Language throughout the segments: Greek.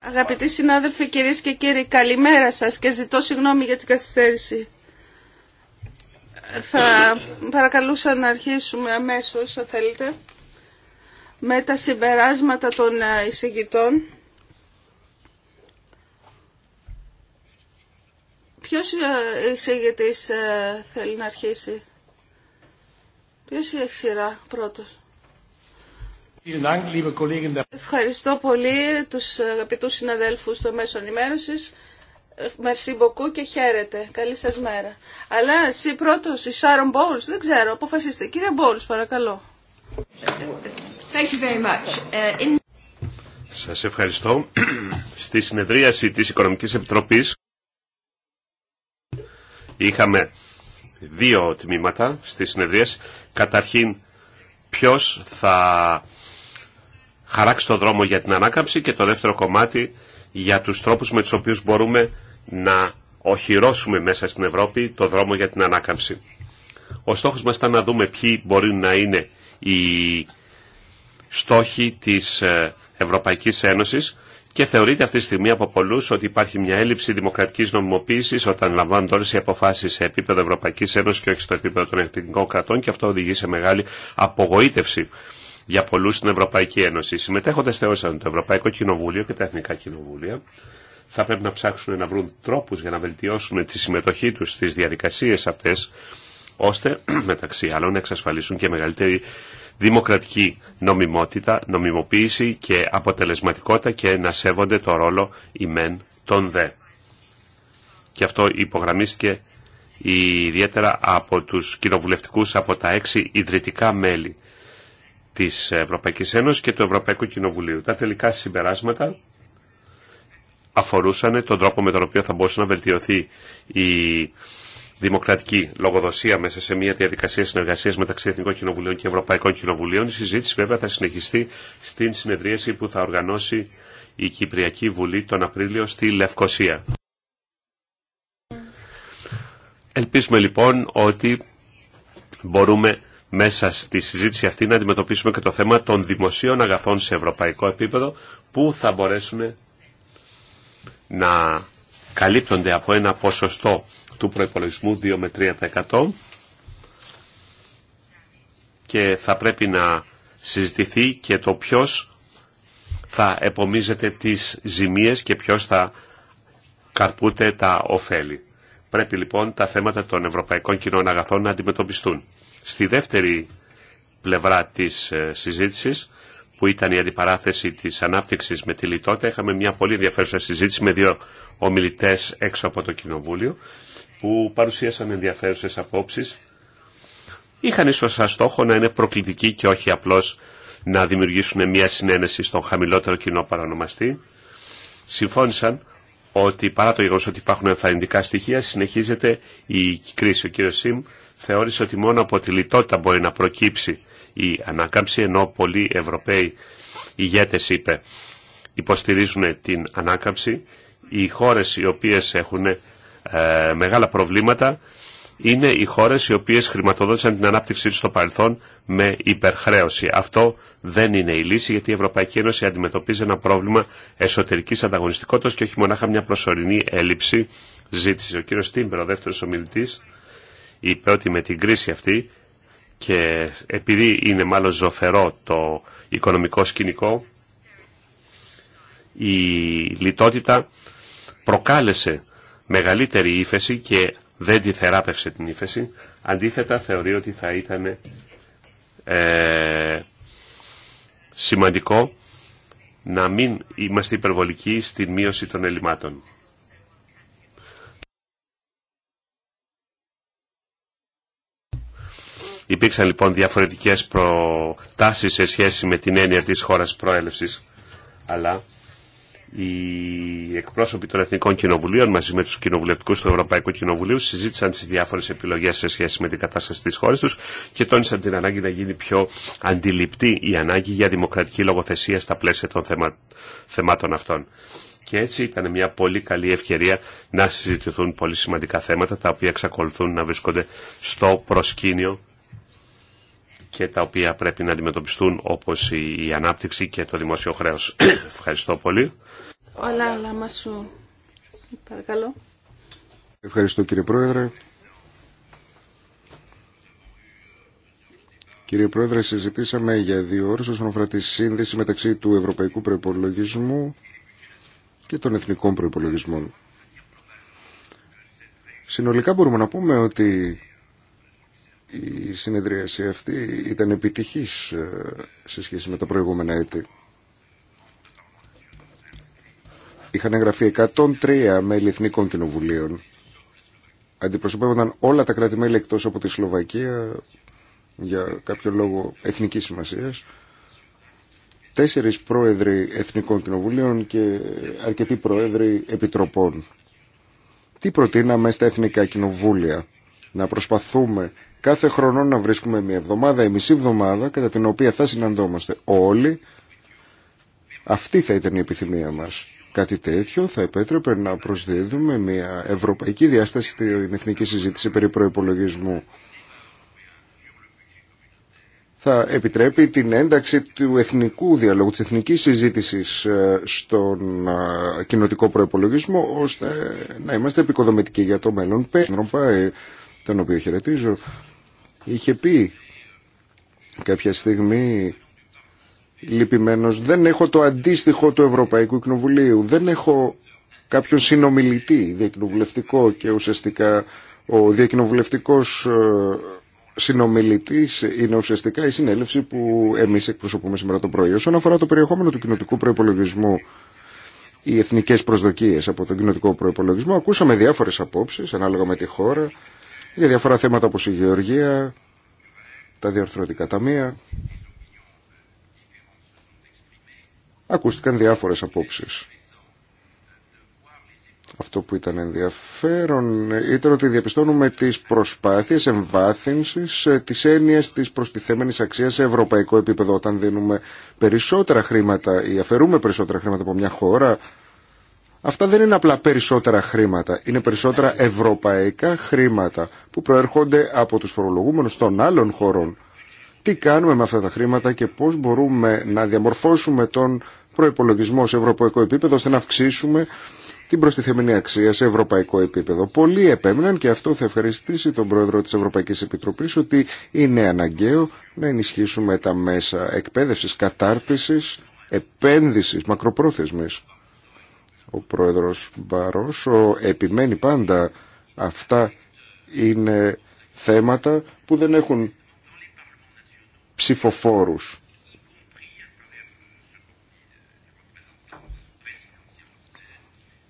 Αγαπητοί συνάδελφοι, κυρίε και κύριοι, καλημέρα σα και ζητώ συγγνώμη για την καθυστέρηση. Θα παρακαλούσα να αρχίσουμε αμέσω, αν θέλετε, με τα συμπεράσματα των ε, εισηγητών. Ποιο ε, εισηγητή ε, θέλει να αρχίσει, Ποιο έχει σειρά πρώτο, Ευχαριστώ πολύ τους αγαπητούς συναδέλφους των μέσων ενημέρωσης. Μερσή μποκού και χαίρετε. Καλή σας μέρα. Αλλά εσύ πρώτος, η Σάρον Μπόλς, δεν ξέρω, αποφασίστε. Κύριε Μπόλς, παρακαλώ. Σα ε, Σας ευχαριστώ. Στη συνεδρίαση της Οικονομικής Επιτροπής είχαμε δύο τμήματα στη συνεδρίαση. Καταρχήν, ποιος θα χαράξει το δρόμο για την ανάκαμψη και το δεύτερο κομμάτι για τους τρόπους με τους οποίους μπορούμε να οχυρώσουμε μέσα στην Ευρώπη το δρόμο για την ανάκαμψη. Ο στόχος μας ήταν να δούμε ποιοι μπορεί να είναι οι στόχοι της ε, Ευρωπαϊκής Ένωσης και θεωρείται αυτή τη στιγμή από πολλού ότι υπάρχει μια έλλειψη δημοκρατική νομιμοποίηση όταν λαμβάνονται όλε οι αποφάσει σε επίπεδο Ευρωπαϊκή Ένωση και όχι στο επίπεδο των εθνικών κρατών και αυτό οδηγεί σε μεγάλη απογοήτευση για πολλού στην Ευρωπαϊκή Ένωση. Οι σε θεώρησαν το Ευρωπαϊκό Κοινοβούλιο και τα Εθνικά Κοινοβούλια θα πρέπει να ψάξουν να βρουν τρόπου για να βελτιώσουν τη συμμετοχή του στι διαδικασίε αυτέ, ώστε μεταξύ άλλων να εξασφαλίσουν και μεγαλύτερη δημοκρατική νομιμότητα, νομιμοποίηση και αποτελεσματικότητα και να σέβονται το ρόλο ημέν των δε. Και αυτό υπογραμμίστηκε ιδιαίτερα από τους κοινοβουλευτικούς από τα έξι ιδρυτικά μέλη της Ευρωπαϊκής Ένωσης και του Ευρωπαϊκού Κοινοβουλίου. Τα τελικά συμπεράσματα αφορούσαν τον τρόπο με τον οποίο θα μπορούσε να βελτιωθεί η δημοκρατική λογοδοσία μέσα σε μια διαδικασία συνεργασίας μεταξύ Εθνικών Κοινοβουλίων και Ευρωπαϊκών Κοινοβουλίων. Η συζήτηση βέβαια θα συνεχιστεί στην συνεδρίαση που θα οργανώσει η Κυπριακή Βουλή τον Απρίλιο στη Λευκοσία. Ελπίζουμε λοιπόν ότι μπορούμε μέσα στη συζήτηση αυτή να αντιμετωπίσουμε και το θέμα των δημοσίων αγαθών σε ευρωπαϊκό επίπεδο που θα μπορέσουν να καλύπτονται από ένα ποσοστό του προϋπολογισμού 2 με 3% και θα πρέπει να συζητηθεί και το ποιος θα επομίζεται τις ζημίες και ποιος θα καρπούται τα ωφέλη. Πρέπει λοιπόν τα θέματα των ευρωπαϊκών κοινών αγαθών να αντιμετωπιστούν στη δεύτερη πλευρά της ε, συζήτησης που ήταν η αντιπαράθεση της ανάπτυξης με τη λιτότητα. Είχαμε μια πολύ ενδιαφέρουσα συζήτηση με δύο ομιλητές έξω από το Κοινοβούλιο που παρουσίασαν ενδιαφέρουσες απόψεις. Είχαν ίσως σαν στόχο να είναι προκλητικοί και όχι απλώς να δημιουργήσουν μια συνένεση στον χαμηλότερο κοινό παρανομαστή. Συμφώνησαν ότι παρά το γεγονός ότι υπάρχουν ενθαρρυντικά στοιχεία συνεχίζεται η κρίση. Ο κύριος Σιμ θεώρησε ότι μόνο από τη λιτότητα μπορεί να προκύψει η ανάκαμψη, ενώ πολλοί Ευρωπαίοι ηγέτες είπε υποστηρίζουν την ανάκαμψη. Οι χώρες οι οποίες έχουν ε, μεγάλα προβλήματα είναι οι χώρες οι οποίες χρηματοδότησαν την ανάπτυξή τους στο παρελθόν με υπερχρέωση. Αυτό δεν είναι η λύση γιατί η Ευρωπαϊκή Ένωση αντιμετωπίζει ένα πρόβλημα εσωτερικής ανταγωνιστικότητας και όχι μονάχα μια προσωρινή έλλειψη ζήτηση. Ο κύριος Τίμπερ, ο δεύτερος ομιλητής είπε ότι με την κρίση αυτή και επειδή είναι μάλλον ζωφερό το οικονομικό σκηνικό, η λιτότητα προκάλεσε μεγαλύτερη ύφεση και δεν τη θεράπευσε την ύφεση. Αντίθετα θεωρεί ότι θα ήταν ε, σημαντικό να μην είμαστε υπερβολικοί στην μείωση των ελλημάτων. Υπήρξαν λοιπόν διαφορετικές προτάσεις σε σχέση με την έννοια της χώρας προέλευσης. Αλλά οι εκπρόσωποι των Εθνικών Κοινοβουλίων μαζί με τους κοινοβουλευτικούς του Ευρωπαϊκού Κοινοβουλίου συζήτησαν τις διάφορες επιλογές σε σχέση με την κατάσταση της χώρας τους και τόνισαν την ανάγκη να γίνει πιο αντιληπτή η ανάγκη για δημοκρατική λογοθεσία στα πλαίσια των θεμα... θεμάτων αυτών. Και έτσι ήταν μια πολύ καλή ευκαιρία να συζητηθούν πολύ σημαντικά θέματα τα οποία εξακολουθούν να βρίσκονται στο προσκήνιο και τα οποία πρέπει να αντιμετωπιστούν όπως η ανάπτυξη και το δημόσιο χρέος. Ευχαριστώ πολύ. Όλα, ολά μας Παρακαλώ. Ευχαριστώ κύριε Πρόεδρε. Κύριε Πρόεδρε, συζητήσαμε για δύο ώρες όσον αφορά τη σύνδεση μεταξύ του Ευρωπαϊκού Προϋπολογισμού και των Εθνικών Προϋπολογισμών. Συνολικά μπορούμε να πούμε ότι η συνεδρίαση αυτή ήταν επιτυχής ε, σε σχέση με τα προηγούμενα έτη. Είχαν εγγραφεί 103 μέλη εθνικών κοινοβουλίων. Αντιπροσωπεύονταν όλα τα κράτη-μέλη εκτός από τη Σλοβακία για κάποιο λόγο εθνικής σημασίας. Τέσσερις πρόεδροι εθνικών κοινοβουλίων και αρκετοί πρόεδροι επιτροπών. Τι προτείναμε στα εθνικά κοινοβούλια να προσπαθούμε κάθε χρόνο να βρίσκουμε μια εβδομάδα ή μισή εβδομάδα κατά την οποία θα συναντώμαστε όλοι. Αυτή θα ήταν η επιθυμία μας. Κάτι τέτοιο θα επέτρεπε να προσδίδουμε μια ευρωπαϊκή διάσταση στην εθνική συζήτηση περί προϋπολογισμού. Θα επιτρέπει την ένταξη του εθνικού διαλόγου, της εθνικής συζήτησης ε, στον ε, κοινοτικό προϋπολογισμό, ώστε να είμαστε επικοδομητικοί για το μέλλον. Τον οποίο χαιρετίζω είχε πει κάποια στιγμή λυπημένος δεν έχω το αντίστοιχο του Ευρωπαϊκού Κοινοβουλίου δεν έχω κάποιον συνομιλητή διακοινοβουλευτικό και ουσιαστικά ο διακοινοβουλευτικός ε, συνομιλητής είναι ουσιαστικά η συνέλευση που εμείς εκπροσωπούμε σήμερα το πρωί όσον αφορά το περιεχόμενο του κοινοτικού προϋπολογισμού οι εθνικές προσδοκίες από τον κοινοτικό προϋπολογισμό ακούσαμε διάφορες απόψεις ανάλογα με τη χώρα για διάφορα θέματα όπως η γεωργία, τα διαρθρωτικά ταμεία. Ακούστηκαν διάφορες απόψεις. Αυτό που ήταν ενδιαφέρον ήταν ότι διαπιστώνουμε τις προσπάθειες εμβάθυνσης ε, της έννοιας της προστιθέμενης αξίας σε ευρωπαϊκό επίπεδο όταν δίνουμε περισσότερα χρήματα ή αφαιρούμε περισσότερα χρήματα από μια χώρα Αυτά δεν είναι απλά περισσότερα χρήματα, είναι περισσότερα ευρωπαϊκά χρήματα που προέρχονται από τους φορολογούμενους των άλλων χωρών. Τι κάνουμε με αυτά τα χρήματα και πώς μπορούμε να διαμορφώσουμε τον προϋπολογισμό σε ευρωπαϊκό επίπεδο ώστε να αυξήσουμε την προστιθέμενη αξία σε ευρωπαϊκό επίπεδο. Πολλοί επέμειναν και αυτό θα ευχαριστήσει τον πρόεδρο της Ευρωπαϊκής Επιτροπής ότι είναι αναγκαίο να ενισχύσουμε τα μέσα εκπαίδευσης, κατάρτισης, επένδυσης, μακροπρόθεσμης. Ο πρόεδρος Μπαρόσο επιμένει πάντα αυτά είναι θέματα που δεν έχουν ψηφοφόρους.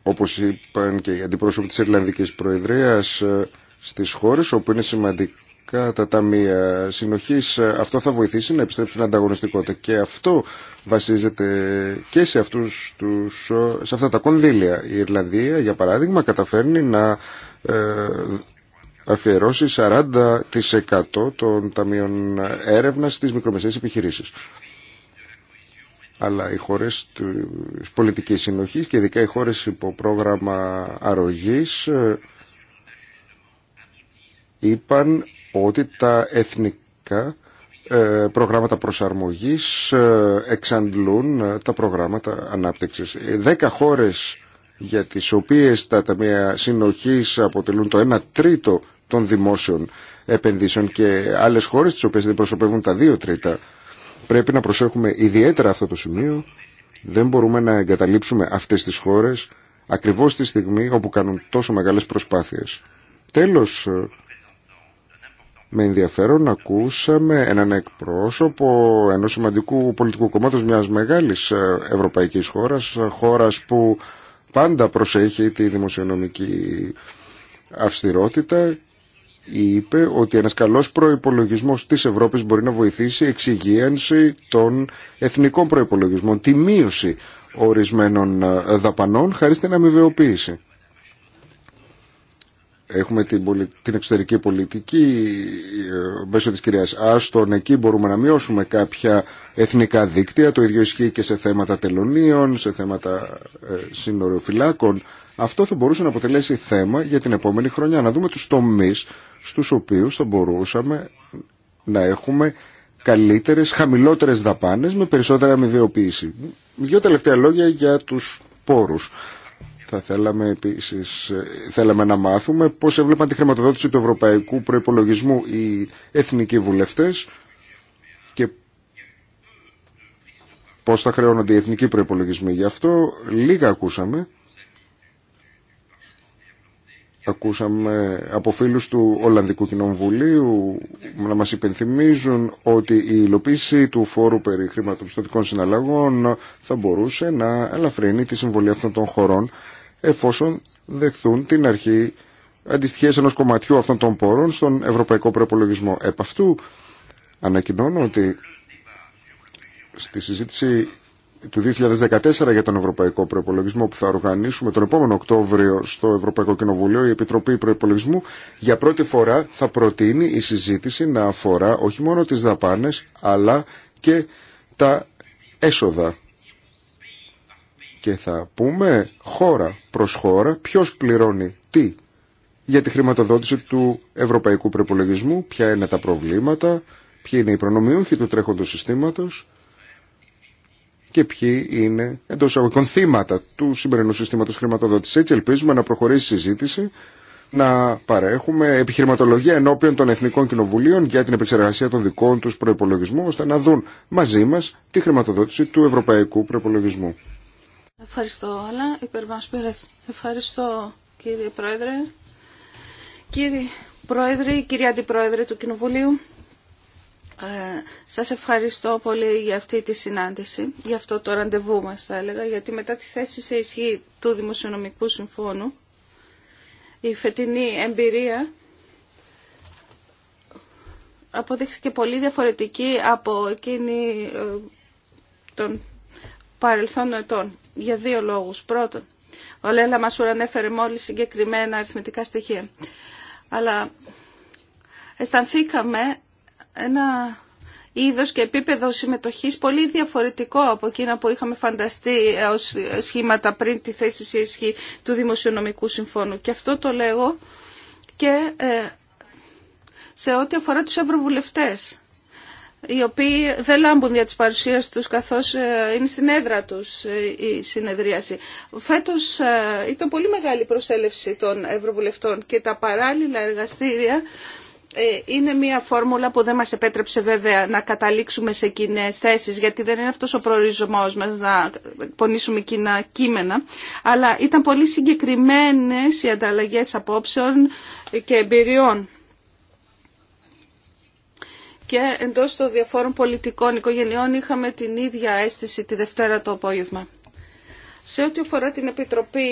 Όπως είπαν και οι αντιπρόσωποι της Ιρλανδικής Προεδρίας ε, στις χώρες όπου είναι σημαντικό κατά τα μία συνοχής ε, αυτό θα βοηθήσει να επιστρέψει στην ανταγωνιστικότητα και αυτό βασίζεται και σε, αυτούς τους, ε, σε αυτά τα κονδύλια. Η Ιρλανδία για παράδειγμα καταφέρνει να ε, αφιερώσει 40% των ταμείων έρευνας στις μικρομεσαίες επιχειρήσεις. Αλλά οι χώρες της πολιτικής συνοχής και ειδικά οι χώρες υπό πρόγραμμα αρρωγής είπαν ότι τα εθνικά ε, προγράμματα προσαρμογής ε, εξαντλούν ε, τα προγράμματα ανάπτυξης. Δέκα χώρες για τις οποίες τα ταμεία συνοχής αποτελούν το 1 τρίτο των δημόσιων επενδύσεων και άλλες χώρες τις οποίες δεν προσωπεύουν τα 2 τρίτα. Πρέπει να προσέχουμε ιδιαίτερα αυτό το σημείο. Δεν μπορούμε να εγκαταλείψουμε αυτές τις χώρες ακριβώς τη στιγμή όπου κάνουν τόσο μεγάλες προσπάθειες. Τέλος, με ενδιαφέρον ακούσαμε έναν εκπρόσωπο ενός σημαντικού πολιτικού κομμάτου μιας μεγάλης ε, ευρωπαϊκής χώρας, ε, χώρας που πάντα προσέχει τη δημοσιονομική αυστηρότητα είπε ότι ένας καλός προϋπολογισμός της Ευρώπης μπορεί να βοηθήσει εξυγίανση των εθνικών προϋπολογισμών, τη μείωση ορισμένων ε, δαπανών χάρη στην αμοιβαιοποίηση. Έχουμε την, την εξωτερική πολιτική ε, μέσω της κυρίας Άστον. Εκεί μπορούμε να μειώσουμε κάποια εθνικά δίκτυα. Το ίδιο ισχύει και σε θέματα τελωνίων, σε θέματα ε, σύνοριοφυλάκων. Αυτό θα μπορούσε να αποτελέσει θέμα για την επόμενη χρονιά. Να δούμε τους τομείς στους οποίους θα μπορούσαμε να έχουμε καλύτερες, χαμηλότερες δαπάνες με περισσότερα αμοιβαιοποίηση. Δύο τελευταία λόγια για τους πόρους. Θα θέλαμε επίσης, θέλαμε να μάθουμε πώς έβλεπαν τη χρηματοδότηση του ευρωπαϊκού προϋπολογισμού οι εθνικοί βουλευτές και πώς θα χρεώνονται οι εθνικοί προϋπολογισμοί. Γι' αυτό λίγα ακούσαμε. Ακούσαμε από φίλους του Ολλανδικού Κοινοβουλίου να μας υπενθυμίζουν ότι η υλοποίηση του φόρου περί χρηματοπιστωτικών συναλλαγών θα μπορούσε να ελαφρύνει τη συμβολή αυτών των χωρών εφόσον δεχθούν την αρχή αντιστοιχέ ενό κομματιού αυτών των πόρων στον ευρωπαϊκό προπολογισμό. Επ' αυτού ανακοινώνω ότι στη συζήτηση του 2014 για τον Ευρωπαϊκό Προπολογισμό που θα οργανίσουμε τον επόμενο Οκτώβριο στο Ευρωπαϊκό Κοινοβουλίο, η Επιτροπή Προπολογισμού για πρώτη φορά θα προτείνει η συζήτηση να αφορά όχι μόνο τις δαπάνες αλλά και τα έσοδα και θα πούμε χώρα προς χώρα ποιος πληρώνει τι για τη χρηματοδότηση του ευρωπαϊκού προπολογισμού, ποια είναι τα προβλήματα, ποιοι είναι οι προνομιούχοι του τρέχοντος συστήματος και ποιοι είναι εντό αγωγικών θύματα του σημερινού συστήματος χρηματοδότησης. Έτσι ελπίζουμε να προχωρήσει η συζήτηση να παρέχουμε επιχειρηματολογία ενώπιον των Εθνικών Κοινοβουλίων για την επεξεργασία των δικών τους προπολογισμού, ώστε να δουν μαζί μας τη χρηματοδότηση του Ευρωπαϊκού Προπολογισμού. Ευχαριστώ, αλλά υπερβάσπερες. Ευχαριστώ, κύριε Πρόεδρε. Κύριε Πρόεδρε, κύριε Αντιπρόεδρε του Κοινοβουλίου, ε, σας ευχαριστώ πολύ για αυτή τη συνάντηση, για αυτό το ραντεβού μας θα έλεγα, γιατί μετά τη θέση σε ισχύ του Δημοσιονομικού Συμφώνου, η φετινή εμπειρία αποδείχθηκε πολύ διαφορετική από εκείνη ε, των παρελθόν ετών για δύο λόγους. Πρώτον, ο Λέλα Μασούρα ανέφερε μόλις συγκεκριμένα αριθμητικά στοιχεία. Αλλά αισθανθήκαμε ένα είδος και επίπεδο συμμετοχής πολύ διαφορετικό από εκείνα που είχαμε φανταστεί ως σχήματα πριν τη θέση σε του Δημοσιονομικού Συμφώνου. Και αυτό το λέγω και ε, σε ό,τι αφορά τους ευρωβουλευτές οι οποίοι δεν λάμπουν για τις παρουσίες τους καθώς ε, είναι στην έδρα τους ε, η συνεδρίαση. Φέτος ε, ήταν πολύ μεγάλη προσέλευση των Ευρωβουλευτών και τα παράλληλα εργαστήρια είναι μια φόρμουλα που δεν μας επέτρεψε βέβαια να καταλήξουμε σε κοινέ θέσει, γιατί δεν είναι αυτός ο προορισμός μας να πονήσουμε κοινά κείμενα αλλά ήταν πολύ συγκεκριμένες οι ανταλλαγές απόψεων και εμπειριών και εντός των διαφόρων πολιτικών οικογενειών είχαμε την ίδια αίσθηση τη Δευτέρα το απόγευμα. Σε ό,τι αφορά την Επιτροπή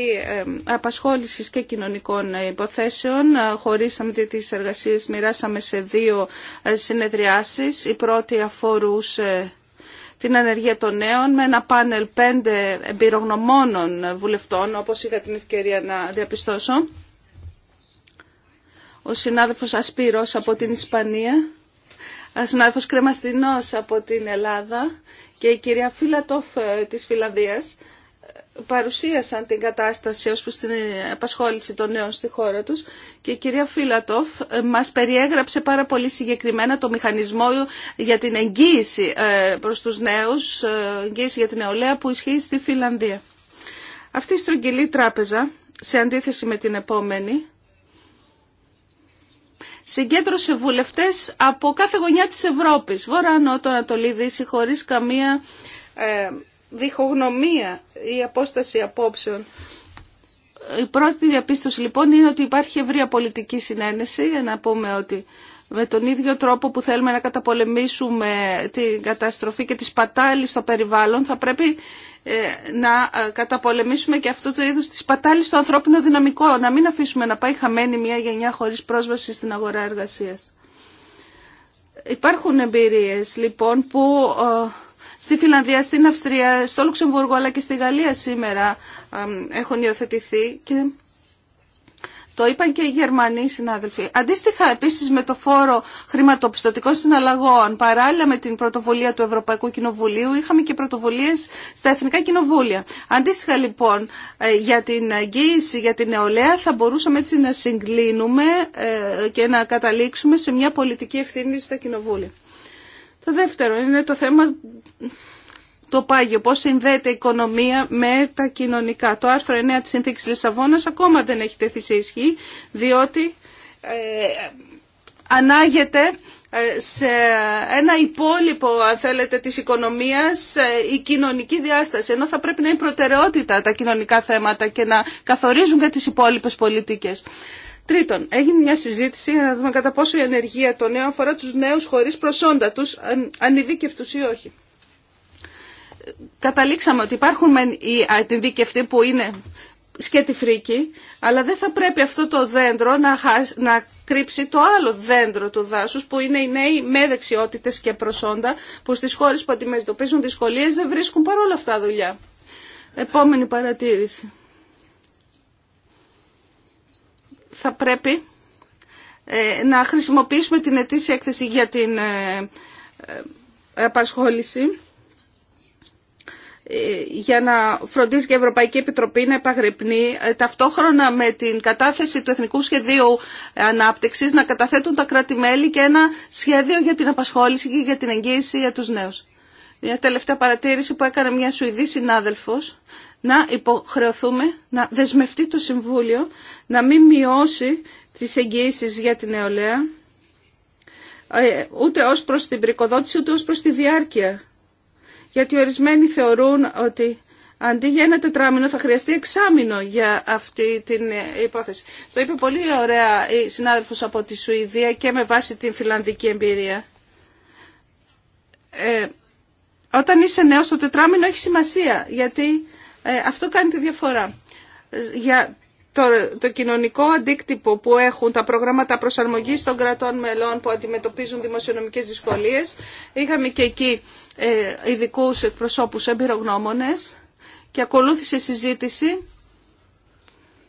Απασχόλησης και Κοινωνικών Υποθέσεων, ε, χωρίσαμε τις εργασίες, μοιράσαμε σε δύο ε, συνεδριάσεις. Η πρώτη αφορούσε ε, την ανεργία των νέων με ένα πάνελ πέντε εμπειρογνωμόνων βουλευτών, όπως είχα την ευκαιρία να διαπιστώσω. Ο συνάδελφος Ασπύρος από την Ισπανία συνάδελφος Κρεμαστινός από την Ελλάδα και η κυρία Φίλατοφ ε, της Φιλανδίας ε, παρουσίασαν την κατάσταση ως προς την ε, απασχόληση των νέων στη χώρα τους και η κυρία Φίλατοφ μας περιέγραψε πάρα πολύ συγκεκριμένα το μηχανισμό για την εγγύηση προς τους νέους, εγγύηση για την νεολαία που ισχύει στη Φιλανδία. Αυτή η στρογγυλή τράπεζα, σε αντίθεση με την επόμενη, συγκέντρωσε βουλευτές από κάθε γωνιά της Ευρώπης, Βόρεια, Νότο, Ανατολή, Δύση, χωρίς καμία ε, διχογνωμία ή απόσταση απόψεων. Η πρώτη διαπίστωση λοιπόν είναι ότι υπάρχει ευρεία πολιτική συνένεση για να πούμε ότι με τον ίδιο τρόπο που θέλουμε να καταπολεμήσουμε την καταστροφή και τη σπατάλη στο περιβάλλον, θα πρέπει ε, να ε, καταπολεμήσουμε και αυτού του είδου τη σπατάλη στο ανθρώπινο δυναμικό, να μην αφήσουμε να πάει χαμένη μια γενιά χωρίς πρόσβαση στην αγορά εργασία. Υπάρχουν εμπειρίε λοιπόν που ε, στη Φιλανδία, στην Αυστρία, στο Λουξεμβούργο αλλά και στη Γαλλία σήμερα έχουν υιοθετηθεί και το είπαν και οι Γερμανοί συνάδελφοι. Αντίστοιχα επίση με το φόρο χρηματοπιστωτικών συναλλαγών, παράλληλα με την πρωτοβουλία του Ευρωπαϊκού Κοινοβουλίου, είχαμε και πρωτοβουλίε στα Εθνικά Κοινοβούλια. Αντίστοιχα λοιπόν ε, για την αγγίηση, για την νεολαία, θα μπορούσαμε έτσι να συγκλίνουμε ε, και να καταλήξουμε σε μια πολιτική ευθύνη στα Κοινοβούλια. Το δεύτερο είναι το θέμα το πάγιο, πώς συνδέεται η οικονομία με τα κοινωνικά. Το άρθρο 9 της Συνθήκης Λισαβόνας ακόμα δεν έχει τεθεί σε ισχύ, διότι ε, ανάγεται ε, σε ένα υπόλοιπο, αν θέλετε, της οικονομίας ε, η κοινωνική διάσταση, ενώ θα πρέπει να είναι προτεραιότητα τα κοινωνικά θέματα και να καθορίζουν και τις υπόλοιπες πολιτικές. Τρίτον, έγινε μια συζήτηση για να δούμε κατά πόσο η ενεργεία των νέων αφορά τους νέους χωρίς προσόντα τους, ανειδίκευτους ή όχι καταλήξαμε ότι υπάρχουν μεν οι αντιδικευτοί που είναι σκέτη φρίκη, αλλά δεν θα πρέπει αυτό το δέντρο να, να κρύψει το άλλο δέντρο του δάσους που είναι οι νέοι με δεξιότητε και προσόντα που στις χώρες που αντιμετωπίζουν δυσκολίες δεν βρίσκουν παρόλα αυτά δουλειά. Επόμενη παρατήρηση. Θα πρέπει ε, να χρησιμοποιήσουμε την ετήσια έκθεση για την ε, ε, απασχόληση για να φροντίζει και η Ευρωπαϊκή Επιτροπή να επαγρυπνεί ε, ταυτόχρονα με την κατάθεση του Εθνικού Σχεδίου Ανάπτυξης να καταθέτουν τα κράτη-μέλη και ένα σχέδιο για την απασχόληση και για την εγγύηση για τους νέους. Μια τελευταία παρατήρηση που έκανε μια Σουηδή συνάδελφος να υποχρεωθούμε να δεσμευτεί το Συμβούλιο να μην μειώσει τις εγγύησεις για την νεολαία ε, ούτε ως προς την πρικοδότηση ούτε ως προς τη διάρκεια γιατί ορισμένοι θεωρούν ότι αντί για ένα τετράμινο θα χρειαστεί εξάμινο για αυτή την υπόθεση. Το είπε πολύ ωραία η συνάδελφος από τη Σουηδία και με βάση την φιλανδική εμπειρία. Ε, όταν είσαι νέος το τετράμινο έχει σημασία γιατί ε, αυτό κάνει τη διαφορά. Ε, για το κοινωνικό αντίκτυπο που έχουν τα προγράμματα προσαρμογής των κρατών μελών που αντιμετωπίζουν δημοσιονομικές δυσκολίες, είχαμε και εκεί ε, ειδικού εκπροσώπους εμπειρογνώμονες και ακολούθησε συζήτηση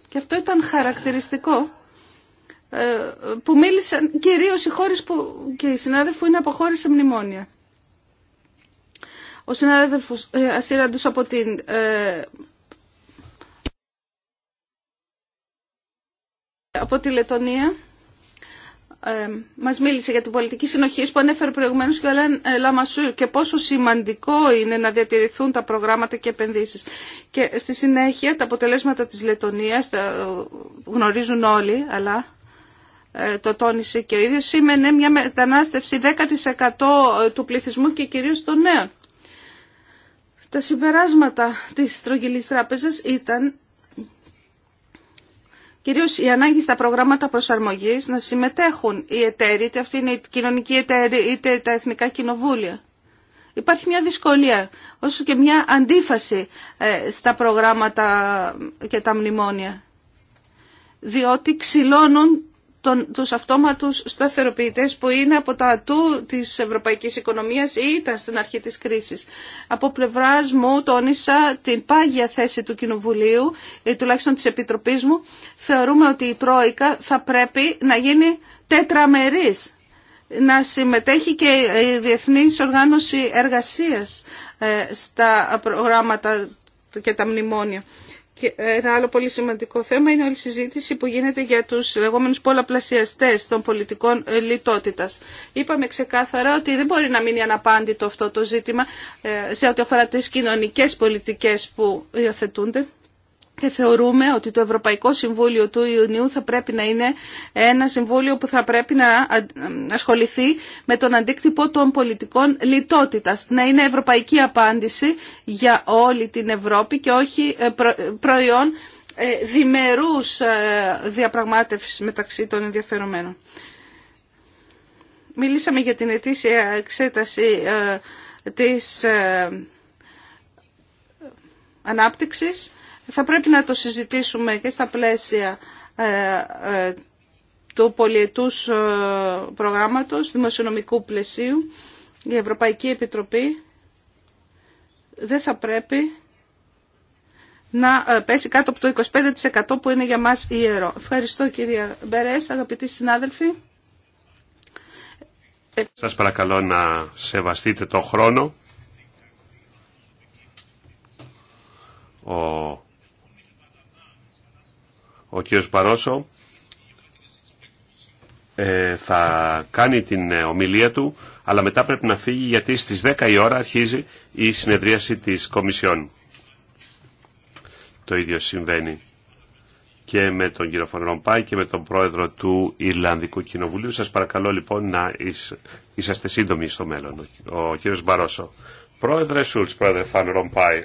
και αυτό ήταν χαρακτηριστικό ε, που μίλησαν κυρίως οι χώρες που και οι συνάδελφοι είναι από χώρες σε μνημόνια. Ο συνάδελφος ε, από την ε, από τη Λετωνία ε, μας μίλησε για την πολιτική συνοχή που ανέφερε προηγουμένως και ο ε, Λαμασού και πόσο σημαντικό είναι να διατηρηθούν τα προγράμματα και επενδύσεις. Και στη συνέχεια τα αποτελέσματα της Λετωνία τα γνωρίζουν όλοι, αλλά ε, το τόνισε και ο ίδιο, σήμαινε μια μετανάστευση 10% ε, του πληθυσμού και κυρίως των νέων. Τα συμπεράσματα της Στρογγυλής Τράπεζας ήταν κυρίως η ανάγκη στα προγράμματα προσαρμογής να συμμετέχουν οι εταίροι, είτε αυτή είναι η κοινωνική εταίροι, είτε τα εθνικά κοινοβούλια. Υπάρχει μια δυσκολία, όσο και μια αντίφαση ε, στα προγράμματα και τα μνημόνια, διότι ξυλώνουν τον, τους αυτόματους σταθεροποιητές που είναι από τα ατού της ευρωπαϊκής οικονομίας ή ήταν στην αρχή της κρίσης. Από πλευράς μου τόνισα την πάγια θέση του Κοινοβουλίου ή ε, τουλάχιστον της Επιτροπής μου. Θεωρούμε ότι η Τρόικα θα πρέπει να γίνει τετραμερής να συμμετέχει και η Διεθνής Οργάνωση Εργασίας ε, στα προγράμματα και τα μνημόνια. Και ένα άλλο πολύ σημαντικό θέμα είναι όλη η συζήτηση που γίνεται για τους λεγόμενους πολλαπλασιαστές των πολιτικών ε, λιτότητας. Είπαμε ξεκάθαρα ότι δεν μπορεί να μείνει αναπάντητο αυτό το ζήτημα ε, σε ό,τι αφορά τις κοινωνικές πολιτικές που υιοθετούνται και θεωρούμε ότι το Ευρωπαϊκό Συμβούλιο του Ιουνίου θα πρέπει να είναι ένα συμβούλιο που θα πρέπει να ασχοληθεί με τον αντίκτυπο των πολιτικών λιτότητας. Να είναι ευρωπαϊκή απάντηση για όλη την Ευρώπη και όχι ε, προϊόν ε, διμερούς ε, διαπραγμάτευσης μεταξύ των ενδιαφερομένων. Μιλήσαμε για την ετήσια εξέταση της ανάπτυξης θα πρέπει να το συζητήσουμε και στα πλαίσια ε, ε, του πολιετούς ε, προγράμματος, δημοσιονομικού πλαισίου. Η Ευρωπαϊκή Επιτροπή δεν θα πρέπει να πέσει κάτω από το 25% που είναι για μας ιερό. Ευχαριστώ κυρία Μπερές, αγαπητοί συνάδελφοι. Σας παρακαλώ να σεβαστείτε το χρόνο. Ο ο κύριος Παρόσο ε, θα κάνει την ε, ομιλία του, αλλά μετά πρέπει να φύγει γιατί στις 10 η ώρα αρχίζει η συνεδρίαση της Κομισιόν. Το ίδιο συμβαίνει και με τον κύριο Φανρομπάη και με τον πρόεδρο του Ιρλανδικού Κοινοβουλίου. Σας παρακαλώ λοιπόν να είσαστε σύντομοι στο μέλλον. Ο κύριος Μπαρόσο. Πρόεδρε Σούλτς, πρόεδρε Φανρομπάη,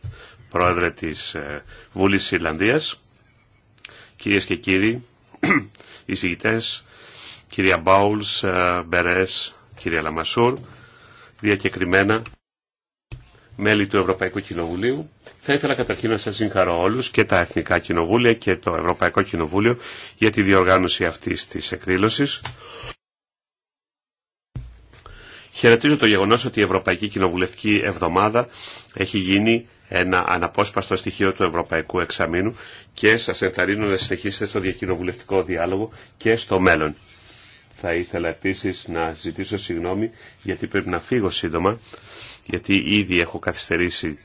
πρόεδρε της ε, Βουλής Ιρλανδίας. Κυρίες και κύριοι, εισήγητέ, κυρία Μπάουλ, ε, μπερέ, κυρία Λαμασούρ, διακεκριμένα μέλη του Ευρωπαϊκού Κοινοβουλίου. Θα ήθελα καταρχήν να σας συγχαρώ όλους και τα Εθνικά Κοινοβούλια και το Ευρωπαϊκό Κοινοβούλιο για τη διοργάνωση αυτής της εκδήλωσης. Χαιρετίζω το γεγονός ότι η Ευρωπαϊκή Κοινοβουλευτική Εβδομάδα έχει γίνει ένα αναπόσπαστο στοιχείο του Ευρωπαϊκού Εξαμήνου και σας ενθαρρύνω να συνεχίσετε στο διακοινοβουλευτικό διάλογο και στο μέλλον. Θα ήθελα επίσης να ζητήσω συγγνώμη γιατί πρέπει να φύγω σύντομα γιατί ήδη έχω καθυστερήσει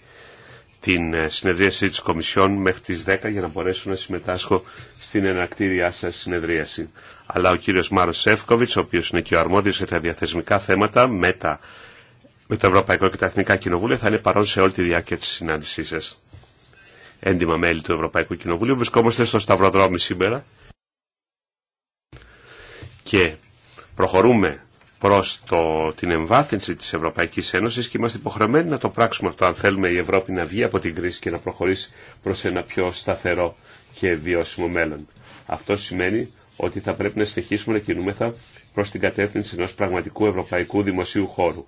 την ε, συνεδρίαση της Κομισιόν μέχρι τις 10 για να μπορέσω να συμμετάσχω στην ενακτήριά σας συνεδρίαση. Αλλά ο κύριος Μάρος Σεύκοβιτς, ο οποίος είναι και ο αρμόδιος για τα διαθεσμικά θέματα με τα με το Ευρωπαϊκό και τα Εθνικά Κοινοβούλια θα είναι παρόν σε όλη τη διάρκεια τη συνάντησή σα Έντιμα μέλη του Ευρωπαϊκού Κοινοβουλίου. Βρισκόμαστε στο Σταυροδρόμι σήμερα και προχωρούμε προ την εμβάθυνση τη Ευρωπαϊκή Ένωση και είμαστε υποχρεωμένοι να το πράξουμε αυτό αν θέλουμε η Ευρώπη να βγει από την κρίση και να προχωρήσει προ ένα πιο σταθερό και βιώσιμο μέλλον. Αυτό σημαίνει ότι θα πρέπει να συνεχίσουμε να κινούμεθα προς την κατεύθυνση ενός πραγματικού ευρωπαϊκού δημοσίου χώρου.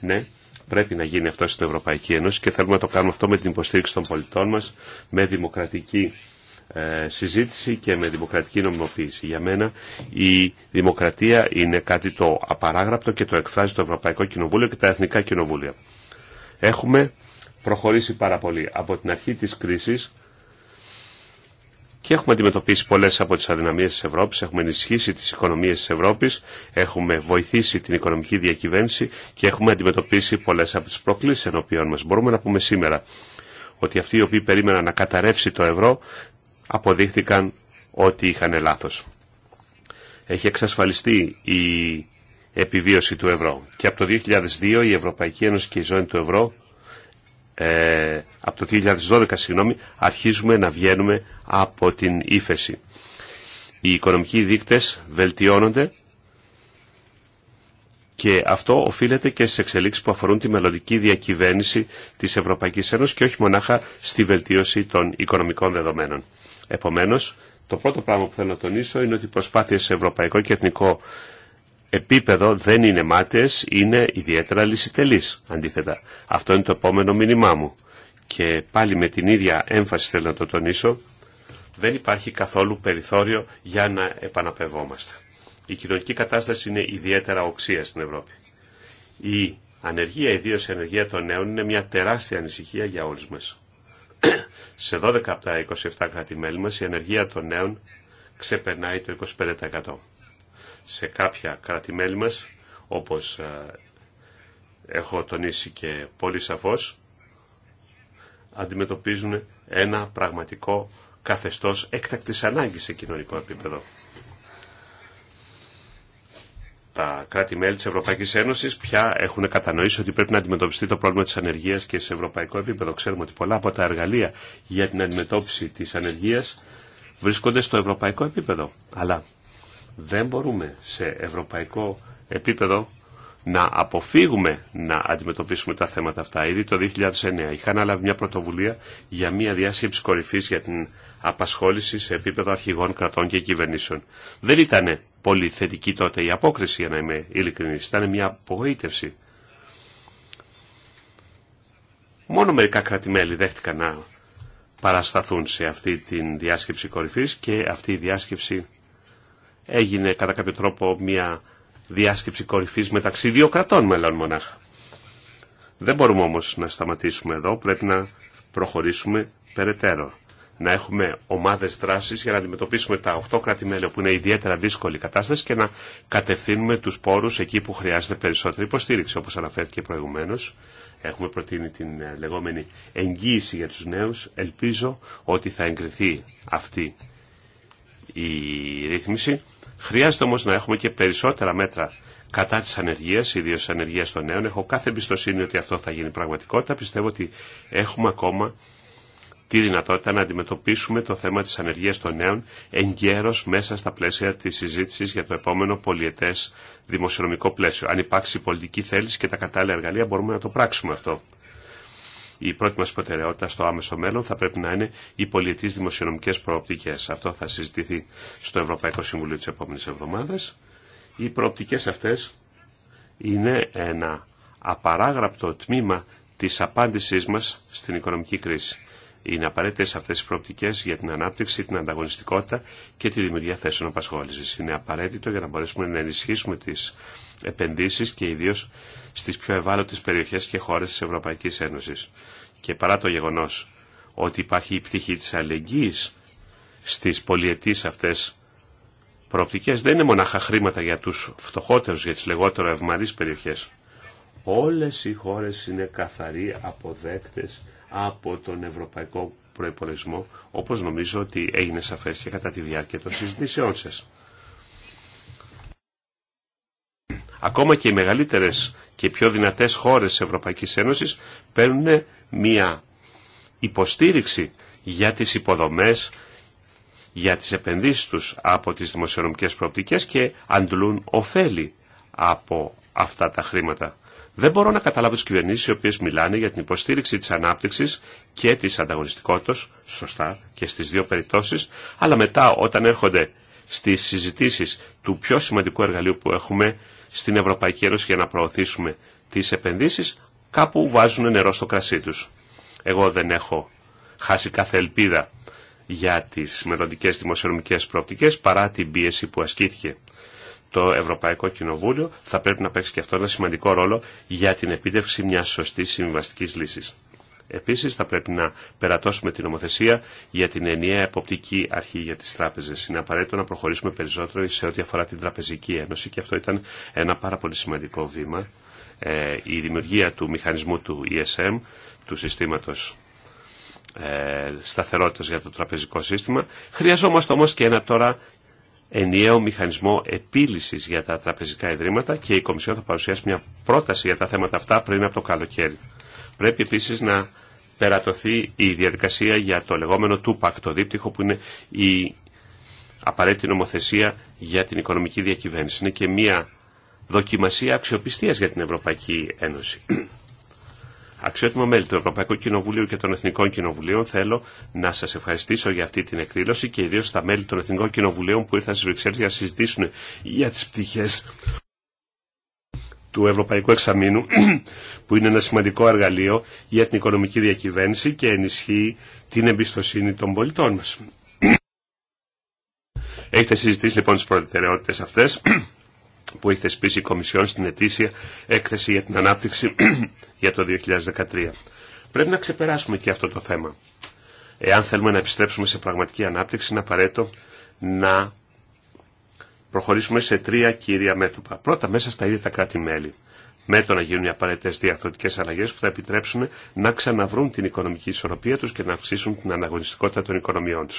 Ναι, πρέπει να γίνει αυτό στην Ευρωπαϊκή Ένωση και θέλουμε να το κάνουμε αυτό με την υποστήριξη των πολιτών μας, με δημοκρατική ε, συζήτηση και με δημοκρατική νομιμοποίηση. Για μένα η δημοκρατία είναι κάτι το απαράγραπτο και το εκφράζει το Ευρωπαϊκό Κοινοβούλιο και τα Εθνικά Κοινοβούλια. Έχουμε προχωρήσει πάρα πολύ. Από την αρχή της κρίσης και έχουμε αντιμετωπίσει πολλές από τις αδυναμίες της Ευρώπης, έχουμε ενισχύσει τις οικονομίες της Ευρώπης, έχουμε βοηθήσει την οικονομική διακυβέρνηση και έχουμε αντιμετωπίσει πολλές από τις προκλήσεις ενώπιών μας. Μπορούμε να πούμε σήμερα ότι αυτοί οι οποίοι περίμεναν να καταρρεύσει το ευρώ αποδείχθηκαν ότι είχαν λάθος. Έχει εξασφαλιστεί η επιβίωση του ευρώ και από το 2002 η Ευρωπαϊκή Ένωση και η ζώνη του ευρώ ε, από το 2012 συγγνώμη, αρχίζουμε να βγαίνουμε από την ύφεση. Οι οικονομικοί δείκτες βελτιώνονται και αυτό οφείλεται και στι εξελίξεις που αφορούν τη μελλοντική διακυβέρνηση της Ευρωπαϊκής Ένωσης και όχι μονάχα στη βελτίωση των οικονομικών δεδομένων. Επομένως, το πρώτο πράγμα που θέλω να τονίσω είναι ότι οι προσπάθειες σε ευρωπαϊκό και εθνικό επίπεδο δεν είναι μάταιες, είναι ιδιαίτερα λυσιτελείς αντίθετα. Αυτό είναι το επόμενο μήνυμά μου. Και πάλι με την ίδια έμφαση θέλω να το τονίσω, δεν υπάρχει καθόλου περιθώριο για να επαναπευόμαστε. Η κοινωνική κατάσταση είναι ιδιαίτερα οξία στην Ευρώπη. Η ανεργία, ιδίω η ανεργία των νέων, είναι μια τεράστια ανησυχία για όλου μα. Σε 12 από τα 27 κράτη-μέλη μα η ανεργία των νέων ξεπερνάει το 25% σε κάποια κράτη-μέλη μας, όπως ε, έχω τονίσει και πολύ σαφώς, αντιμετωπίζουν ένα πραγματικό καθεστώς έκτακτης ανάγκης σε κοινωνικό επίπεδο. Τα κράτη-μέλη της Ευρωπαϊκής Ένωσης πια έχουν κατανοήσει ότι πρέπει να αντιμετωπιστεί το πρόβλημα της ανεργίας και σε ευρωπαϊκό επίπεδο. Ξέρουμε ότι πολλά από τα εργαλεία για την αντιμετώπιση της ανεργίας βρίσκονται στο ευρωπαϊκό επίπεδο. Αλλά δεν μπορούμε σε ευρωπαϊκό επίπεδο να αποφύγουμε να αντιμετωπίσουμε τα θέματα αυτά. Ήδη το 2009 είχα αναλάβει μια πρωτοβουλία για μια διάσκεψη κορυφή για την απασχόληση σε επίπεδο αρχηγών κρατών και κυβερνήσεων. Δεν ήταν πολύ θετική τότε η απόκριση, για να είμαι ειλικρινή. Ήταν μια απογοήτευση. Μόνο μερικά κρατημέλη δέχτηκαν να παρασταθούν σε αυτή τη διάσκεψη κορυφής και αυτή η διάσκεψη έγινε κατά κάποιο τρόπο μια διάσκεψη κορυφής μεταξύ δύο κρατών μελών μονάχα. Δεν μπορούμε όμως να σταματήσουμε εδώ, πρέπει να προχωρήσουμε περαιτέρω. Να έχουμε ομάδες δράσης για να αντιμετωπίσουμε τα 8 κράτη-μέλη που είναι ιδιαίτερα δύσκολη κατάσταση και να κατευθύνουμε τους πόρους εκεί που χρειάζεται περισσότερη υποστήριξη. Όπως αναφέρθηκε προηγουμένως, έχουμε προτείνει την ε, λεγόμενη εγγύηση για τους νέους. Ελπίζω ότι θα εγκριθεί αυτή η ρύθμιση Χρειάζεται όμως να έχουμε και περισσότερα μέτρα κατά της ανεργίας, ιδίως της ανεργίας των νέων. Έχω κάθε εμπιστοσύνη ότι αυτό θα γίνει πραγματικότητα. Πιστεύω ότι έχουμε ακόμα τη δυνατότητα να αντιμετωπίσουμε το θέμα της ανεργίας των νέων εγκαίρως μέσα στα πλαίσια της συζήτησης για το επόμενο πολιετές δημοσιονομικό πλαίσιο. Αν υπάρξει πολιτική θέληση και τα κατάλληλα εργαλεία μπορούμε να το πράξουμε αυτό η πρώτη μας προτεραιότητα στο άμεσο μέλλον θα πρέπει να είναι οι πολιτικές δημοσιονομικές προοπτικές. Αυτό θα συζητηθεί στο Ευρωπαϊκό Συμβουλίο της επόμενης εβδομάδας. Οι προοπτικές αυτές είναι ένα απαράγραπτο τμήμα της απάντησής μας στην οικονομική κρίση. Είναι απαραίτητε αυτέ οι προοπτικέ για την ανάπτυξη, την ανταγωνιστικότητα και τη δημιουργία θέσεων απασχόληση. Είναι απαραίτητο για να μπορέσουμε να ενισχύσουμε τι επενδύσει και ιδίω στι πιο ευάλωτε περιοχέ και χώρε τη Ευρωπαϊκή Ένωση. Και παρά το γεγονό ότι υπάρχει η πτυχή τη αλληλεγγύη στι πολιετή αυτέ προοπτικέ, δεν είναι μονάχα χρήματα για του φτωχότερου, για τι λεγότερο ευμαρεί περιοχέ. Όλε οι χώρε είναι καθαροί αποδέκτε από τον Ευρωπαϊκό Προϋπολογισμό, όπως νομίζω ότι έγινε σαφές και κατά τη διάρκεια των συζητήσεών σας. Ακόμα και οι μεγαλύτερες και πιο δυνατές χώρες της Ευρωπαϊκής Ένωσης παίρνουν μια υποστήριξη για τις υποδομές, για τις επενδύσεις τους από τις δημοσιονομικές προοπτικές και αντλούν ωφέλη από αυτά τα χρήματα. Δεν μπορώ να καταλάβω τι κυβερνήσει οι οποίε μιλάνε για την υποστήριξη τη ανάπτυξη και τη ανταγωνιστικότητα, σωστά και στι δύο περιπτώσει, αλλά μετά όταν έρχονται στι συζητήσει του πιο σημαντικού εργαλείου που έχουμε στην Ευρωπαϊκή Ένωση για να προωθήσουμε τι επενδύσει, κάπου βάζουν νερό στο κρασί του. Εγώ δεν έχω χάσει κάθε ελπίδα για τις μελλοντικέ δημοσιονομικές προοπτικές παρά την πίεση που ασκήθηκε το Ευρωπαϊκό Κοινοβούλιο θα πρέπει να παίξει και αυτό ένα σημαντικό ρόλο για την επίτευξη μιας σωστής συμβαστικής λύσης. Επίσης θα πρέπει να περατώσουμε την νομοθεσία για την ενιαία εποπτική αρχή για τις τράπεζες. Είναι απαραίτητο να προχωρήσουμε περισσότερο σε ό,τι αφορά την Τραπεζική Ένωση και αυτό ήταν ένα πάρα πολύ σημαντικό βήμα. Ε, η δημιουργία του μηχανισμού του ESM, του συστήματος ε, σταθερότητας για το τραπεζικό σύστημα. Χρειαζόμαστε όμως και ένα τώρα ενιαίο μηχανισμό επίλυσης για τα τραπεζικά ιδρύματα και η Κομισιόν θα παρουσιάσει μια πρόταση για τα θέματα αυτά πριν από το καλοκαίρι. Πρέπει επίσης να περατωθεί η διαδικασία για το λεγόμενο TUPAC, το δίπτυχο που είναι η απαραίτητη νομοθεσία για την οικονομική διακυβέρνηση. Είναι και μια δοκιμασία αξιοπιστίας για την Ευρωπαϊκή Ένωση. Αξιότιμο μέλη του Ευρωπαϊκού Κοινοβουλίου και των Εθνικών Κοινοβουλίων, θέλω να σα ευχαριστήσω για αυτή την εκδήλωση και ιδίω στα μέλη των Εθνικών Κοινοβουλίων που ήρθαν στι Βρυξέλλε για να συζητήσουν για τι πτυχέ του Ευρωπαϊκού Εξαμήνου, που είναι ένα σημαντικό εργαλείο για την οικονομική διακυβέρνηση και ενισχύει την εμπιστοσύνη των πολιτών μα. Έχετε συζητήσει λοιπόν τι προτεραιότητε αυτέ που έχει θεσπίσει η Κομισιόν στην ετήσια έκθεση για την ανάπτυξη για το 2013. Πρέπει να ξεπεράσουμε και αυτό το θέμα. Εάν θέλουμε να επιστρέψουμε σε πραγματική ανάπτυξη, είναι απαραίτητο να προχωρήσουμε σε τρία κύρια μέτωπα. Πρώτα, μέσα στα ίδια τα κράτη-μέλη. Με το να γίνουν οι απαραίτητε διαρθρωτικέ αλλαγέ που θα επιτρέψουν να ξαναβρούν την οικονομική ισορροπία του και να αυξήσουν την αναγωνιστικότητα των οικονομιών του.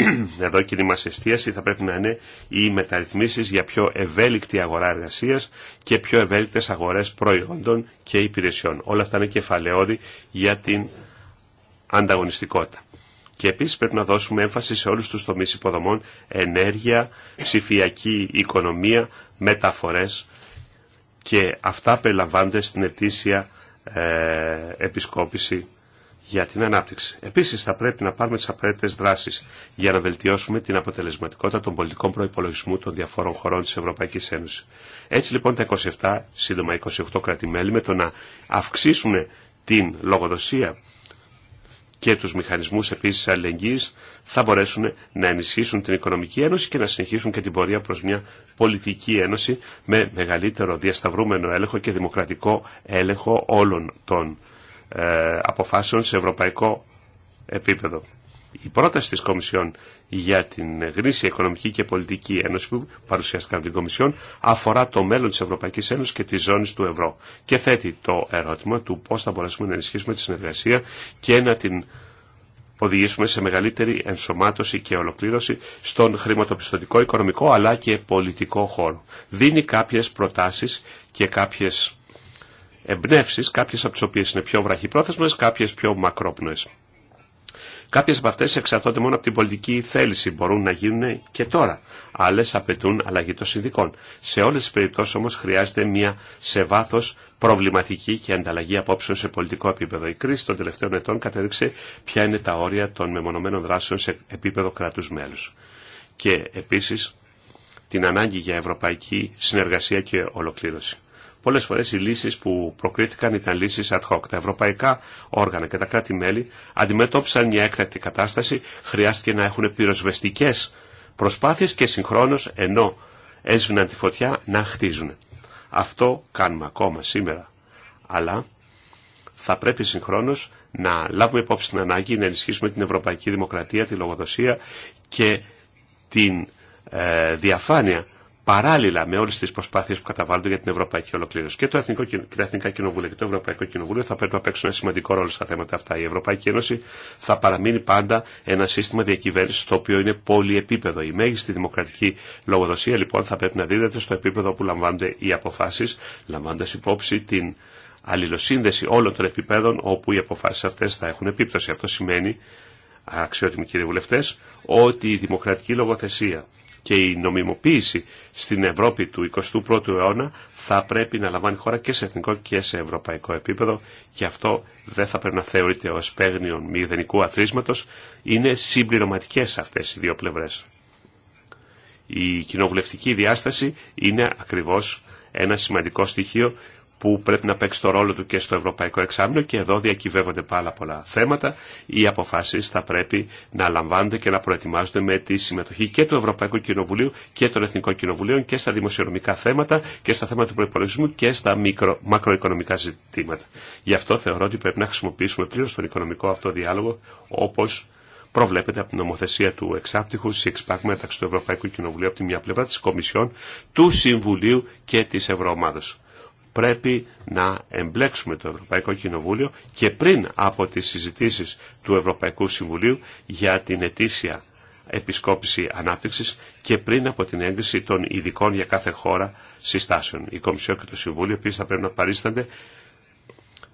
Εδώ κοινή μας εστίαση θα πρέπει να είναι οι μεταρρυθμίσεις για πιο ευέλικτη αγορά εργασίας και πιο ευέλικτες αγορές προϊόντων και υπηρεσιών. Όλα αυτά είναι κεφαλαιόδη για την ανταγωνιστικότητα. Και επίσης πρέπει να δώσουμε έμφαση σε όλους τους τομείς υποδομών, ενέργεια, ψηφιακή οικονομία, μεταφορές και αυτά περιλαμβάνονται στην ετήσια ε, επισκόπηση για την ανάπτυξη. Επίσης θα πρέπει να πάρουμε τις απαραίτητες δράσεις για να βελτιώσουμε την αποτελεσματικότητα των πολιτικών προϋπολογισμού των διαφόρων χωρών της Ευρωπαϊκής Ένωσης. Έτσι λοιπόν τα 27, σύντομα 28 κράτη-μέλη με το να αυξήσουν την λογοδοσία και τους μηχανισμούς επίσης αλληλεγγύης θα μπορέσουν να ενισχύσουν την οικονομική ένωση και να συνεχίσουν και την πορεία προς μια πολιτική ένωση με μεγαλύτερο διασταυρούμενο έλεγχο και δημοκρατικό έλεγχο όλων των ε, αποφάσεων σε ευρωπαϊκό επίπεδο. Η πρόταση της Κομισιόν για την γνήσια οικονομική και πολιτική ένωση που παρουσιάστηκαν από την Κομισιόν αφορά το μέλλον της Ευρωπαϊκής Ένωσης και της ζώνης του ευρώ και θέτει το ερώτημα του πώς θα μπορέσουμε να ενισχύσουμε τη συνεργασία και να την οδηγήσουμε σε μεγαλύτερη ενσωμάτωση και ολοκλήρωση στον χρηματοπιστωτικό, οικονομικό αλλά και πολιτικό χώρο. Δίνει κάποιες προτάσεις και κάποιες εμπνεύσει, κάποιε από τι οποίε είναι πιο βραχυπρόθεσμε, κάποιε πιο μακρόπνοε. Κάποιε από αυτέ εξαρτώνται μόνο από την πολιτική θέληση, μπορούν να γίνουν και τώρα. Άλλε απαιτούν αλλαγή των συνδικών. Σε όλε τι περιπτώσει όμω χρειάζεται μια σε βάθο προβληματική και ανταλλαγή απόψεων σε πολιτικό επίπεδο. Η κρίση των τελευταίων ετών κατέδειξε ποια είναι τα όρια των μεμονωμένων δράσεων σε επίπεδο κράτου μέλου. Και επίση την ανάγκη για ευρωπαϊκή συνεργασία και ολοκλήρωση πολλές φορές οι λύσεις που προκρίθηκαν ήταν λύσεις ad hoc. Τα ευρωπαϊκά όργανα και τα κράτη-μέλη αντιμετώπισαν μια έκτακτη κατάσταση, χρειάστηκε να έχουν πυροσβεστικές προσπάθειες και συγχρόνως ενώ έσβηναν τη φωτιά να χτίζουν. Αυτό κάνουμε ακόμα σήμερα. Αλλά θα πρέπει συγχρόνως να λάβουμε υπόψη την ανάγκη να ενισχύσουμε την ευρωπαϊκή δημοκρατία, τη λογοδοσία και την ε, διαφάνεια παράλληλα με όλε τι προσπάθειε που καταβάλλονται για την ευρωπαϊκή ολοκλήρωση. Και, το Εθνικό, και τα Εθνικά Κοινοβούλια και το Ευρωπαϊκό Κοινοβούλιο θα πρέπει να παίξουν ένα σημαντικό ρόλο στα θέματα αυτά. Η Ευρωπαϊκή Ένωση θα παραμείνει πάντα ένα σύστημα διακυβέρνηση το οποίο είναι πολυεπίπεδο. Η μέγιστη δημοκρατική λογοδοσία λοιπόν θα πρέπει να δίδεται στο επίπεδο που λαμβάνονται οι αποφάσει, λαμβάνοντα υπόψη την αλληλοσύνδεση όλων των επιπέδων όπου οι αποφάσει αυτέ θα έχουν επίπτωση. Αυτό σημαίνει, αξιότιμοι κύριοι βουλευτέ, ότι η δημοκρατική λογοθεσία και η νομιμοποίηση στην Ευρώπη του 21ου αιώνα θα πρέπει να λαμβάνει χώρα και σε εθνικό και σε ευρωπαϊκό επίπεδο και αυτό δεν θα πρέπει να θεωρείται ως παίγνιον μηδενικού αθροίσματος. Είναι συμπληρωματικές αυτές οι δύο πλευρές. Η κοινοβουλευτική διάσταση είναι ακριβώς ένα σημαντικό στοιχείο που πρέπει να παίξει το ρόλο του και στο Ευρωπαϊκό Εξάμεινο και εδώ διακυβεύονται πάρα πολλά θέματα. Οι αποφάσεις θα πρέπει να λαμβάνονται και να προετοιμάζονται με τη συμμετοχή και του Ευρωπαϊκού Κοινοβουλίου και των Εθνικών Κοινοβουλίων και στα δημοσιονομικά θέματα και στα θέματα του προπολογισμού και στα μικρο, μακροοικονομικά ζητήματα. Γι' αυτό θεωρώ ότι πρέπει να χρησιμοποιήσουμε πλήρως τον οικονομικό αυτό διάλογο όπως προβλέπεται από την νομοθεσία του εξάπτυχου μεταξύ του Ευρωπαϊκού Κοινοβουλίου από τη μια πλευρά της Κομισιόν, του Συμβουλίου και της Ευρωομάδας πρέπει να εμπλέξουμε το Ευρωπαϊκό Κοινοβούλιο και πριν από τις συζητήσεις του Ευρωπαϊκού Συμβουλίου για την ετήσια επισκόπηση ανάπτυξης και πριν από την έγκριση των ειδικών για κάθε χώρα συστάσεων. Η Κομισιό και το Συμβούλιο επίσης θα πρέπει να παρίστανται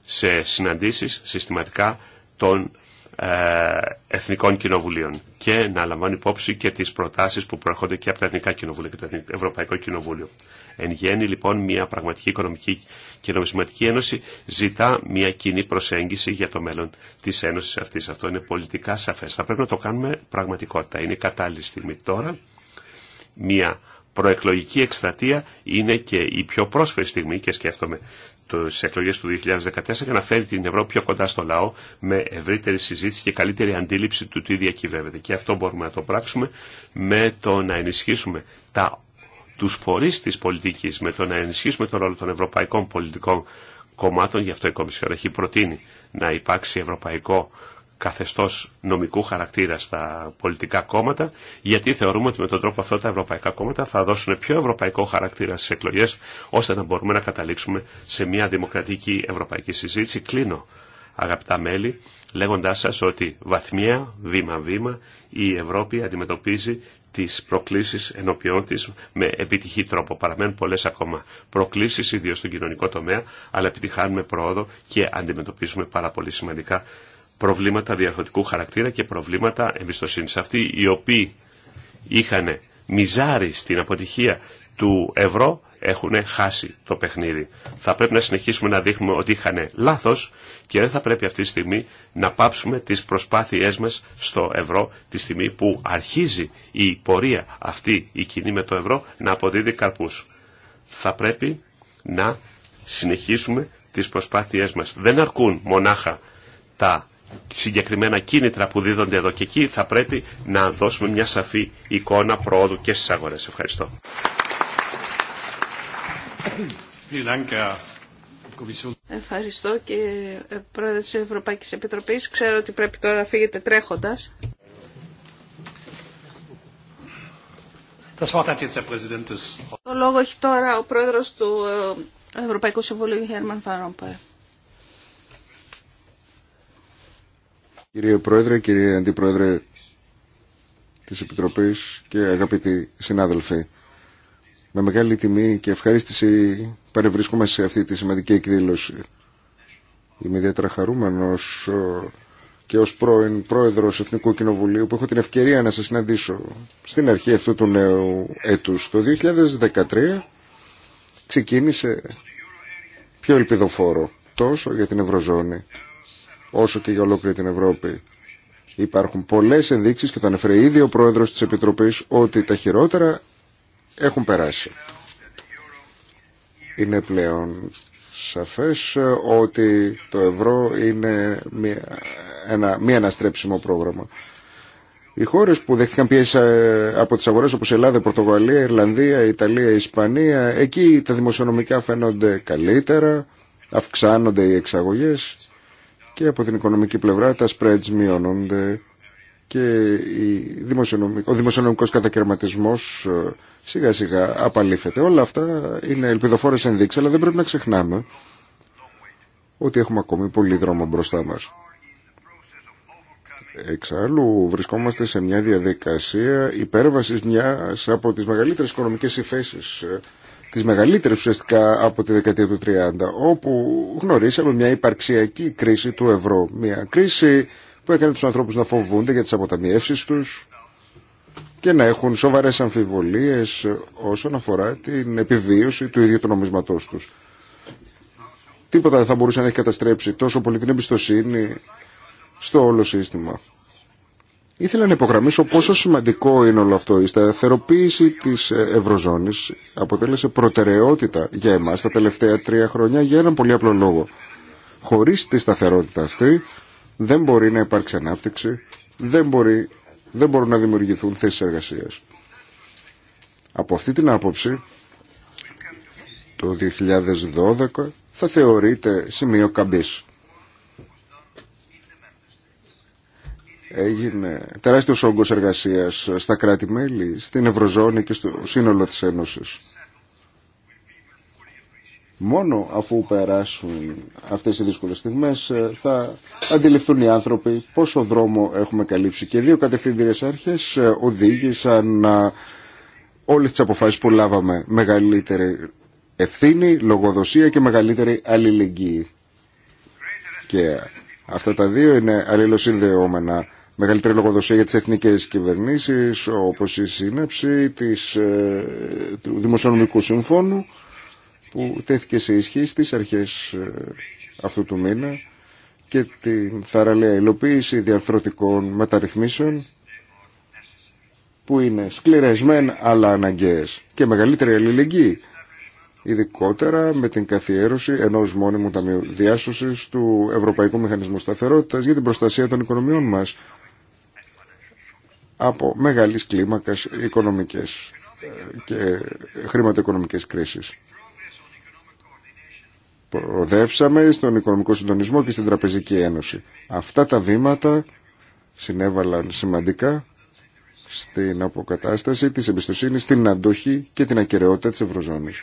σε συναντήσεις συστηματικά των ε, εθνικών κοινοβουλίων και να λαμβάνει υπόψη και τις προτάσεις που προέρχονται και από τα Εθνικά Κοινοβούλια και το Ευρωπαϊκό Κοινοβούλιο. Εν γέννη λοιπόν μια πραγματική οικονομική και νομισματική ένωση ζητά μια κοινή προσέγγιση για το μέλλον της ένωσης αυτής. Αυτό είναι πολιτικά σαφές. Θα πρέπει να το κάνουμε πραγματικότητα. Είναι κατάλληλη στιγμή τώρα μια προεκλογική εκστρατεία είναι και η πιο πρόσφερη στιγμή και σκέφτομαι στις εκλογές του 2014 να φέρει την Ευρώπη πιο κοντά στο λαό με ευρύτερη συζήτηση και καλύτερη αντίληψη του τι διακυβεύεται. Και αυτό μπορούμε να το πράξουμε με το να ενισχύσουμε τα, τους φορείς της πολιτικής, με το να ενισχύσουμε τον ρόλο των ευρωπαϊκών πολιτικών κομμάτων. Γι' αυτό η Κομισιόν έχει προτείνει να υπάρξει ευρωπαϊκό καθεστώς νομικού χαρακτήρα στα πολιτικά κόμματα, γιατί θεωρούμε ότι με τον τρόπο αυτό τα ευρωπαϊκά κόμματα θα δώσουν πιο ευρωπαϊκό χαρακτήρα στις εκλογές, ώστε να μπορούμε να καταλήξουμε σε μια δημοκρατική ευρωπαϊκή συζήτηση. Κλείνω, αγαπητά μέλη, λέγοντάς σας ότι βαθμία, βήμα-βήμα, η Ευρώπη αντιμετωπίζει τις προκλήσεις ενωπιών της με επιτυχή τρόπο. Παραμένουν πολλές ακόμα προκλήσεις, ιδίως στον κοινωνικό τομέα, αλλά επιτυχάνουμε πρόοδο και αντιμετωπίζουμε πάρα πολύ σημαντικά προβλήματα διαρθωτικού χαρακτήρα και προβλήματα εμπιστοσύνη. Αυτοί οι οποίοι είχαν μιζάρι στην αποτυχία του ευρώ έχουν χάσει το παιχνίδι. Θα πρέπει να συνεχίσουμε να δείχνουμε ότι είχαν λάθος και δεν θα πρέπει αυτή τη στιγμή να πάψουμε τις προσπάθειές μας στο ευρώ τη στιγμή που αρχίζει η πορεία αυτή η κοινή με το ευρώ να αποδίδει καρπού. Θα πρέπει να συνεχίσουμε τις προσπάθειές μας. Δεν αρκούν μονάχα τα συγκεκριμένα κίνητρα που δίδονται εδώ και εκεί θα πρέπει να δώσουμε μια σαφή εικόνα προόδου και στις αγορές. Ευχαριστώ. Ευχαριστώ και πρόεδρε της Ευρωπαϊκής Επιτροπής. Ξέρω ότι πρέπει τώρα να φύγετε τρέχοντα. Το λόγο έχει τώρα ο πρόεδρο του ε, Ευρωπαϊκού Συμβουλίου, Χέρμαν Φαρόμπερ. Κύριε Πρόεδρε, κύριε Αντιπρόεδρε της Επιτροπής και αγαπητοί συνάδελφοι, με μεγάλη τιμή και ευχαρίστηση παρευρίσκομαι σε αυτή τη σημαντική εκδήλωση. Είμαι ιδιαίτερα χαρούμενος ε, και ως πρώην πρόεδρος Εθνικού Κοινοβουλίου που έχω την ευκαιρία να σας συναντήσω στην αρχή αυτού του νέου έτους. Το 2013 ξεκίνησε πιο ελπιδοφόρο τόσο για την Ευρωζώνη όσο και για ολόκληρη την Ευρώπη. Υπάρχουν πολλές ενδείξεις και το ανέφερε ήδη ο πρόεδρος της Επιτροπής ότι τα χειρότερα έχουν περάσει. Είναι πλέον σαφές ότι το ευρώ είναι μία, αναστρέψιμο πρόγραμμα. Οι χώρες που δέχτηκαν πιέσει ε, από τις αγορές όπως Ελλάδα, Πορτογαλία, Ιρλανδία, Ιταλία, Ισπανία, εκεί τα δημοσιονομικά φαίνονται καλύτερα, αυξάνονται οι εξαγωγές και από την οικονομική πλευρά τα spreads μειώνονται και ο δημοσιονομικός κατακαιρματισμός ε, σιγά σιγά απαλήφεται. Όλα αυτά είναι ελπιδοφόρες ενδείξεις, αλλά δεν πρέπει να ξεχνάμε ότι έχουμε ακόμη πολύ δρόμο μπροστά μας. Εξάλλου βρισκόμαστε σε μια διαδικασία υπέρβασης μιας από τις μεγαλύτερες οικονομικές υφέσεις ε, τις μεγαλύτερες ουσιαστικά από τη δεκαετία του 30, όπου γνωρίσαμε μια υπαρξιακή κρίση του ευρώ. Μια κρίση που έκανε τους ανθρώπους να φοβούνται για τις αποταμιεύσεις τους και να έχουν σοβαρές αμφιβολίες όσον αφορά την επιβίωση του ίδιου του νομισματός τους. Τίποτα δεν θα μπορούσε να έχει καταστρέψει τόσο πολύ την εμπιστοσύνη στο όλο σύστημα Ήθελα να υπογραμμίσω πόσο σημαντικό είναι όλο αυτό. Η σταθεροποίηση της ε, Ευρωζώνης αποτέλεσε προτεραιότητα για εμάς τα τελευταία τρία χρόνια για έναν πολύ απλό λόγο. Χωρίς τη σταθερότητα αυτή δεν μπορεί να υπάρξει ανάπτυξη, δεν, μπορεί, δεν μπορούν να δημιουργηθούν θέσεις εργασία. Από αυτή την άποψη, το 2012 θα θεωρείται σημείο καμπής. έγινε τεράστιος όγκος εργασίας στα κράτη-μέλη, στην Ευρωζώνη και στο σύνολο της Ένωσης. Μόνο αφού περάσουν αυτές οι δύσκολες στιγμές ε, θα αντιληφθούν οι άνθρωποι πόσο δρόμο έχουμε καλύψει. Και δύο κατευθυντήρες αρχές ε, οδήγησαν όλες τις αποφάσεις που λάβαμε μεγαλύτερη ευθύνη, λογοδοσία και μεγαλύτερη αλληλεγγύη. Και αυτά τα δύο είναι αλληλοσυνδεόμενα μεγαλύτερη λογοδοσία για τι εθνικέ κυβερνήσει, όπω η σύναψη της, ε, του Δημοσιονομικού Συμφώνου που τέθηκε σε ισχύ στις αρχές ε, αυτού του μήνα και την θαραλέα υλοποίηση διαρθρωτικών μεταρρυθμίσεων που είναι σκληρέ μεν αλλά αναγκαίε και μεγαλύτερη αλληλεγγύη ειδικότερα με την καθιέρωση ενός μόνιμου ταμείου διάσωση του Ευρωπαϊκού Μηχανισμού Σταθερότητα για την προστασία των οικονομιών μα από μεγάλης κλίμακας οικονομικές ε, και χρηματοοικονομικές κρίσεις. Προοδεύσαμε στον οικονομικό συντονισμό και στην Τραπεζική Ένωση. Αυτά τα βήματα συνέβαλαν σημαντικά στην αποκατάσταση της εμπιστοσύνης, στην αντοχή και την ακαιρεότητα της Ευρωζώνης.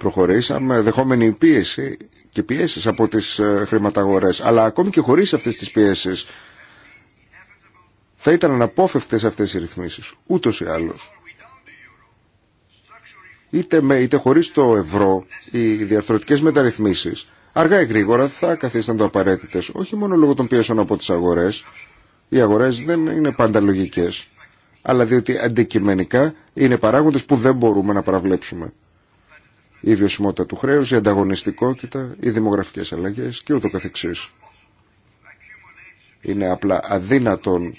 Προχωρήσαμε δεχόμενη πίεση και πιέσεις από τις ε, χρηματαγορές, αλλά ακόμη και χωρίς αυτές τις πιέσεις θα ήταν αναπόφευκτες αυτές οι ρυθμίσεις, ούτως ή άλλως. Είτε, με, είτε χωρίς το ευρώ, οι διαρθρωτικές μεταρρυθμίσεις, αργά ή γρήγορα θα καθίσταν το απαραίτητες, όχι μόνο λόγω των πιέσεων από τις αγορές. Οι αγορές δεν είναι πάντα λογικές, αλλά διότι αντικειμενικά είναι παράγοντες που δεν μπορούμε να παραβλέψουμε η βιωσιμότητα του χρέους, η ανταγωνιστικότητα, οι δημογραφικές αλλαγές και ούτω καθεξής. Είναι απλά αδύνατον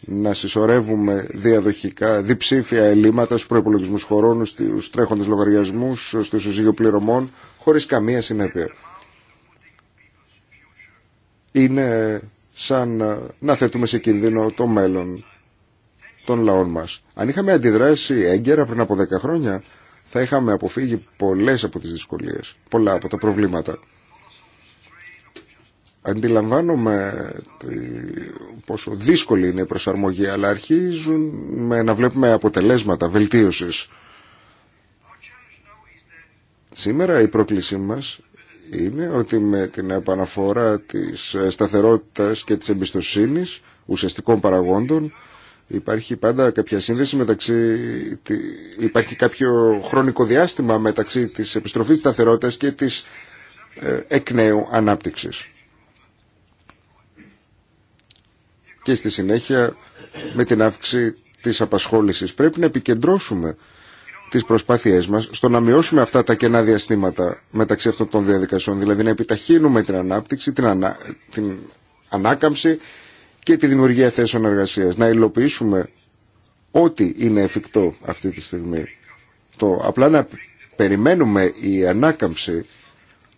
να συσσωρεύουμε διαδοχικά διψήφια ελλείμματα στους προπολογισμού χωρών, στους τρέχοντες λογαριασμούς, στο ισοζύγιο πληρωμών, χωρίς καμία συνέπεια. Είναι σαν να θέτουμε σε κίνδυνο το μέλλον των λαών μας. Αν είχαμε αντιδράσει έγκαιρα πριν από 10 χρόνια, θα είχαμε αποφύγει πολλές από τις δυσκολίες, πολλά από τα προβλήματα. Αντιλαμβάνομαι πόσο δύσκολη είναι η προσαρμογή, αλλά αρχίζουν με να βλέπουμε αποτελέσματα βελτίωσης. Σήμερα η πρόκλησή μας είναι ότι με την επαναφορά της σταθερότητας και της εμπιστοσύνης ουσιαστικών παραγόντων υπάρχει πάντα κάποια σύνδεση μεταξύ, υπάρχει κάποιο χρονικό διάστημα μεταξύ της επιστροφής της σταθερότητας και της ε, εκ νέου ανάπτυξης. και στη συνέχεια με την αύξηση της απασχόλησης. Πρέπει να επικεντρώσουμε τις προσπάθειές μας στο να μειώσουμε αυτά τα κενά διαστήματα μεταξύ αυτών των διαδικασιών, δηλαδή να επιταχύνουμε την ανάπτυξη, την, την ανάκαμψη και τη δημιουργία θέσεων εργασίας, να υλοποιήσουμε ό,τι είναι εφικτό αυτή τη στιγμή. Το απλά να περιμένουμε η ανάκαμψη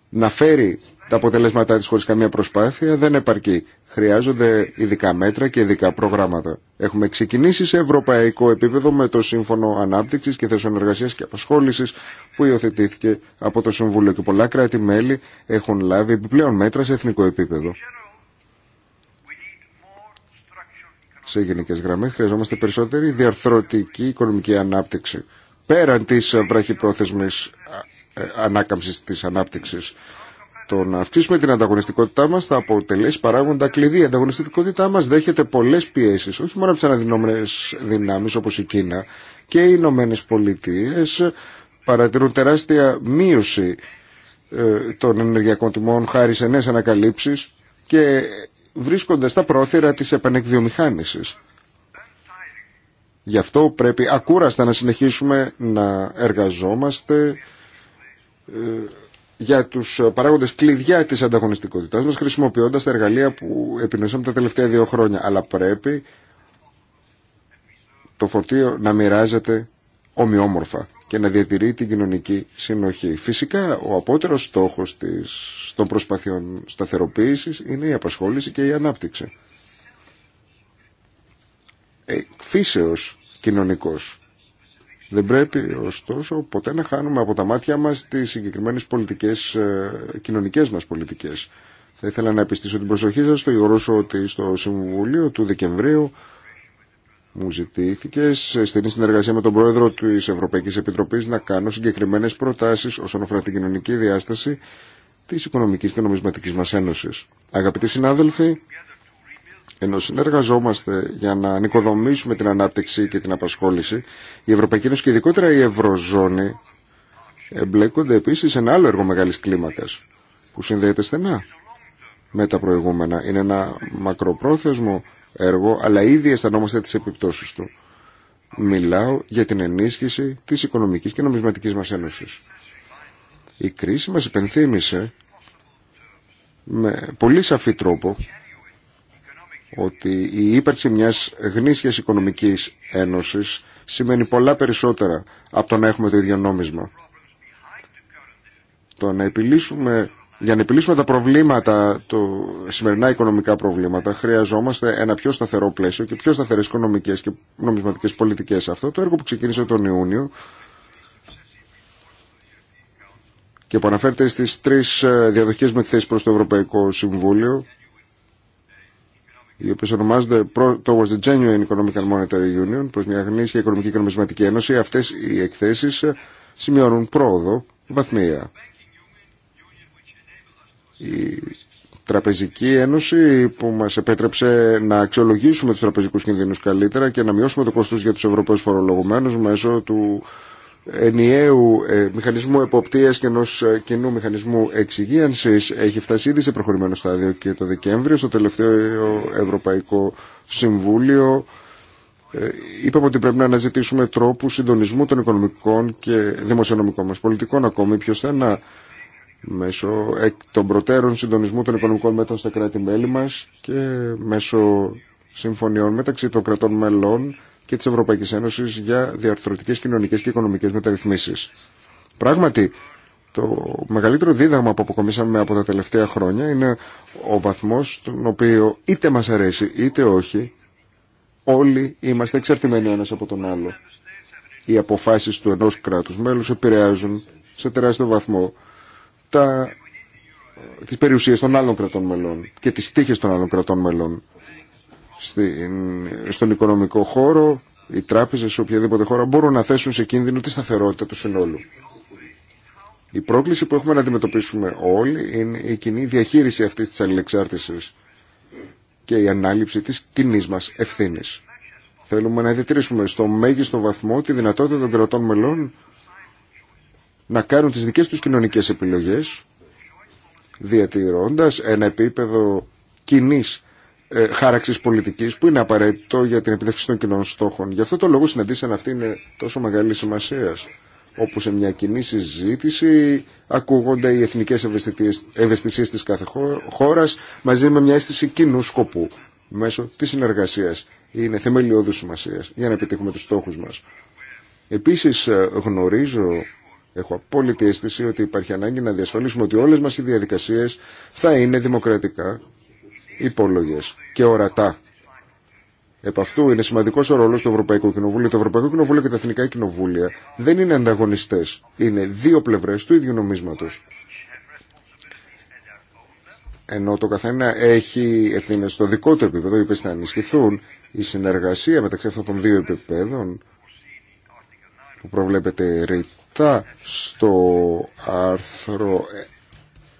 να φέρει τα αποτελέσματά της χωρίς καμία προσπάθεια δεν επαρκεί. Χρειάζονται ειδικά μέτρα και ειδικά προγράμματα. Έχουμε ξεκινήσει σε ευρωπαϊκό επίπεδο με το Σύμφωνο Ανάπτυξης και Θέσεων Εργασίας και Απασχόλησης που υιοθετήθηκε από το Συμβούλιο και πολλά κράτη-μέλη έχουν λάβει επιπλέον μέτρα σε εθνικό επίπεδο. Σε γενικέ γραμμέ χρειαζόμαστε περισσότερη διαρθρωτική οικονομική ανάπτυξη πέραν της βραχυπρόθεσμης ε, ε, ανάκαμψης της ανάπτυξης. Το να αυξήσουμε την ανταγωνιστικότητά μα θα αποτελέσει παράγοντα κλειδί. Η ανταγωνιστικότητά μα δέχεται πολλέ πιέσει, όχι μόνο από τι αναδυνόμενε δυνάμει όπω η Κίνα και οι Ηνωμένε Πολιτείε παρατηρούν τεράστια μείωση ε, των ενεργειακών τιμών χάρη σε νέε ανακαλύψει και βρίσκονται στα πρόθυρα τη επανεκβιομηχάνηση. Γι' αυτό πρέπει ακούραστα να συνεχίσουμε να εργαζόμαστε ε, για του ε, παράγοντε κλειδιά της ανταγωνιστικότητάς μας χρησιμοποιώντα τα εργαλεία που επινοήσαμε τα τελευταία δύο χρόνια. Αλλά πρέπει το φορτίο να μοιράζεται ομοιόμορφα και να διατηρεί την κοινωνική συνοχή. Φυσικά ο απότερος στόχος των προσπαθειών σταθεροποίηση είναι η απασχόληση και η ανάπτυξη. Ε, φύσεως κοινωνικός. Δεν πρέπει ωστόσο ποτέ να χάνουμε από τα μάτια μας τις συγκεκριμένες πολιτικές, ε, κοινωνικές μας πολιτικές. Θα ήθελα να επιστήσω την προσοχή σας στο γεγονό ότι στο Συμβουλίο του Δεκεμβρίου μου ζητήθηκε στενή συνεργασία με τον Πρόεδρο της Ευρωπαϊκής Επιτροπής να κάνω συγκεκριμένες προτάσεις όσον αφορά την κοινωνική διάσταση της Οικονομικής και Νομισματικής μας Ένωσης. Αγαπητοί συνάδελφοι, ενώ συνεργαζόμαστε για να ανοικοδομήσουμε την ανάπτυξη και την απασχόληση, η Ευρωπαϊκή Ένωση και ειδικότερα η Ευρωζώνη εμπλέκονται επίσης σε ένα άλλο έργο μεγάλης κλίμακας που συνδέεται στενά με τα προηγούμενα. Είναι ένα μακροπρόθεσμο έργο, αλλά ήδη αισθανόμαστε τις επιπτώσεις του. Μιλάω για την ενίσχυση της οικονομική και νομισματικής μα ένωσης. Η κρίση μας υπενθύμησε με πολύ σαφή τρόπο ότι η ύπαρξη μιας γνήσιας οικονομικής ένωσης σημαίνει πολλά περισσότερα από το να έχουμε το ίδιο νόμισμα. Το να επιλύσουμε, για να επιλύσουμε τα προβλήματα, το σημερινά οικονομικά προβλήματα, χρειαζόμαστε ένα πιο σταθερό πλαίσιο και πιο σταθερές οικονομικές και νομισματικές πολιτικές. Αυτό το έργο που ξεκίνησε τον Ιούνιο και που αναφέρεται στις τρεις ε, διαδοχές με εκθέσεις προς το Ευρωπαϊκό Συμβούλιο οι οποίε ονομάζονται Towards the Genuine Economic and Monetary Union, προ μια γνήσια οικονομική και νομισματική ένωση, αυτέ οι εκθέσει ε, σημειώνουν πρόοδο βαθμία. Η Τραπεζική Ένωση που μας επέτρεψε να αξιολογήσουμε τους τραπεζικούς κινδύνους καλύτερα και να μειώσουμε το κόστος για τους Ευρωπαίους φορολογουμένους μέσω του ενιαίου ε, μηχανισμού εποπτείας και ενός ε, κοινού μηχανισμού εξυγίανσης έχει φτάσει ήδη σε προχωρημένο στάδιο και το Δεκέμβριο στο τελευταίο Ευρωπαϊκό Συμβούλιο ε, είπαμε ότι πρέπει να αναζητήσουμε τρόπους συντονισμού των οικονομικών και δημοσιονομικών μας πολιτικών ακόμη πιο στενά μέσω εκ των προτέρων συντονισμού των οικονομικών μέτρων στα κράτη-μέλη μας και μέσω συμφωνιών μεταξύ των κρατών μελών και της Ευρωπαϊκής Ένωσης για διαρθρωτικές κοινωνικές και οικονομικές μεταρρυθμίσεις. Πράγματι, το μεγαλύτερο δίδαγμα που αποκομίσαμε από τα τελευταία χρόνια είναι ο βαθμός τον οποίο είτε μας αρέσει είτε όχι όλοι είμαστε εξαρτημένοι ένας από τον άλλο. Οι αποφάσεις του ενός κράτους μέλους επηρεάζουν σε τεράστιο βαθμό τα τις περιουσίες των άλλων κρατών μελών και τις τύχες των άλλων κρατών μελών στον οικονομικό χώρο, οι τράπεζες σε οποιαδήποτε χώρα μπορούν να θέσουν σε κίνδυνο τη σταθερότητα του συνόλου. Η πρόκληση που έχουμε να αντιμετωπίσουμε όλοι είναι η κοινή διαχείριση αυτής της αλληλεξάρτησης και η ανάληψη της κοινή μας ευθύνη. Θέλουμε να διατηρήσουμε στο μέγιστο βαθμό τη δυνατότητα των κρατών μελών να κάνουν τις δικές τους κοινωνικές επιλογές διατηρώντας ένα επίπεδο κοινής ε, χάραξη πολιτική που είναι απαραίτητο για την επιδεύξη των κοινών στόχων. Γι' αυτό το λόγο συναντήσαν αυτή είναι τόσο μεγάλη σημασία. Όπου σε μια κοινή συζήτηση ακούγονται οι εθνικέ ευαισθησίε τη κάθε χώρα μαζί με μια αίσθηση κοινού σκοπού μέσω τη συνεργασία. Είναι θεμελιώδη σημασία για να επιτύχουμε του στόχου μα. Επίση ε, γνωρίζω Έχω απόλυτη αίσθηση ότι υπάρχει ανάγκη να διασφαλίσουμε ότι όλε μα οι διαδικασίε θα είναι δημοκρατικά υπόλογες και ορατά. Επ' αυτού είναι σημαντικό ο ρόλο του Ευρωπαϊκού Κοινοβούλου. Το Ευρωπαϊκό Κοινοβούλιο και τα Εθνικά Κοινοβούλια δεν είναι ανταγωνιστέ. Είναι δύο πλευρέ του ίδιου νομίσματο. Ενώ το καθένα έχει ευθύνε στο δικό του επίπεδο, οι οποίε θα ενισχυθούν, η συνεργασία μεταξύ αυτών των δύο επίπεδων που προβλέπεται ρητά στο άρθρο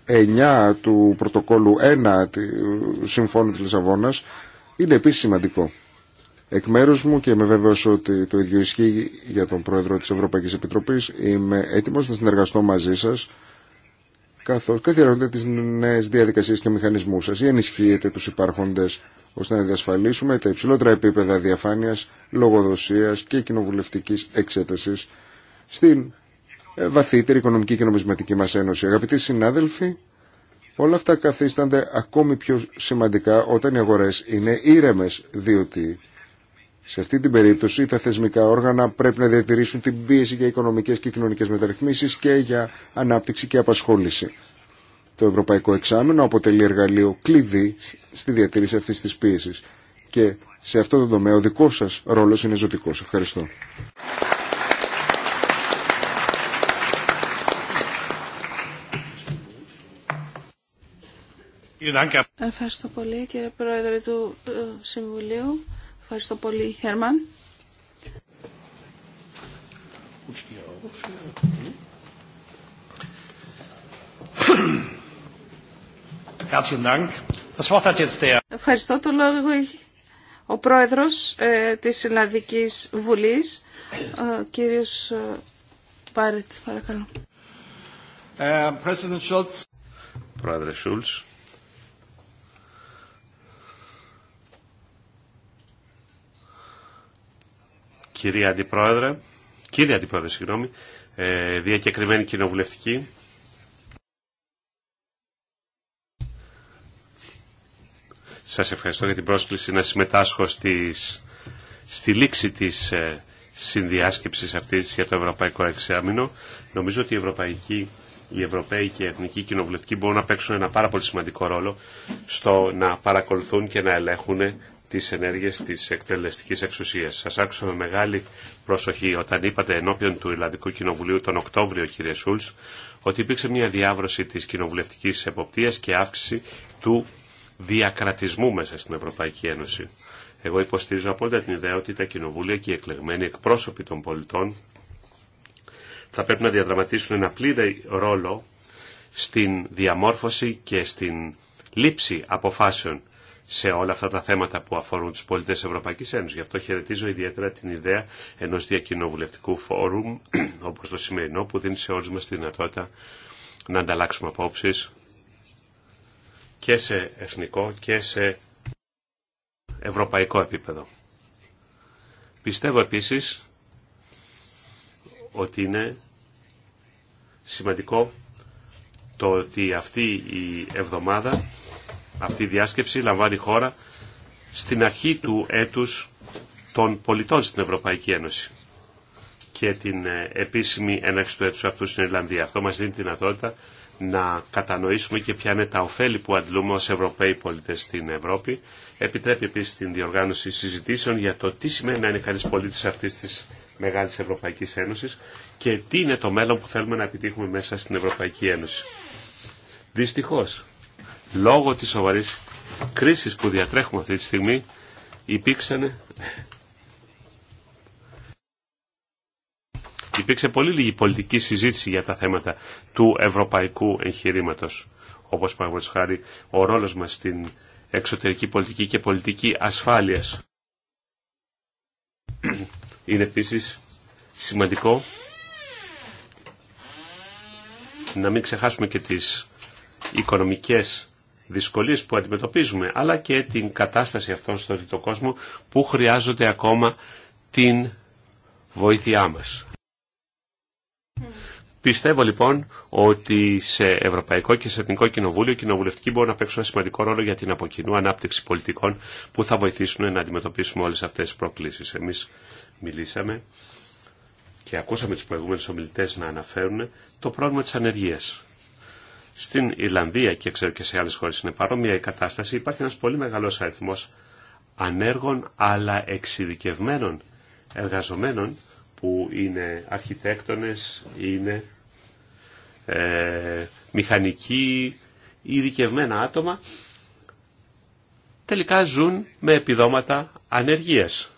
9 του πρωτοκόλου 1 του Συμφώνου της Λισαβόνας είναι επίσης σημαντικό. Εκ μέρους μου και με βέβαιος ότι το ίδιο ισχύει για τον Πρόεδρο της Ευρωπαϊκής Επιτροπής είμαι έτοιμος να συνεργαστώ μαζί σας καθώς καθιερώνετε τις νέες διαδικασίες και μηχανισμούς σας ή ενισχύετε τους υπάρχοντες ώστε να διασφαλίσουμε τα υψηλότερα επίπεδα διαφάνειας, λογοδοσίας και κοινοβουλευτικής εξέτασης στην ε, βαθύτερη οικονομική και νομισματική μας ένωση. Αγαπητοί συνάδελφοι, όλα αυτά καθίστανται ακόμη πιο σημαντικά όταν οι αγορές είναι ήρεμες, διότι σε αυτή την περίπτωση τα θεσμικά όργανα πρέπει να διατηρήσουν την πίεση για οικονομικές και κοινωνικές μεταρρυθμίσεις και για ανάπτυξη και απασχόληση. Το Ευρωπαϊκό Εξάμεινο αποτελεί εργαλείο κλειδί στη διατήρηση αυτής της πίεσης και σε αυτό το τομέα ο δικός σας ρόλος είναι ζωτικός. Ευχαριστώ. Ευχαριστώ πολύ κύριε Πρόεδρε του ε, Συμβουλίου. Ευχαριστώ πολύ Χέρμαν. Ευχαριστώ το λόγο ο πρόεδρος ε, της Ελλαδικής Βουλής, ο κύριος ε, Πάρετ, παρακαλώ. Πρόεδρε Σούλτς, κυρία Αντιπρόεδρε, κύριε Αντιπρόεδρε, συγγνώμη, ε, διακεκριμένη κοινοβουλευτική. Σας ευχαριστώ για την πρόσκληση να συμμετάσχω στις, στη λήξη της ε, συνδιάσκεψης αυτής για το Ευρωπαϊκό Εξάμεινο. Νομίζω ότι η Ευρωπαϊκή οι Ευρωπαίοι και οι Εθνικοί Κοινοβουλευτικοί μπορούν να παίξουν ένα πάρα πολύ σημαντικό ρόλο στο να παρακολουθούν και να ελέγχουν τις ενέργειες της εκτελεστικής εξουσίας. Σας άκουσα με μεγάλη προσοχή όταν είπατε ενώπιον του Ιρλανδικού Κοινοβουλίου τον Οκτώβριο, κύριε Σούλτς, ότι υπήρξε μια διάβρωση της κοινοβουλευτικής εποπτείας και αύξηση του διακρατισμού μέσα στην Ευρωπαϊκή Ένωση. Εγώ υποστηρίζω απόλυτα την ιδέα ότι τα κοινοβούλια και οι εκλεγμένοι εκπρόσωποι των πολιτών θα πρέπει να διαδραματίσουν ένα πλήρη ρόλο στην διαμόρφωση και στην λήψη αποφάσεων σε όλα αυτά τα θέματα που αφορούν τους πολίτες Ευρωπαϊκής Ένωσης. Γι' αυτό χαιρετίζω ιδιαίτερα την ιδέα ενός διακοινοβουλευτικού φόρουμ όπως το σημερινό που δίνει σε όλους μας τη δυνατότητα να ανταλλάξουμε απόψεις και σε εθνικό και σε ευρωπαϊκό επίπεδο. Πιστεύω επίσης ότι είναι σημαντικό το ότι αυτή η εβδομάδα αυτή η διάσκεψη λαμβάνει χώρα στην αρχή του έτους των πολιτών στην Ευρωπαϊκή Ένωση και την ε, επίσημη έναρξη του έτους αυτού στην Ιρλανδία. Αυτό μας δίνει τη δυνατότητα να κατανοήσουμε και ποια είναι τα ωφέλη που αντλούμε ως Ευρωπαίοι πολίτες στην Ευρώπη. Επιτρέπει επίσης την διοργάνωση συζητήσεων για το τι σημαίνει να είναι κανείς πολίτης αυτής της μεγάλης Ευρωπαϊκής Ένωσης και τι είναι το μέλλον που θέλουμε να επιτύχουμε μέσα στην Ευρωπαϊκή Ένωση. Δυστυχώς, λόγω της σοβαρής κρίσης που διατρέχουμε αυτή τη στιγμή υπήρξαν υπήρξε πολύ λίγη πολιτική συζήτηση για τα θέματα του ευρωπαϊκού εγχειρήματος όπως παραγωγής χάρη ο ρόλος μας στην εξωτερική πολιτική και πολιτική ασφάλειας. Είναι επίσης σημαντικό να μην ξεχάσουμε και τις οικονομικές δυσκολίες που αντιμετωπίζουμε, αλλά και την κατάσταση αυτών στον τρίτο κόσμο που χρειάζονται ακόμα την βοήθειά μας. Πιστεύω λοιπόν ότι σε Ευρωπαϊκό και σε Εθνικό Κοινοβούλιο οι κοινοβουλευτικοί μπορούν να παίξουν ένα σημαντικό ρόλο για την αποκοινού ανάπτυξη πολιτικών που θα βοηθήσουν να αντιμετωπίσουμε όλες αυτές τις προκλήσεις. Εμείς μιλήσαμε και ακούσαμε τους προηγούμενους ομιλητές να αναφέρουν το πρόβλημα της ανεργίας. Στην Ιρλανδία και ξέρω και σε άλλες χώρες είναι παρόμοια η κατάσταση. Υπάρχει ένας πολύ μεγάλος αριθμός ανέργων αλλά εξειδικευμένων εργαζομένων που είναι αρχιτέκτονες, είναι ε, μηχανικοί, ειδικευμένα άτομα, τελικά ζουν με επιδόματα ανεργίας.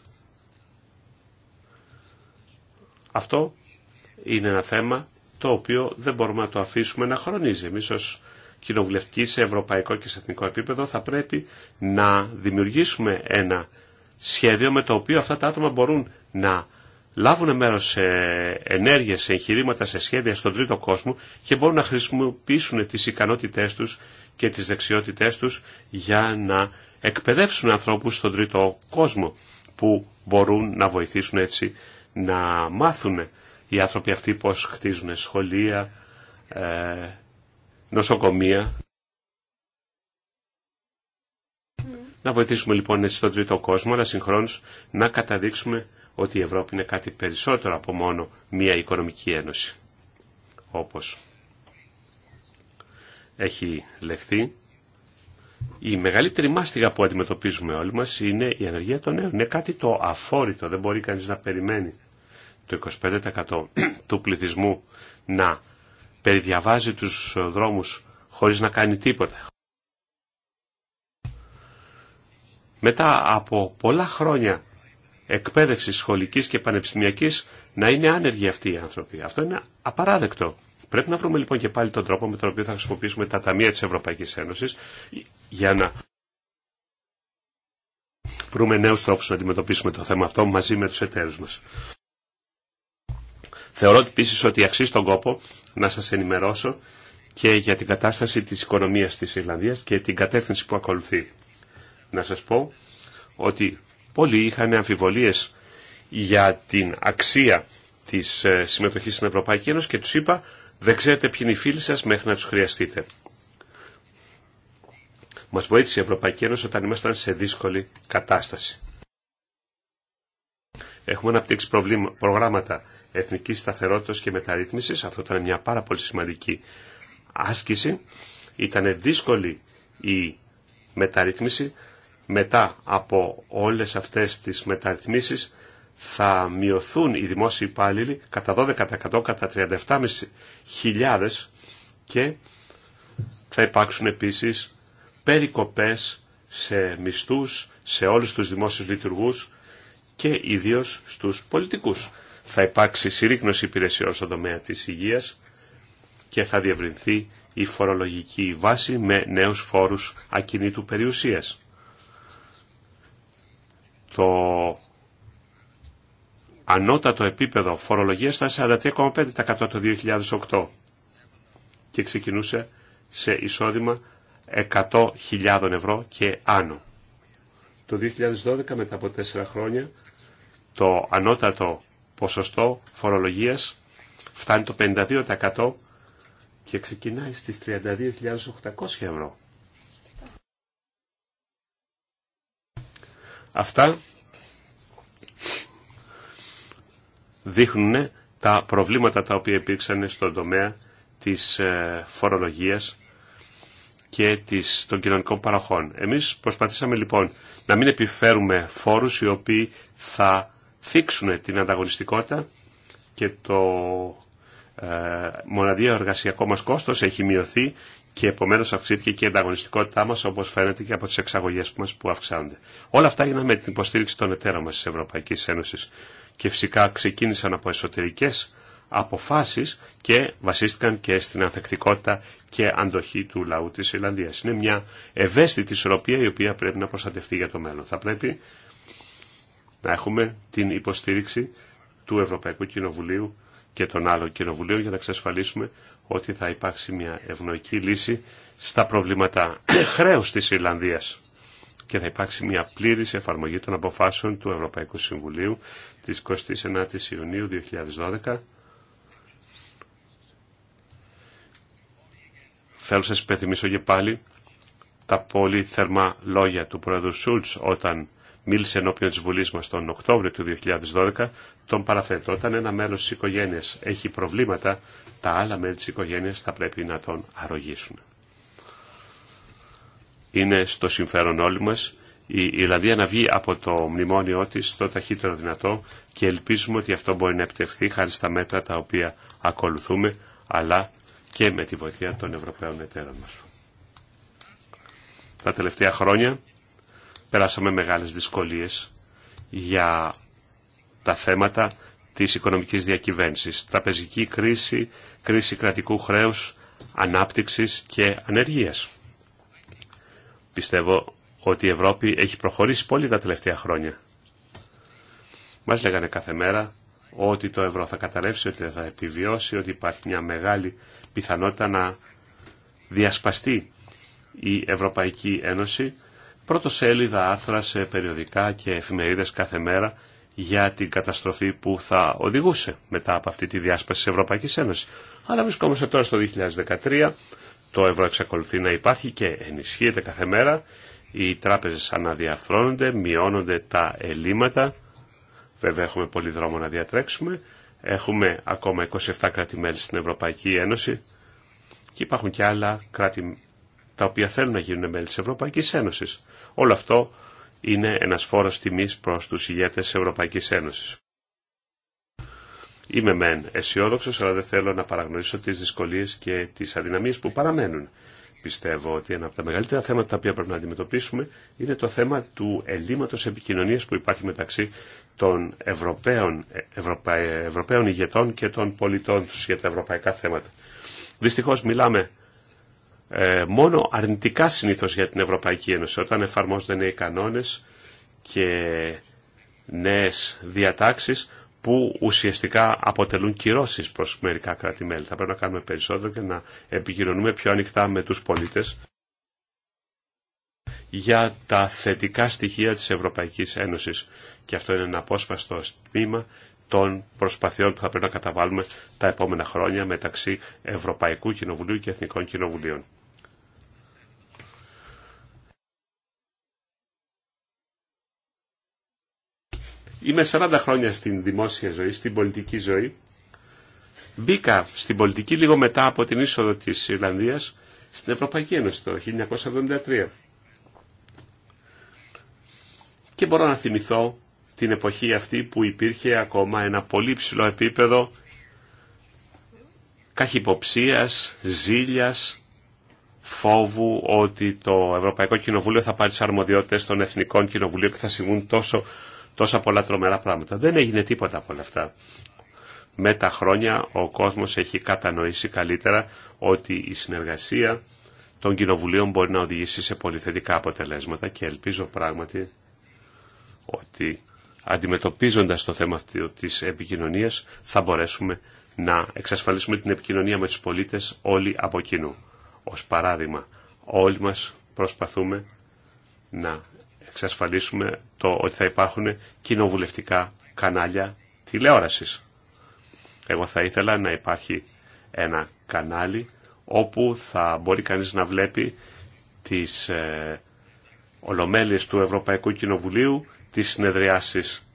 Αυτό είναι ένα θέμα το οποίο δεν μπορούμε να το αφήσουμε να χρονίζει. Εμείς ως κοινοβουλευτικοί σε ευρωπαϊκό και σε εθνικό επίπεδο θα πρέπει να δημιουργήσουμε ένα σχέδιο με το οποίο αυτά τα άτομα μπορούν να λάβουν μέρος σε ενέργειες, σε εγχειρήματα, σε σχέδια στον τρίτο κόσμο και μπορούν να χρησιμοποιήσουν τις ικανότητές τους και τις δεξιότητές τους για να εκπαιδεύσουν ανθρώπους στον τρίτο κόσμο που μπορούν να βοηθήσουν έτσι να μάθουν οι άνθρωποι αυτοί πώς χτίζουν σχολεία, ε, νοσοκομεία. Να βοηθήσουμε λοιπόν έτσι στον τρίτο κόσμο, αλλά συγχρόνως να καταδείξουμε ότι η Ευρώπη είναι κάτι περισσότερο από μόνο μία οικονομική ένωση. Όπως έχει λεχθεί, η μεγαλύτερη μάστιγα που αντιμετωπίζουμε όλοι μας είναι η ενέργεια των νέων. Είναι κάτι το αφόρητο, δεν μπορεί κανείς να περιμένει το 25% του πληθυσμού να περιδιαβάζει τους δρόμους χωρίς να κάνει τίποτα. Μετά από πολλά χρόνια εκπαίδευσης σχολικής και πανεπιστημιακής να είναι άνεργοι αυτοί οι άνθρωποι. Αυτό είναι απαράδεκτο. Πρέπει να βρούμε λοιπόν και πάλι τον τρόπο με τον οποίο θα χρησιμοποιήσουμε τα ταμεία της Ευρωπαϊκής Ένωσης για να βρούμε νέους τρόπους να αντιμετωπίσουμε το θέμα αυτό μαζί με τους εταίρους μας. Θεωρώ επίση ότι αξίζει τον κόπο να σας ενημερώσω και για την κατάσταση της οικονομίας της Ιρλανδία και την κατεύθυνση που ακολουθεί. Να σας πω ότι πολλοί είχαν αμφιβολίες για την αξία της ε, συμμετοχής στην Ευρωπαϊκή Ένωση και του είπα δεν ξέρετε ποιοι είναι οι φίλοι σα μέχρι να τους χρειαστείτε. Μας βοήθησε η Ευρωπαϊκή Ένωση όταν ήμασταν σε δύσκολη κατάσταση. Έχουμε αναπτύξει προβλήμα, προγράμματα εθνικής σταθερότητας και μεταρρύθμισης. Αυτό ήταν μια πάρα πολύ σημαντική άσκηση. Ήταν δύσκολη η μεταρρύθμιση. Μετά από όλες αυτές τις μεταρρυθμίσεις θα μειωθούν οι δημόσιοι υπάλληλοι κατά 12% κατά 37.500 και θα υπάρξουν επίσης περικοπές σε μισθούς, σε όλους τους δημόσιους λειτουργούς και ιδίως στους πολιτικούς θα υπάρξει συρρήκνωση υπηρεσιών στον τομέα της υγείας και θα διευρυνθεί η φορολογική βάση με νέους φόρους ακινήτου περιουσίας. Το ανώτατο επίπεδο φορολογίας ήταν 43,5% το 2008 και ξεκινούσε σε εισόδημα 100.000 ευρώ και άνω. Το 2012 μετά από τέσσερα χρόνια το ανώτατο ποσοστό φορολογίας φτάνει το 52% και ξεκινάει στις 32.800 ευρώ. Αυτά δείχνουν τα προβλήματα τα οποία υπήρξαν στον τομέα της ε, φορολογίας και της, των κοινωνικών παραχών. Εμείς προσπαθήσαμε λοιπόν να μην επιφέρουμε φόρους οι οποίοι θα θίξουν την ανταγωνιστικότητα και το ε, μοναδίο εργασιακό μας κόστος έχει μειωθεί και επομένως αυξήθηκε και η ανταγωνιστικότητά μας όπως φαίνεται και από τι εξαγωγέ μας που αυξάνονται. Όλα αυτά έγιναν με την υποστήριξη των εταίρων μας τη Ευρωπαϊκή Ένωση. Και φυσικά ξεκίνησαν από εσωτερικές αποφάσεις και βασίστηκαν και στην ανθεκτικότητα και αντοχή του λαού τη Ιλλανδίας. Είναι μια ευαίσθητη ισορροπία η οποία πρέπει να προστατευτεί για το μέλλον. Θα πρέπει να έχουμε την υποστήριξη του Ευρωπαϊκού Κοινοβουλίου και των άλλων κοινοβουλίων για να εξασφαλίσουμε ότι θα υπάρξει μια ευνοϊκή λύση στα προβλήματα χρέους της Ιρλανδίας και θα υπάρξει μια πλήρης εφαρμογή των αποφάσεων του Ευρωπαϊκού Συμβουλίου της 29ης Ιουνίου 2012 Θέλω να σας υπενθυμίσω και πάλι τα πολύ θερμά λόγια του Πρόεδρου Σούλτς όταν μίλησε ενώπιον τη Βουλή μα τον Οκτώβριο του 2012, τον παραθέτω. Όταν ένα μέλο τη οικογένεια έχει προβλήματα, τα άλλα μέλη τη οικογένεια θα πρέπει να τον αρρωγήσουν. Είναι στο συμφέρον όλοι μα, η Ιρλανδία να βγει από το μνημόνιό τη το ταχύτερο δυνατό και ελπίζουμε ότι αυτό μπορεί να επιτευχθεί χάρη στα μέτρα τα οποία ακολουθούμε, αλλά και με τη βοήθεια των Ευρωπαίων εταίρων μας. Τα τελευταία χρόνια περάσαμε μεγάλες δυσκολίες για τα θέματα της οικονομικής διακυβέρνησης. Τραπεζική κρίση, κρίση κρατικού χρέους, ανάπτυξης και ανεργίας. Πιστεύω ότι η Ευρώπη έχει προχωρήσει πολύ τα τελευταία χρόνια. Μας λέγανε κάθε μέρα ότι το ευρώ θα καταρρεύσει, ότι θα επιβιώσει, ότι υπάρχει μια μεγάλη πιθανότητα να διασπαστεί η Ευρωπαϊκή Ένωση πρώτο σέλιδα άρθρα σε περιοδικά και εφημερίδες κάθε μέρα για την καταστροφή που θα οδηγούσε μετά από αυτή τη διάσπαση της Ευρωπαϊκής Ένωσης. Αλλά βρισκόμαστε τώρα στο 2013, το ευρώ εξακολουθεί να υπάρχει και ενισχύεται κάθε μέρα, οι τράπεζες αναδιαθρώνονται, μειώνονται τα ελλείμματα, βέβαια έχουμε πολύ δρόμο να διατρέξουμε, έχουμε ακόμα 27 κράτη-μέλη στην Ευρωπαϊκή Ένωση και υπάρχουν και άλλα κράτη τα οποία θέλουν να γίνουν μέλη της Ευρωπαϊκής Ένωσης. Όλο αυτό είναι ένας φόρος τιμής προς τους ηγέτες της Ευρωπαϊκής Ένωσης. Είμαι μεν αισιόδοξο, αλλά δεν θέλω να παραγνωρίσω τις δυσκολίες και τις αδυναμίες που παραμένουν. Πιστεύω ότι ένα από τα μεγαλύτερα θέματα τα οποία πρέπει να αντιμετωπίσουμε είναι το θέμα του ελλείμματος επικοινωνίας που υπάρχει μεταξύ των Ευρωπαίων, Ευρωπαίων ηγετών και των πολιτών τους για τα ευρωπαϊκά θέματα. Δυστυχώς μιλάμε ε, μόνο αρνητικά συνήθως για την Ευρωπαϊκή Ένωση. Όταν εφαρμόζονται νέοι κανόνες και νέες διατάξεις που ουσιαστικά αποτελούν κυρώσεις προς μερικά κράτη-μέλη. Θα πρέπει να κάνουμε περισσότερο και να επικοινωνούμε πιο ανοιχτά με τους πολίτες για τα θετικά στοιχεία της Ευρωπαϊκής Ένωσης. Και αυτό είναι ένα απόσπαστο τμήμα των προσπαθειών που θα πρέπει να καταβάλουμε τα επόμενα χρόνια μεταξύ Ευρωπαϊκού Κοινοβουλίου και Εθνικών Κοινοβουλίων. Είμαι 40 χρόνια στην δημόσια ζωή, στην πολιτική ζωή. Μπήκα στην πολιτική λίγο μετά από την είσοδο της Ιρλανδίας στην Ευρωπαϊκή Ένωση το 1973. Και μπορώ να θυμηθώ την εποχή αυτή που υπήρχε ακόμα ένα πολύ ψηλό επίπεδο καχυποψίας, ζήλιας, φόβου ότι το Ευρωπαϊκό Κοινοβούλιο θα πάρει τι αρμοδιότητες των Εθνικών Κοινοβουλίων και θα συμβούν τόσο τόσα πολλά τρομερά πράγματα. Δεν έγινε τίποτα από όλα αυτά. Με τα χρόνια ο κόσμος έχει κατανοήσει καλύτερα ότι η συνεργασία των κοινοβουλίων μπορεί να οδηγήσει σε πολυθετικά αποτελέσματα και ελπίζω πράγματι ότι αντιμετωπίζοντας το θέμα της επικοινωνίας θα μπορέσουμε να εξασφαλίσουμε την επικοινωνία με τους πολίτες όλοι από κοινού. Ως παράδειγμα, όλοι μας προσπαθούμε να εξασφαλίσουμε το ότι θα υπάρχουν κοινοβουλευτικά κανάλια τηλεόρασης. Εγώ θα ήθελα να υπάρχει ένα κανάλι όπου θα μπορεί κανείς να βλέπει τις ε, ολομέλειες του Ευρωπαϊκού Κοινοβουλίου, τις συνεδριάσεις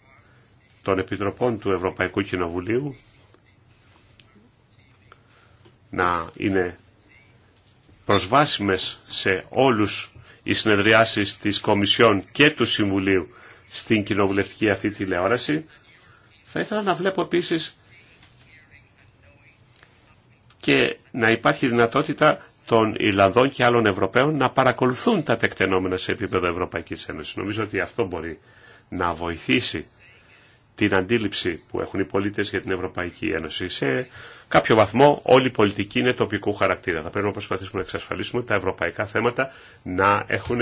των Επιτροπών του Ευρωπαϊκού Κοινοβουλίου, να είναι προσβάσιμες σε όλους οι συνεδριάσεις της Κομισιόν και του Συμβουλίου στην κοινοβουλευτική αυτή τηλεόραση. Θα ήθελα να βλέπω επίσης και να υπάρχει δυνατότητα των Ιλλανδών και άλλων Ευρωπαίων να παρακολουθούν τα τεκτενόμενα σε επίπεδο Ευρωπαϊκής Ένωσης. Νομίζω ότι αυτό μπορεί να βοηθήσει την αντίληψη που έχουν οι πολίτες για την Ευρωπαϊκή Ένωση. Σε κάποιο βαθμό όλη η πολιτική είναι τοπικού χαρακτήρα. Θα πρέπει να προσπαθήσουμε να εξασφαλίσουμε τα ευρωπαϊκά θέματα να έχουν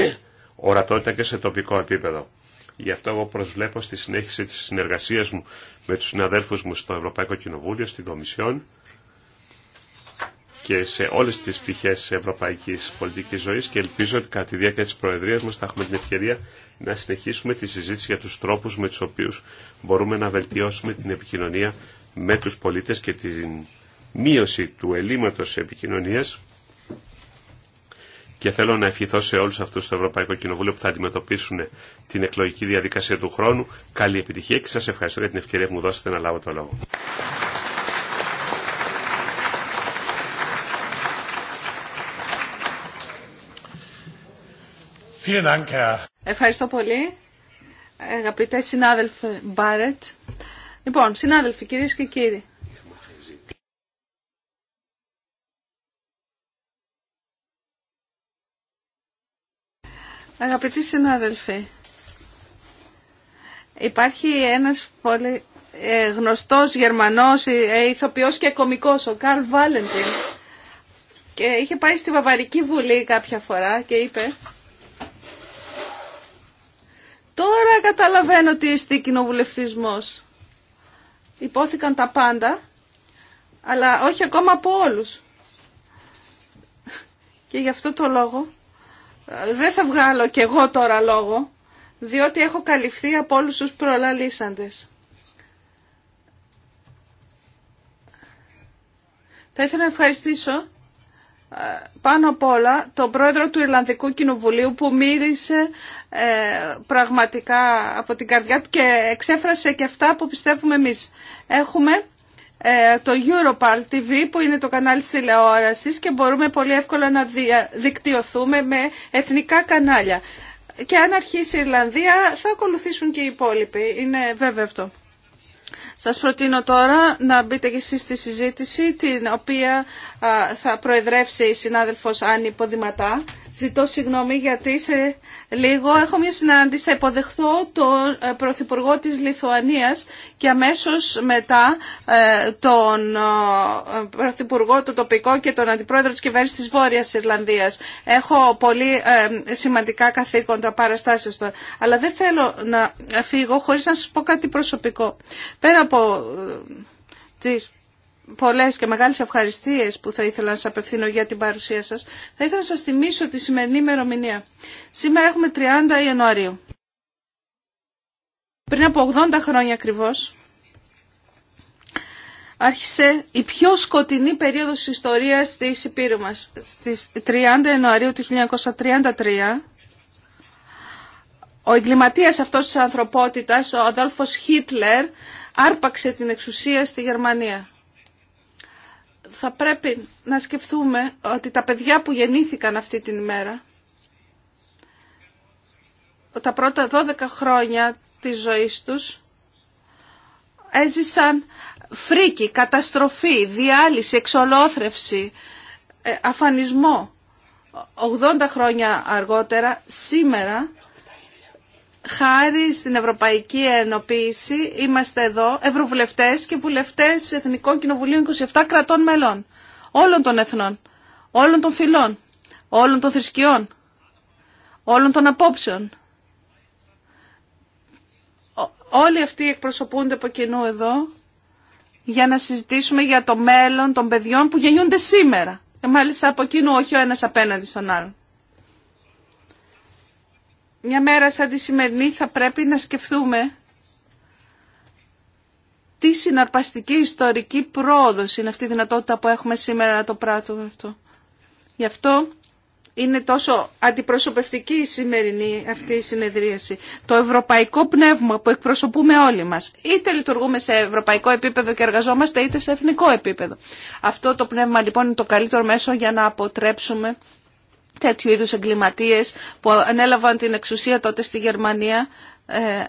ορατότητα και σε τοπικό επίπεδο. Γι' αυτό εγώ προσβλέπω στη συνέχιση της συνεργασίας μου με τους συναδέλφους μου στο Ευρωπαϊκό Κοινοβούλιο, στην Κομισιόν και σε όλες τις πτυχέ ευρωπαϊκής πολιτικής ζωής και ελπίζω ότι κατά τη διάρκεια της Προεδρίας μας θα έχουμε την ευκαιρία να συνεχίσουμε τη συζήτηση για τους τρόπους με τους οποίους μπορούμε να βελτιώσουμε την επικοινωνία με τους πολίτες και την μείωση του ελλείμματος επικοινωνίας και θέλω να ευχηθώ σε όλους αυτούς στο Ευρωπαϊκό Κοινοβούλιο που θα αντιμετωπίσουν την εκλογική διαδικασία του χρόνου. Καλή επιτυχία και σας ευχαριστώ για την ευκαιρία που μου δώσετε να λάβω το λόγο. Ευχαριστώ πολύ, αγαπητέ συνάδελφε Μπάρετ. Λοιπόν, συνάδελφοι, κυρίες και κύριοι. Αγαπητοί συνάδελφοι, υπάρχει ένας πολύ ε, γνωστός Γερμανός ε, ηθοποιός και κομικός, ο Καρλ Βάλεντιν, και είχε πάει στη Βαβαρική Βουλή κάποια φορά και είπε Τώρα καταλαβαίνω τι είστε κοινοβουλευτισμό. Υπόθηκαν τα πάντα, αλλά όχι ακόμα από όλους. Και γι' αυτό το λόγο ε, δεν θα βγάλω κι εγώ τώρα λόγο, διότι έχω καλυφθεί από όλους τους προλαλήσαντες. Θα ήθελα να ευχαριστήσω πάνω απ' όλα τον πρόεδρο του Ιρλανδικού Κοινοβουλίου που μύρισε ε, πραγματικά από την καρδιά του και εξέφρασε και αυτά που πιστεύουμε εμείς. Έχουμε ε, το Europal TV που είναι το κανάλι της τηλεόρασης και μπορούμε πολύ εύκολα να δικτυωθούμε με εθνικά κανάλια. Και αν αρχίσει η Ιρλανδία θα ακολουθήσουν και οι υπόλοιποι. Είναι βέβαιο αυτό. Σας προτείνω τώρα να μπείτε και εσείς στη συζήτηση, την οποία θα προεδρεύσει η συνάδελφος Άννη Ποδηματά. Ζητώ συγγνώμη γιατί σε λίγο έχω μια συνάντηση, θα υποδεχτώ τον ε, Πρωθυπουργό της Λιθουανίας και αμέσως μετά ε, τον ε, Πρωθυπουργό το τοπικό και τον Αντιπρόεδρο της Κυβέρνησης της Βόρειας Ιρλανδίας. Έχω πολύ σημαντικά καθήκοντα παραστάσεις τώρα, αλλά δεν θέλω να φύγω χωρίς να σας πω κάτι προσωπικό. Πέρα από ε, τις πολλές και μεγάλες ευχαριστίες που θα ήθελα να σας απευθύνω για την παρουσία σας, θα ήθελα να σας θυμίσω τη σημερινή ημερομηνία. Σήμερα έχουμε 30 Ιανουαρίου. Πριν από 80 χρόνια ακριβώς, άρχισε η πιο σκοτεινή περίοδος της ιστορίας της Υπήρου μας. Στις 30 Ιανουαρίου του 1933, ο εγκληματίας αυτός της ανθρωπότητας, ο Αδόλφος Χίτλερ, άρπαξε την εξουσία στη Γερμανία. Θα πρέπει να σκεφτούμε ότι τα παιδιά που γεννήθηκαν αυτή την ημέρα, τα πρώτα 12 χρόνια της ζωής τους, έζησαν φρίκη, καταστροφή, διάλυση, εξολόθρευση, ε, αφανισμό. 80 χρόνια αργότερα, σήμερα, χάρη στην Ευρωπαϊκή Ενοποίηση είμαστε εδώ ευρωβουλευτές και βουλευτές Εθνικών Κοινοβουλίων 27 κρατών μελών. Όλων των εθνών, όλων των φυλών, όλων των θρησκειών, όλων των απόψεων. Όλοι αυτοί εκπροσωπούνται από κοινού εδώ για να συζητήσουμε για το μέλλον των παιδιών που γεννιούνται σήμερα. Και ε, Μάλιστα από κοινού όχι ο ένας απέναντι στον άλλον μια μέρα σαν τη σημερινή θα πρέπει να σκεφτούμε τι συναρπαστική ιστορική πρόοδος είναι αυτή η δυνατότητα που έχουμε σήμερα να το πράττουμε αυτό. Γι' αυτό είναι τόσο αντιπροσωπευτική η σημερινή αυτή η συνεδρίαση. Το ευρωπαϊκό πνεύμα που εκπροσωπούμε όλοι μας. Είτε λειτουργούμε σε ευρωπαϊκό επίπεδο και εργαζόμαστε είτε σε εθνικό επίπεδο. Αυτό το πνεύμα λοιπόν είναι το καλύτερο μέσο για να αποτρέψουμε τέτοιου είδους εγκληματίες που ανέλαβαν την εξουσία τότε στη Γερμανία ε,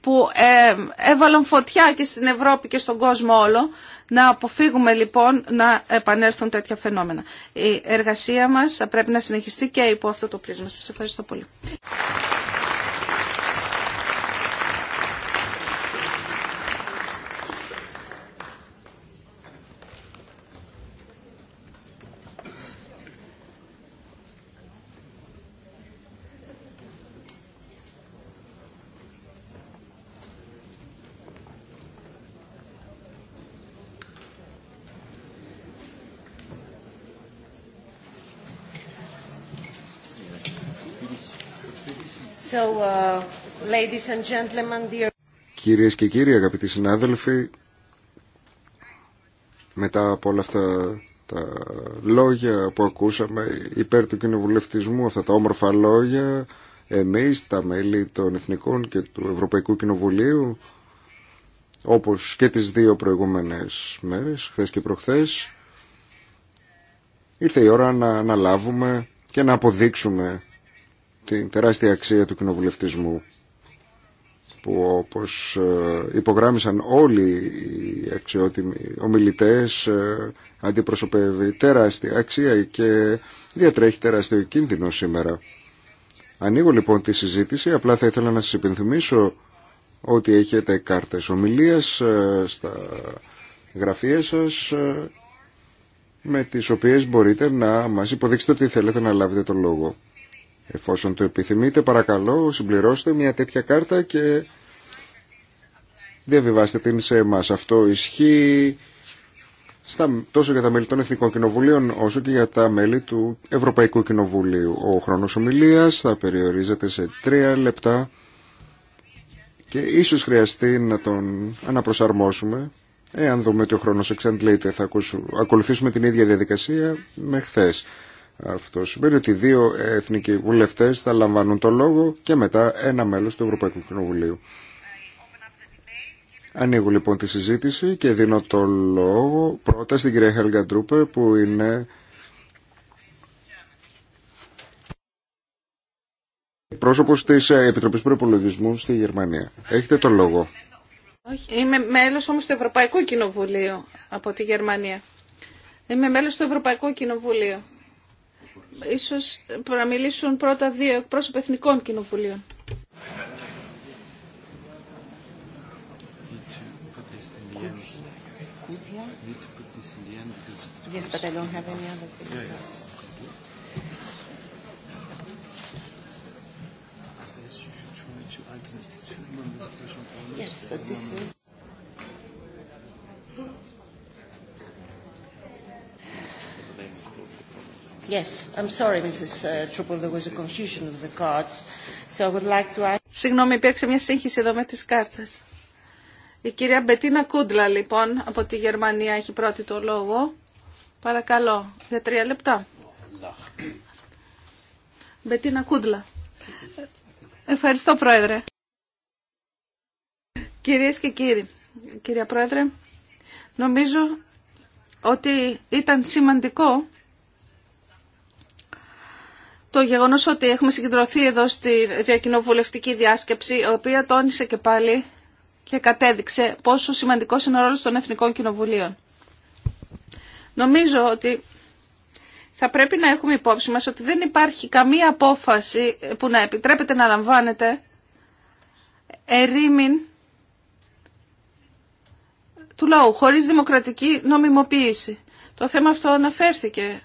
που ε, έβαλαν φωτιά και στην Ευρώπη και στον κόσμο όλο. Να αποφύγουμε λοιπόν να επανέλθουν τέτοια φαινόμενα. Η εργασία μας θα πρέπει να συνεχιστεί και υπό αυτό το πρίσμα. Σας ευχαριστώ πολύ. Uh, Κυρίες και κύριοι, αγαπητοί συνάδελφοι, μετά από όλα αυτά τα λόγια που ακούσαμε υπέρ του κοινοβουλευτισμού, αυτά τα όμορφα λόγια, εμείς τα μέλη των Εθνικών και του Ευρωπαϊκού Κοινοβουλίου, όπως και τις δύο προηγούμενες μέρες, χθες και προχθές, ήρθε η ώρα να αναλάβουμε και να αποδείξουμε την τεράστια αξία του κοινοβουλευτισμού που όπως ε, υπογράμμισαν όλοι οι αξιότιμοι ομιλητές ε, αντιπροσωπεύει τεράστια αξία και διατρέχει τεράστιο κίνδυνο σήμερα. Ανοίγω λοιπόν τη συζήτηση, απλά θα ήθελα να σας υπενθυμίσω ότι έχετε κάρτες ομιλίας ε, στα γραφεία σας με τις οποίες μπορείτε να μας υποδείξετε ότι θέλετε να λάβετε το λόγο. Εφόσον το επιθυμείτε, παρακαλώ, συμπληρώστε μια τέτοια κάρτα και διαβιβάστε την σε εμάς. Αυτό ισχύει στα, τόσο για τα μέλη των Εθνικών Κοινοβουλίων όσο και για τα μέλη του Ευρωπαϊκού Κοινοβουλίου. Ο χρόνος ομιλίας θα περιορίζεται σε τρία λεπτά και ίσως χρειαστεί να τον αναπροσαρμόσουμε. Εάν δούμε ότι ο χρόνος εξαντλείται θα ακολουθήσουμε την ίδια διαδικασία με χθες. Αυτό σημαίνει ότι δύο εθνικοί βουλευτέ θα λαμβάνουν το λόγο και μετά ένα μέλος του Ευρωπαϊκού Κοινοβουλίου. Ανοίγω λοιπόν τη συζήτηση και δίνω το λόγο πρώτα στην κυρία Χέλγα που είναι πρόσωπος της Επιτροπής Προπολογισμού στη Γερμανία. Έχετε το λόγο. Όχι, είμαι μέλος όμως του Ευρωπαϊκού Κοινοβουλίου από τη Γερμανία. Είμαι μέλος του Ευρωπαϊκού Κοινοβουλίου. Ίσως να μιλήσουν πρώτα δύο εκπρόσωποι εθνικών κοινοβουλίων. Συγγνώμη, υπήρξε μια σύγχυση εδώ με τις κάρτες. Η κυρία Μπετίνα Κούντλα, λοιπόν, από τη Γερμανία έχει πρώτη το λόγο. Παρακαλώ, για τρία λεπτά. Μπετίνα Κούντλα. Ευχαριστώ, Πρόεδρε. Κυρίες και κύριοι, κυρία Πρόεδρε, νομίζω ότι ήταν σημαντικό το γεγονός ότι έχουμε συγκεντρωθεί εδώ στη διακοινοβουλευτική διάσκεψη, η οποία τόνισε και πάλι και κατέδειξε πόσο σημαντικός είναι ο ρόλος των Εθνικών Κοινοβουλίων. Νομίζω ότι θα πρέπει να έχουμε υπόψη μας ότι δεν υπάρχει καμία απόφαση που να επιτρέπεται να λαμβάνεται ερήμην του λαού, χωρίς δημοκρατική νομιμοποίηση. Το θέμα αυτό αναφέρθηκε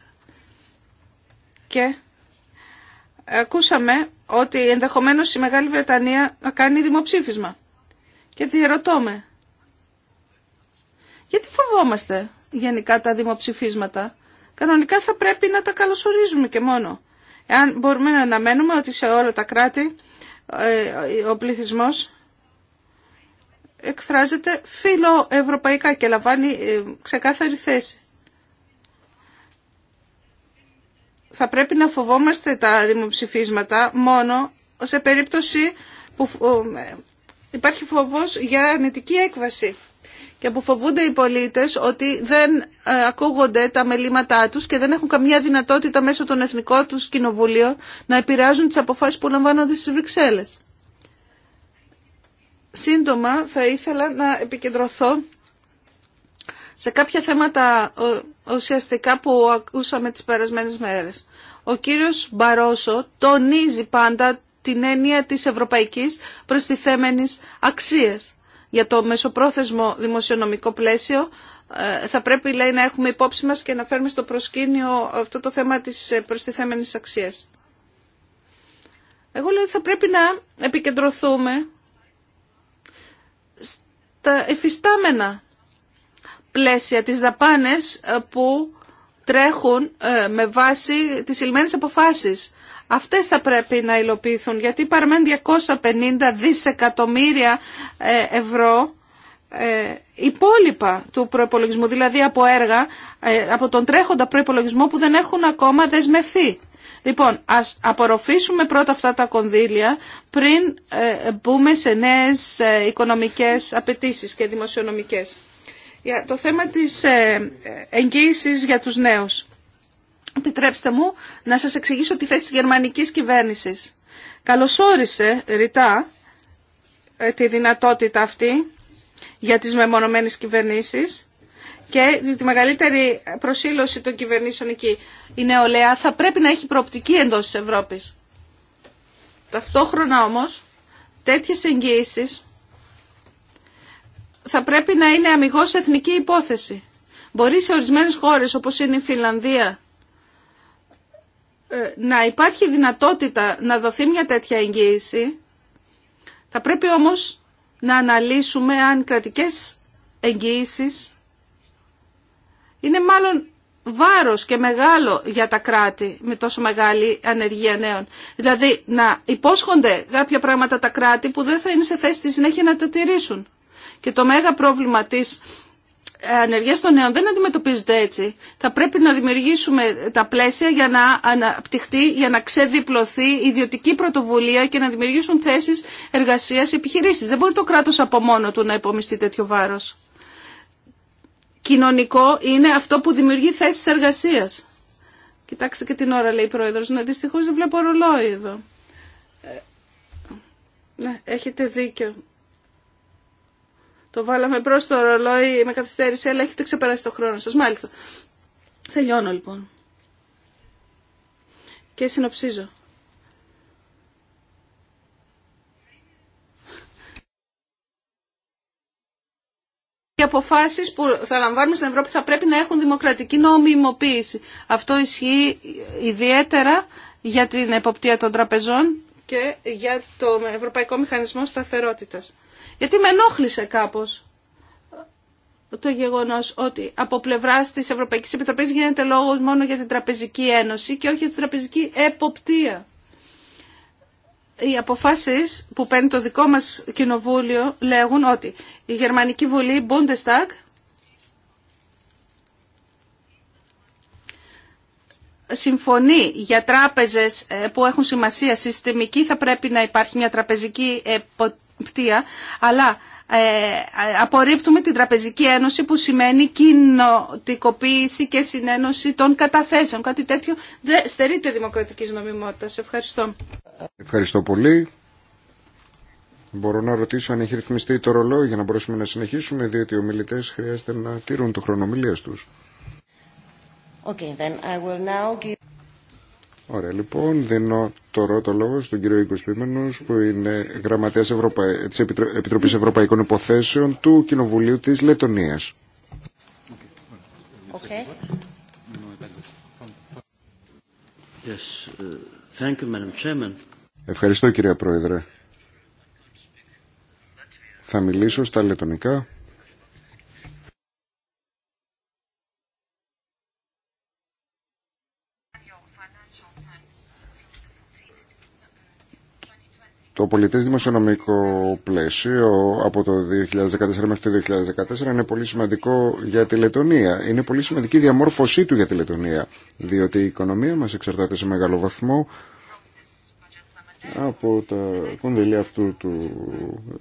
και ακούσαμε ότι ενδεχομένως η Μεγάλη Βρετανία να κάνει δημοψήφισμα. Και τη με. Γιατί φοβόμαστε γενικά τα δημοψηφίσματα. Κανονικά θα πρέπει να τα καλωσορίζουμε και μόνο. Εάν μπορούμε να αναμένουμε ότι σε όλα τα κράτη ε, ο πληθυσμός εκφράζεται φιλοευρωπαϊκά και λαμβάνει ε, ξεκάθαρη θέση. θα πρέπει να φοβόμαστε τα δημοψηφίσματα μόνο σε περίπτωση που ε, υπάρχει φοβός για αρνητική έκβαση και που φοβούνται οι πολίτες ότι δεν ε, ακούγονται τα μελήματά τους και δεν έχουν καμία δυνατότητα μέσω των εθνικών τους κοινοβουλίων να επηρεάζουν τις αποφάσεις που λαμβάνονται στις Βρυξέλλες. Σύντομα θα ήθελα να επικεντρωθώ σε κάποια θέματα ε, ουσιαστικά που ακούσαμε τις περασμένες μέρες. Ο κύριος Μπαρόσο τονίζει πάντα την έννοια της ευρωπαϊκής προστιθέμενης αξίας. Για το μεσοπρόθεσμο δημοσιονομικό πλαίσιο ε, θα πρέπει λέει, να έχουμε υπόψη μας και να φέρουμε στο προσκήνιο αυτό το θέμα της προστιθέμενης αξίας. Εγώ λέω ότι θα πρέπει να επικεντρωθούμε στα εφιστάμενα πλαίσια τις δαπάνες ε, που τρέχουν ε, με βάση τις ηλμένες αποφάσεις. Αυτές θα πρέπει να υλοποιηθούν γιατί παραμένουν 250 δισεκατομμύρια ε, ευρώ υπόλοιπα του προϋπολογισμού, δηλαδή από έργα, από τον τρέχοντα προϋπολογισμό που δεν έχουν ακόμα δεσμευθεί. Λοιπόν, ας απορροφήσουμε πρώτα αυτά τα κονδύλια πριν μπούμε σε νέες οικονομικές απαιτήσεις και δημοσιονομικές για το θέμα της ε, εγγύησης για τους νέους. Επιτρέψτε μου να σας εξηγήσω τη θέση της γερμανικής κυβέρνησης. Καλωσόρισε ρητά ε, τη δυνατότητα αυτή για τις μεμονωμένες κυβερνήσεις και τη μεγαλύτερη προσήλωση των κυβερνήσεων εκεί. Η νεολαία θα πρέπει να έχει προοπτική εντός της Ευρώπης. Ταυτόχρονα όμως τέτοιες εγγύησεις θα πρέπει να είναι αμυγός εθνική υπόθεση. Μπορεί σε ορισμένες χώρες όπως είναι η Φιλανδία ε, να υπάρχει δυνατότητα να δοθεί μια τέτοια εγγύηση. Θα πρέπει όμως να αναλύσουμε αν κρατικές εγγύησεις είναι μάλλον βάρος και μεγάλο για τα κράτη με τόσο μεγάλη ανεργία νέων. Δηλαδή να υπόσχονται κάποια πράγματα τα κράτη που δεν θα είναι σε θέση στη συνέχεια να τα τηρήσουν. Και το μέγα πρόβλημα της ανεργία των νέων δεν αντιμετωπίζεται έτσι. Θα πρέπει να δημιουργήσουμε τα πλαίσια για να αναπτυχθεί, για να ξεδιπλωθεί ιδιωτική πρωτοβουλία και να δημιουργήσουν θέσει εργασία επιχειρήσει. Δεν μπορεί το κράτο από μόνο του να υπομειστεί τέτοιο βάρο. Κοινωνικό είναι αυτό που δημιουργεί θέσει εργασία. Κοιτάξτε και την ώρα, λέει η πρόεδρο. Να δεν βλέπω ρολόι εδώ. Ε, ναι, έχετε δίκιο. Το βάλαμε μπρο το ρολόι με καθυστέρηση, αλλά έχετε ξεπεράσει το χρόνο σας. Μάλιστα. Τελειώνω λοιπόν. Και συνοψίζω. Οι αποφάσεις που θα λαμβάνουμε στην Ευρώπη θα πρέπει να έχουν δημοκρατική νομιμοποίηση. Αυτό ισχύει ιδιαίτερα για την εποπτεία των τραπεζών και για το Ευρωπαϊκό Μηχανισμό Σταθερότητας. Γιατί με ενόχλησε κάπως το γεγονός ότι από πλευράς της Ευρωπαϊκής Επιτροπής γίνεται λόγος μόνο για την Τραπεζική Ένωση και όχι για την Τραπεζική Εποπτεία. Οι αποφάσεις που παίρνει το δικό μας κοινοβούλιο λέγουν ότι η Γερμανική Βουλή Bundestag συμφωνεί για τράπεζες ε, που έχουν σημασία συστημική θα πρέπει να υπάρχει μια τραπεζική εποπτεία, αλλά ε, απορρίπτουμε την Τραπεζική Ένωση που σημαίνει κοινοτικοποίηση και συνένωση των καταθέσεων. Κάτι τέτοιο δεν στερείται δημοκρατικής νομιμότητας. Ευχαριστώ. Ευχαριστώ πολύ. Μπορώ να ρωτήσω αν έχει ρυθμιστεί το ρολόι για να μπορέσουμε να συνεχίσουμε, διότι οι ομιλητές χρειάζεται να τηρούν το χρονομιλία τους. Okay, then I will now give... Ωραία, λοιπόν, δίνω τώρα το λόγο στον κύριο Οίκο που είναι γραμματέα Ευρωπα... της Επιτροπής Ευρωπαϊκών Υποθέσεων του Κοινοβουλίου της Λετωνία. Okay. Yes, uh, Ευχαριστώ, κυρία Πρόεδρε. Θα μιλήσω στα λετωνικά. Το πολιτές δημοσιονομικό πλαίσιο από το 2014 μέχρι το 2014 είναι πολύ σημαντικό για τη Λετωνία. Είναι πολύ σημαντική η διαμόρφωσή του για τη Λετωνία, διότι η οικονομία μας εξαρτάται σε μεγάλο βαθμό από τα κονδυλία αυτού του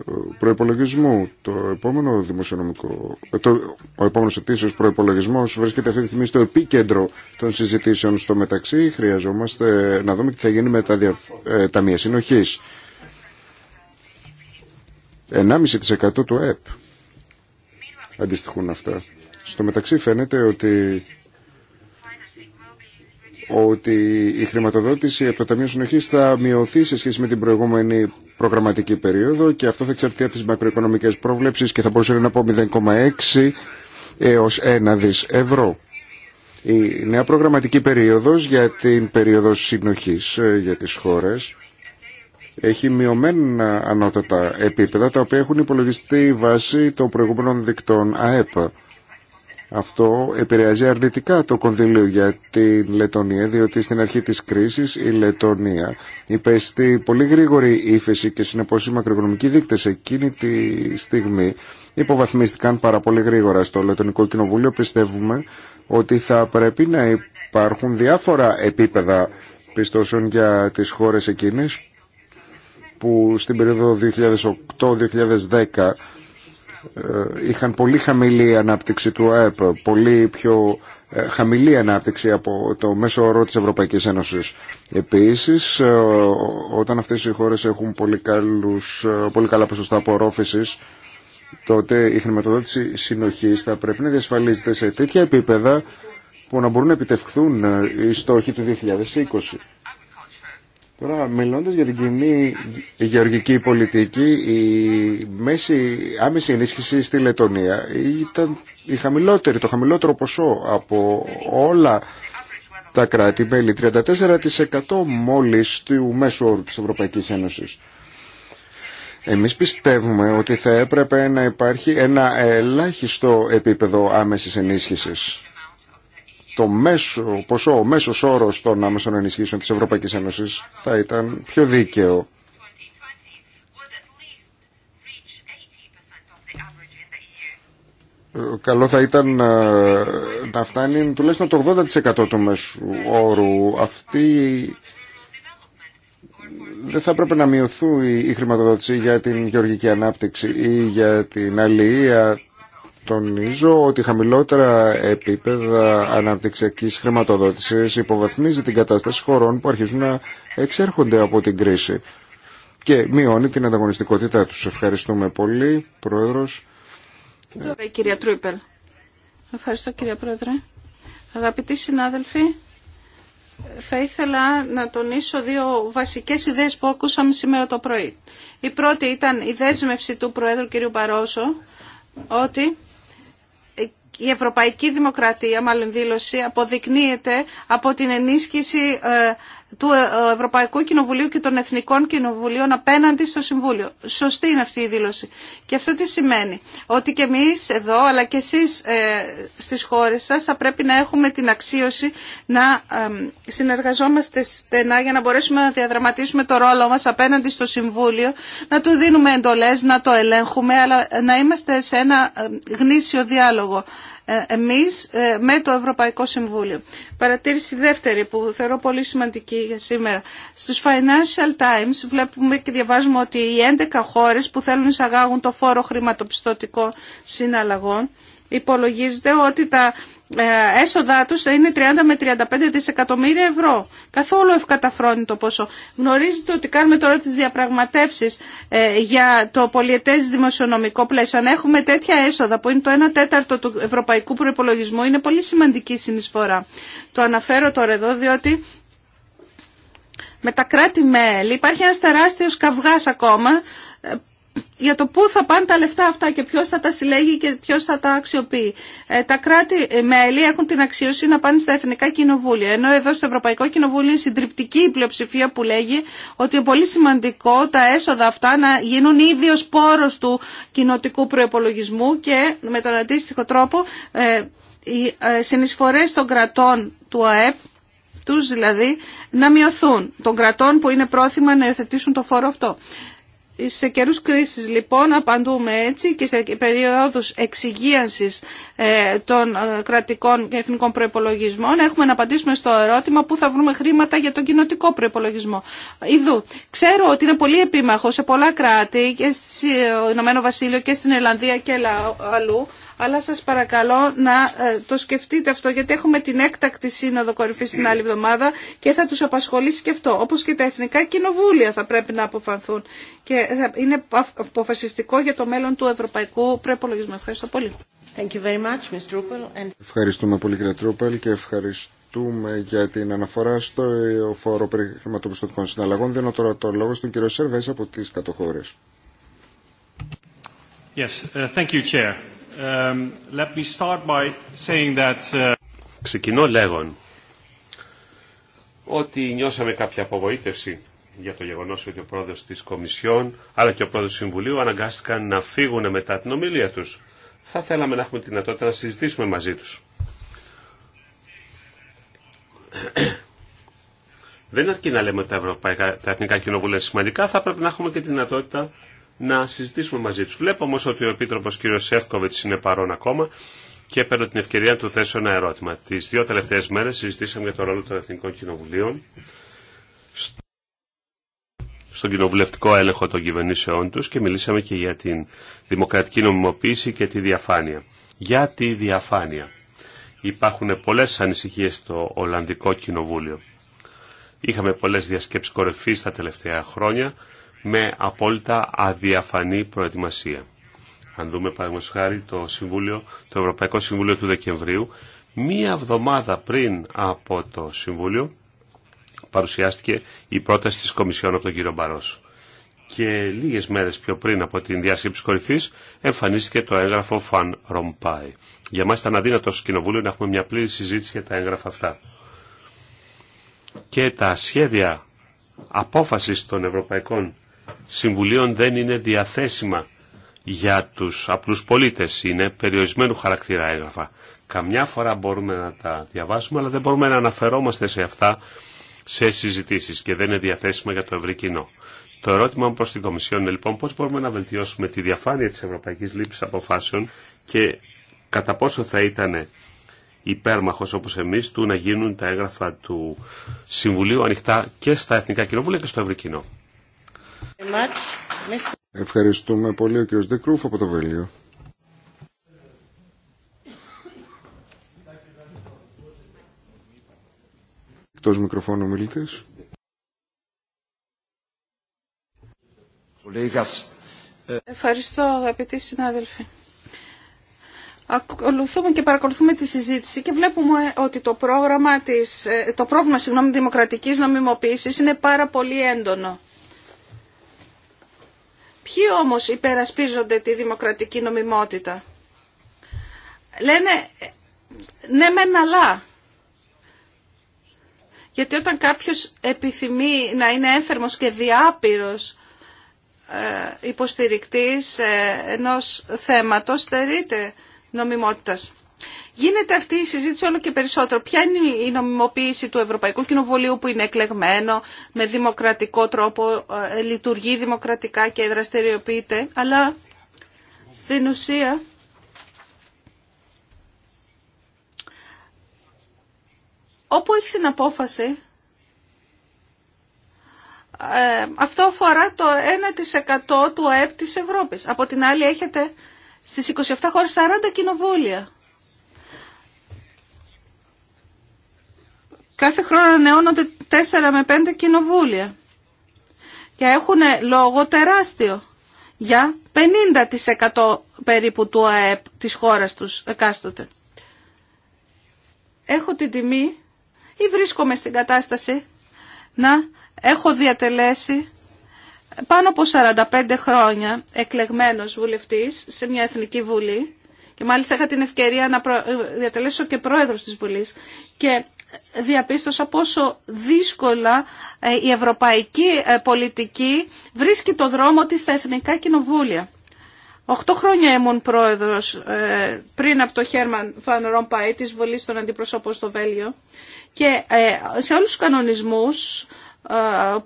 ε, προϋπολογισμού. Το επόμενο δημοσιονομικό, ε, το, ο επόμενος ετήσιος προϋπολογισμός βρίσκεται αυτή τη στιγμή στο επίκεντρο των συζητήσεων. Στο μεταξύ χρειαζόμαστε να δούμε τι θα γίνει με τα, ε, ταμεία συνοχής. 1,5% του ΕΠ αντιστοιχούν αυτά. Στο μεταξύ φαίνεται ότι ότι η χρηματοδότηση από το Ταμείο Συνοχή θα μειωθεί σε σχέση με την προηγούμενη προγραμματική περίοδο και αυτό θα εξαρτηθεί από τι μακροοικονομικέ πρόβλεψει και θα μπορούσε να πω 0,6 έω 1 δι ευρώ. Η νέα προγραμματική περίοδος για την περίοδο συνοχής ε, για τις χώρες έχει μειωμένα ανώτατα επίπεδα τα οποία έχουν υπολογιστεί βάσει των προηγούμενων δικτών ΑΕΠ. Αυτό επηρεάζει αρνητικά το κονδύλιο για την Λετωνία, διότι στην αρχή της κρίσης η Λετωνία υπέστη πολύ γρήγορη ύφεση και συνεπώς οι μακροοικονομικοί δείκτες εκείνη τη στιγμή υποβαθμίστηκαν πάρα πολύ γρήγορα. Στο Λετωνικό Κοινοβούλιο πιστεύουμε ότι θα πρέπει να υπάρχουν διάφορα επίπεδα πιστώσεων για τις χώρες εκείνες που στην περίοδο 2008-2010 ε, είχαν πολύ χαμηλή ανάπτυξη του ΑΕΠ, πολύ πιο ε, χαμηλή ανάπτυξη από το μέσο όρο της Ευρωπαϊκής Ένωσης. Επίσης, ε, όταν αυτές οι χώρες έχουν πολύ, καλούς, πολύ καλά ποσοστά απορρόφησης, τότε η χρηματοδότηση συνοχής θα πρέπει να διασφαλίζεται σε τέτοια επίπεδα που να μπορούν να επιτευχθούν οι στόχοι του 2020. Τώρα, μιλώντας για την κοινή γεωργική πολιτική, η μέση άμεση ενίσχυση στη Λετωνία ήταν η χαμηλότερη, το χαμηλότερο ποσό από όλα τα κράτη-μέλη, 34% μόλις του μέσου όρου της Ευρωπαϊκής Ένωσης. Εμείς πιστεύουμε ότι θα έπρεπε να υπάρχει ένα ελάχιστο επίπεδο άμεσης ενίσχυσης το μέσο ποσό, ο μέσος όρος των άμεσων ενισχύσεων της Ευρωπαϊκής Ένωσης θα ήταν πιο δίκαιο. Ε, καλό θα ήταν ε, να φτάνει τουλάχιστον το 80% του μέσου όρου. Αυτή δεν θα έπρεπε να μειωθούν η χρηματοδότηση για την γεωργική ανάπτυξη ή για την αλληλεία Τονίζω ότι χαμηλότερα επίπεδα αναπτυξιακής χρηματοδότησης υποβαθμίζει την κατάσταση χωρών που αρχίζουν να εξέρχονται από την κρίση και μειώνει την ανταγωνιστικότητά τους. Ευχαριστούμε πολύ, Πρόεδρος. Τώρα κυρία Τρούπελ. Ευχαριστώ κυρία Πρόεδρε. Αγαπητοί συνάδελφοι, θα ήθελα να τονίσω δύο βασικές ιδέες που ακούσαμε σήμερα το πρωί. Η πρώτη ήταν η δέσμευση του Προέδρου κ. Παρόσο ότι η ευρωπαϊκή δημοκρατία, μάλλον δήλωση, αποδεικνύεται από την ενίσχυση ε, του ε, Ευρωπαϊκού Κοινοβουλίου και των Εθνικών Κοινοβουλίων απέναντι στο Συμβούλιο. Σωστή είναι αυτή η δήλωση. Και αυτό τι σημαίνει. Ότι και εμείς εδώ, αλλά και εσείς ε, στις χώρες σας, θα πρέπει να έχουμε την αξίωση να συνεργαζόμαστε στενά για να μπορέσουμε να διαδραματίσουμε το ρόλο μας απέναντι στο Συμβούλιο, να του δίνουμε εντολές, να το ελέγχουμε, αλλά να είμαστε σε ένα γνήσιο διάλογο. Ε, εμείς ε, με το Ευρωπαϊκό Συμβούλιο. Παρατήρηση δεύτερη που θεωρώ πολύ σημαντική για σήμερα. Στους Financial Times βλέπουμε και διαβάζουμε ότι οι 11 χώρες που θέλουν να εισαγάγουν το φόρο χρηματοπιστωτικό συναλλαγών υπολογίζεται ότι τα ε, έσοδά τους θα είναι 30 με 35 δισεκατομμύρια ευρώ. Καθόλου ευκαταφρόνει το πόσο. Γνωρίζετε ότι κάνουμε τώρα τις διαπραγματεύσεις ε, για το πολιετές δημοσιονομικό πλαίσιο. Αν έχουμε τέτοια έσοδα που είναι το 1 τέταρτο του ευρωπαϊκού προϋπολογισμού είναι πολύ σημαντική συνεισφορά. Το αναφέρω τώρα εδώ διότι με τα κράτη-μέλη υπάρχει ένας τεράστιος καυγάς ακόμα για το πού θα πάνε τα λεφτά αυτά και ποιος θα τα συλλέγει και ποιος θα τα αξιοποιεί. Ε, τα κράτη-μέλη ε, έχουν την αξίωση να πάνε στα εθνικά κοινοβούλια, ενώ εδώ στο Ευρωπαϊκό Κοινοβούλιο είναι συντριπτική η πλειοψηφία που λέγει ότι είναι πολύ σημαντικό τα έσοδα αυτά να γίνουν ίδιο πόρος του κοινοτικού προπολογισμού και με τον αντίστοιχο τρόπο ε, οι συνεισφορές των κρατών του ΑΕΠ τους δηλαδή, να μειωθούν των κρατών που είναι πρόθυμα να υιοθετήσουν το φόρο αυτό. Σε καιρούς κρίσης λοιπόν απαντούμε έτσι και σε περίοδους εξυγίανσης ε, των ε, κρατικών και εθνικών προϋπολογισμών έχουμε να απαντήσουμε στο ερώτημα πού θα βρούμε χρήματα για τον κοινοτικό προϋπολογισμό. Ιδού, ξέρω ότι είναι πολύ επίμαχο σε πολλά κράτη και στο Ηνωμένο Βασίλειο και στην Ελλανδία και αλλού αλλά σας παρακαλώ να ε, το σκεφτείτε αυτό, γιατί έχουμε την έκτακτη σύνοδο κορυφή την άλλη εβδομάδα και θα τους απασχολήσει και αυτό, όπως και τα εθνικά κοινοβούλια θα πρέπει να αποφανθούν και θα είναι αποφασιστικό για το μέλλον του ευρωπαϊκού προπολογισμού. Ευχαριστώ πολύ. Thank you very much, Ευχαριστούμε πολύ κύριε Τρούπελ και ευχαριστούμε για την αναφορά στο φόρο περί χρηματοπιστωτικών συναλλαγών. Δίνω τώρα το λόγο στον κύριο Σέρβέ από τι κατοχώρε. Yes, uh, thank you, Chair. Um, let me uh, Ξεκινώ λέγον ότι νιώσαμε κάποια απογοήτευση για το γεγονός ότι ο πρόεδρος της Κομισιόν αλλά και ο πρόεδρος του Συμβουλίου αναγκάστηκαν να φύγουν μετά την ομιλία τους. Θα θέλαμε να έχουμε τη δυνατότητα να συζητήσουμε μαζί τους. Δεν αρκεί να λέμε ότι τα, ευρωπαϊκά, τα εθνικά κοινοβούλια σημαντικά, θα πρέπει να έχουμε και τη δυνατότητα να συζητήσουμε μαζί τους. Βλέπω όμως ότι ο Επίτροπος κ. Σεύκοβιτς είναι παρόν ακόμα και παίρνω την ευκαιρία να του θέσω ένα ερώτημα. Τις δύο τελευταίες μέρες συζητήσαμε για το ρόλο των Εθνικών Κοινοβουλίων στον κοινοβουλευτικό έλεγχο των κυβερνήσεών τους και μιλήσαμε και για την δημοκρατική νομιμοποίηση και τη διαφάνεια. Για τη διαφάνεια. Υπάρχουν πολλές ανησυχίες στο Ολλανδικό Κοινοβούλιο. Είχαμε πολλές διασκέψεις κορυφή τα τελευταία χρόνια με απόλυτα αδιαφανή προετοιμασία. Αν δούμε παραδείγματο χάρη το, Συμβούλιο, το Ευρωπαϊκό Συμβούλιο του Δεκεμβρίου, μία εβδομάδα πριν από το Συμβούλιο παρουσιάστηκε η πρόταση της Κομισιόν από τον κύριο Μπαρός. Και λίγες μέρες πιο πριν από την διάσκεψη κορυφής εμφανίστηκε το έγγραφο Φαν Ρομπάι. Για μας ήταν αδύνατο στο Κοινοβούλιο να έχουμε μια πλήρη συζήτηση για τα έγγραφα αυτά. Και τα σχέδια απόφασης των Ευρωπαϊκών συμβουλίων δεν είναι διαθέσιμα για τους απλούς πολίτες. Είναι περιορισμένου χαρακτήρα έγγραφα. Καμιά φορά μπορούμε να τα διαβάσουμε, αλλά δεν μπορούμε να αναφερόμαστε σε αυτά σε συζητήσεις και δεν είναι διαθέσιμα για το ευρύ κοινό. Το ερώτημα μου προς την Κομισιόν είναι λοιπόν πώς μπορούμε να βελτιώσουμε τη διαφάνεια της Ευρωπαϊκής Λήψης Αποφάσεων και κατά πόσο θα ήταν υπέρμαχος όπως εμείς του να γίνουν τα έγγραφα του Συμβουλίου ανοιχτά και στα Εθνικά Κοινοβούλια και στο Ευρύ Κοινό. Ευχαριστούμε πολύ ο κύριος Δεκρούφ από το Βέλιο. Εκτός μικροφώνου μιλητής. Ευχαριστώ αγαπητοί συνάδελφοι. Ακολουθούμε και παρακολουθούμε τη συζήτηση και βλέπουμε ότι το, πρόγραμμα της, ε, το πρόβλημα συγγνώμη, δημοκρατικής νομιμοποίησης είναι πάρα πολύ έντονο. Ποιοι όμως υπερασπίζονται τη δημοκρατική νομιμότητα. Λένε ναι μεν αλλά. Γιατί όταν κάποιος επιθυμεί να είναι ένθερμος και διάπειρος ε, υποστηρικτής ε, ενός θέματος στερείται νομιμότητας. Γίνεται αυτή η συζήτηση όλο και περισσότερο. Ποια είναι η νομιμοποίηση του Ευρωπαϊκού Κοινοβουλίου που είναι εκλεγμένο, με δημοκρατικό τρόπο, ε, λειτουργεί δημοκρατικά και δραστηριοποιείται, αλλά στην ουσία όπου έχει συναπόφαση ε, αυτό αφορά το 1% του ΑΕΠ της Ευρώπης. Από την άλλη έχετε στις 27 χώρες 40 κοινοβούλια. Κάθε χρόνο ανανεώνονται 4 με 5 κοινοβούλια και έχουν λόγο τεράστιο για 50% περίπου του ΑΕΠ της χώρας τους εκάστοτε. Έχω την τιμή ή βρίσκομαι στην κατάσταση να έχω διατελέσει πάνω από 45 χρόνια εκλεγμένος βουλευτής σε μια Εθνική Βουλή και μάλιστα είχα την ευκαιρία να διατελέσω και πρόεδρος της Βουλής και διαπίστωσα πόσο δύσκολα ε, η ευρωπαϊκή ε, πολιτική βρίσκει το δρόμο της στα εθνικά κοινοβούλια. Οχτώ χρόνια ήμουν πρόεδρος ε, πριν από το Χέρμαν Φαν Ρομπάι της Βολής των Αντιπροσώπων στο Βέλγιο και σε όλους τους κανονισμούς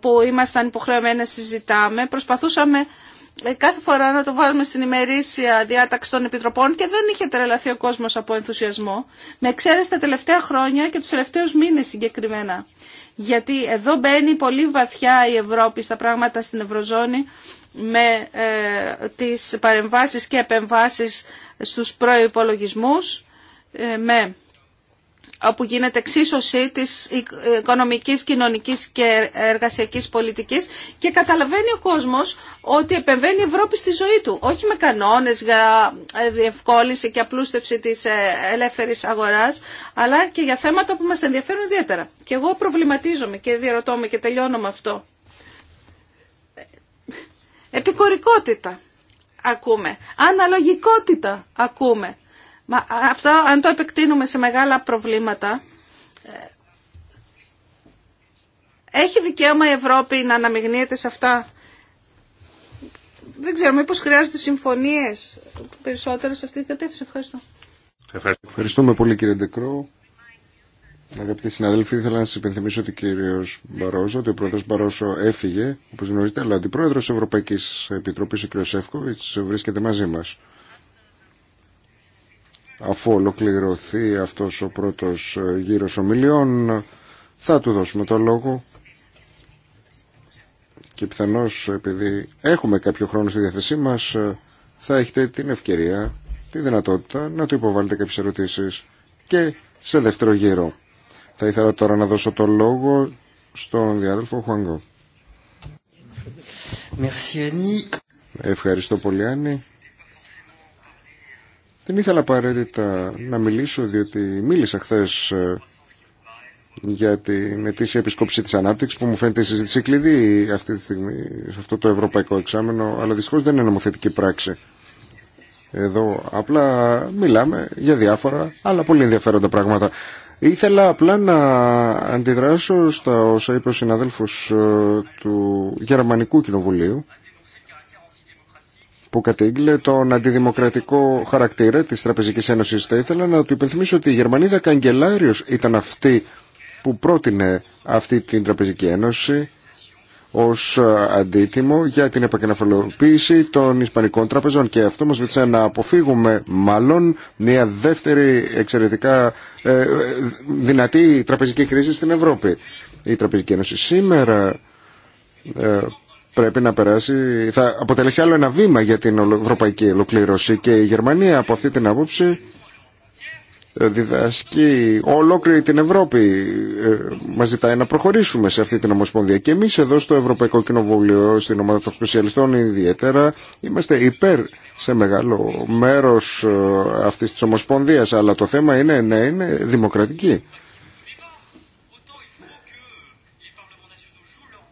που ήμασταν υποχρεωμένοι να συζητάμε προσπαθούσαμε ε, κάθε φορά να το βάζουμε στην ημερήσια διάταξη των επιτροπών και δεν είχε τρελαθεί ο κόσμο από ενθουσιασμό. Με εξαίρεση τα τελευταία χρόνια και του τελευταίους μήνε συγκεκριμένα. Γιατί εδώ μπαίνει πολύ βαθιά η Ευρώπη στα πράγματα στην Ευρωζώνη με ε, τις παρεμβάσεις και επεμβάσεις στους προϋπολογισμούς, ε, με όπου γίνεται εξίσωση της οικονομικής, κοινωνικής και εργασιακής πολιτικής και καταλαβαίνει ο κόσμος ότι επεμβαίνει η Ευρώπη στη ζωή του, όχι με κανόνες για ε, διευκόλυνση και απλούστευση της ε, ελεύθερης αγοράς, αλλά και για θέματα που μας ενδιαφέρουν ιδιαίτερα. Και εγώ προβληματίζομαι και διαρωτώμαι και τελειώνω με αυτό. Επικορικότητα ακούμε, αναλογικότητα ακούμε. Μα αυτό αν το επεκτείνουμε σε μεγάλα προβλήματα, ε, έχει δικαίωμα η Ευρώπη να αναμειγνύεται σε αυτά. Δεν ξέρω, μήπως χρειάζονται συμφωνίες περισσότερο σε αυτή την κατεύθυνση. Ευχαριστώ. Ευχαριστούμε πολύ κύριε Ντεκρό. Αγαπητοί συναδέλφοι, ήθελα να σα υπενθυμίσω ότι ο κύριο Μπαρόζο, ότι ο πρόεδρο Μπαρόζο έφυγε, όπω γνωρίζετε, αλλά ο αντιπρόεδρο τη Ευρωπαϊκή Επιτροπή, ο κύριο Σεύκοβιτ, βρίσκεται μαζί μα. Αφού ολοκληρωθεί αυτός ο πρώτος ε, γύρος ομιλιών, θα του δώσουμε το λόγο και πιθανώς επειδή έχουμε κάποιο χρόνο στη διάθεσή μας, ε, θα έχετε την ευκαιρία, τη δυνατότητα να του υποβάλλετε κάποιες ερωτήσεις και σε δεύτερο γύρο. Θα ήθελα τώρα να δώσω το λόγο στον διάδελφο Χουαγκό. Ευχαριστώ πολύ Άννη. Δεν ήθελα απαραίτητα να μιλήσω διότι μίλησα χθε ε, για την ετήσια επισκόψη της ανάπτυξης που μου φαίνεται η συζήτηση κλειδί αυτή τη στιγμή σε αυτό το ευρωπαϊκό εξάμενο αλλά δυστυχώς δεν είναι νομοθετική πράξη. Εδώ απλά μιλάμε για διάφορα αλλά πολύ ενδιαφέροντα πράγματα. Ήθελα απλά να αντιδράσω στα όσα είπε ο συναδέλφος ε, του Γερμανικού Κοινοβουλίου που κατήγγειλε τον αντιδημοκρατικό χαρακτήρα της Τραπεζικής Ένωσης. Θα ήθελα να του υπενθυμίσω ότι η Γερμανίδα Καγκελάριος ήταν αυτή που πρότεινε αυτή την Τραπεζική Ένωση ως ε, αντίτιμο για την επακεναφαλοποίηση των Ισπανικών τραπεζών και αυτό μας βοηθάει να αποφύγουμε μάλλον μια δεύτερη εξαιρετικά ε, ε, δυνατή τραπεζική κρίση στην Ευρώπη. Η Τραπεζική Ένωση σήμερα πρέπει να περάσει, θα αποτελέσει άλλο ένα βήμα για την ευρωπαϊκή ολοκλήρωση και η Γερμανία από αυτή την άποψη ε, διδασκεί ολόκληρη την Ευρώπη ε, μας ζητάει να προχωρήσουμε σε αυτή την ομοσπονδία και εμείς εδώ στο Ευρωπαϊκό Κοινοβούλιο στην ομάδα των Σοσιαλιστών ιδιαίτερα είμαστε υπέρ σε μεγάλο μέρος ε, αυτής της ομοσπονδίας αλλά το θέμα είναι να είναι δημοκρατική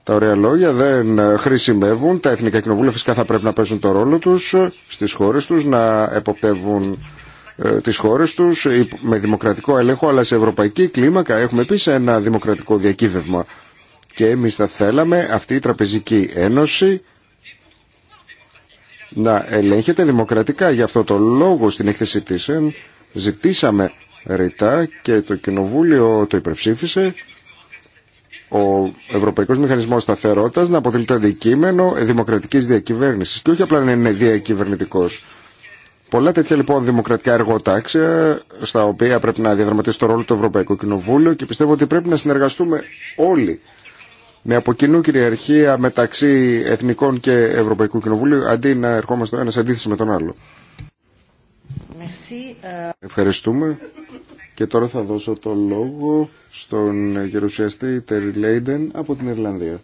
Τα ωραία λόγια δεν ε, χρησιμεύουν. Τα εθνικά κοινοβούλια φυσικά θα πρέπει να παίζουν το ρόλο τους ε, στις χώρες τους, να εποπτεύουν ε, τις χώρες τους με δημοκρατικό έλεγχο, αλλά σε ευρωπαϊκή κλίμακα έχουμε επίση ένα δημοκρατικό διακύβευμα. Και εμείς θα θέλαμε αυτή η τραπεζική ένωση να ελέγχεται δημοκρατικά. Γι' αυτό το λόγο στην έκθεση της ζητήσαμε ρητά και το Κοινοβούλιο το υπερψήφισε ο Ευρωπαϊκός Μηχανισμός Σταθερότητας να αποτελεί το αντικείμενο δημοκρατικής διακυβέρνησης και όχι απλά να είναι διακυβερνητικός. Πολλά τέτοια λοιπόν δημοκρατικά εργοτάξια στα οποία πρέπει να διαδραματίσει το ρόλο του Ευρωπαϊκού Κοινοβούλιο και πιστεύω ότι πρέπει να συνεργαστούμε όλοι με από κοινού κυριαρχία μεταξύ Εθνικών και Ευρωπαϊκού κοινοβούλου, αντί να ερχόμαστε ένα αντίθεση με τον άλλο. Merci. Ε, Ευχαριστούμε. Και τώρα θα δώσω το λόγο στον γερουσιαστή Τέρι Λέιντεν από την Ιρλανδία.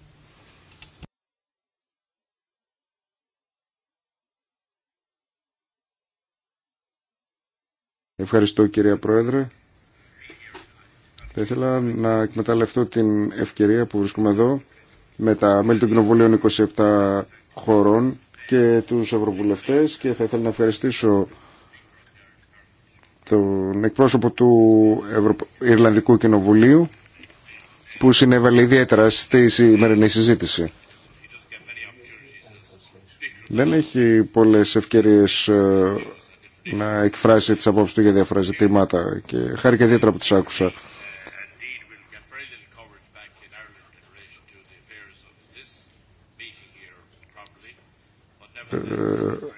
Ευχαριστώ κυρία Πρόεδρε. Θα ήθελα να εκμεταλλευτώ την ευκαιρία που βρίσκομαι εδώ με τα μέλη των κοινοβουλίων 27 χωρών και τους ευρωβουλευτές και θα ήθελα να ευχαριστήσω τον εκπρόσωπο του Ιρλανδικού Κοινοβουλίου που συνέβαλε ιδιαίτερα στη σημερινή συζήτηση. Δεν έχει πολλές ευκαιρίες ε, να εκφράσει τις απόψεις του για διάφορα ζητήματα και και ιδιαίτερα που τις άκουσα. Ε,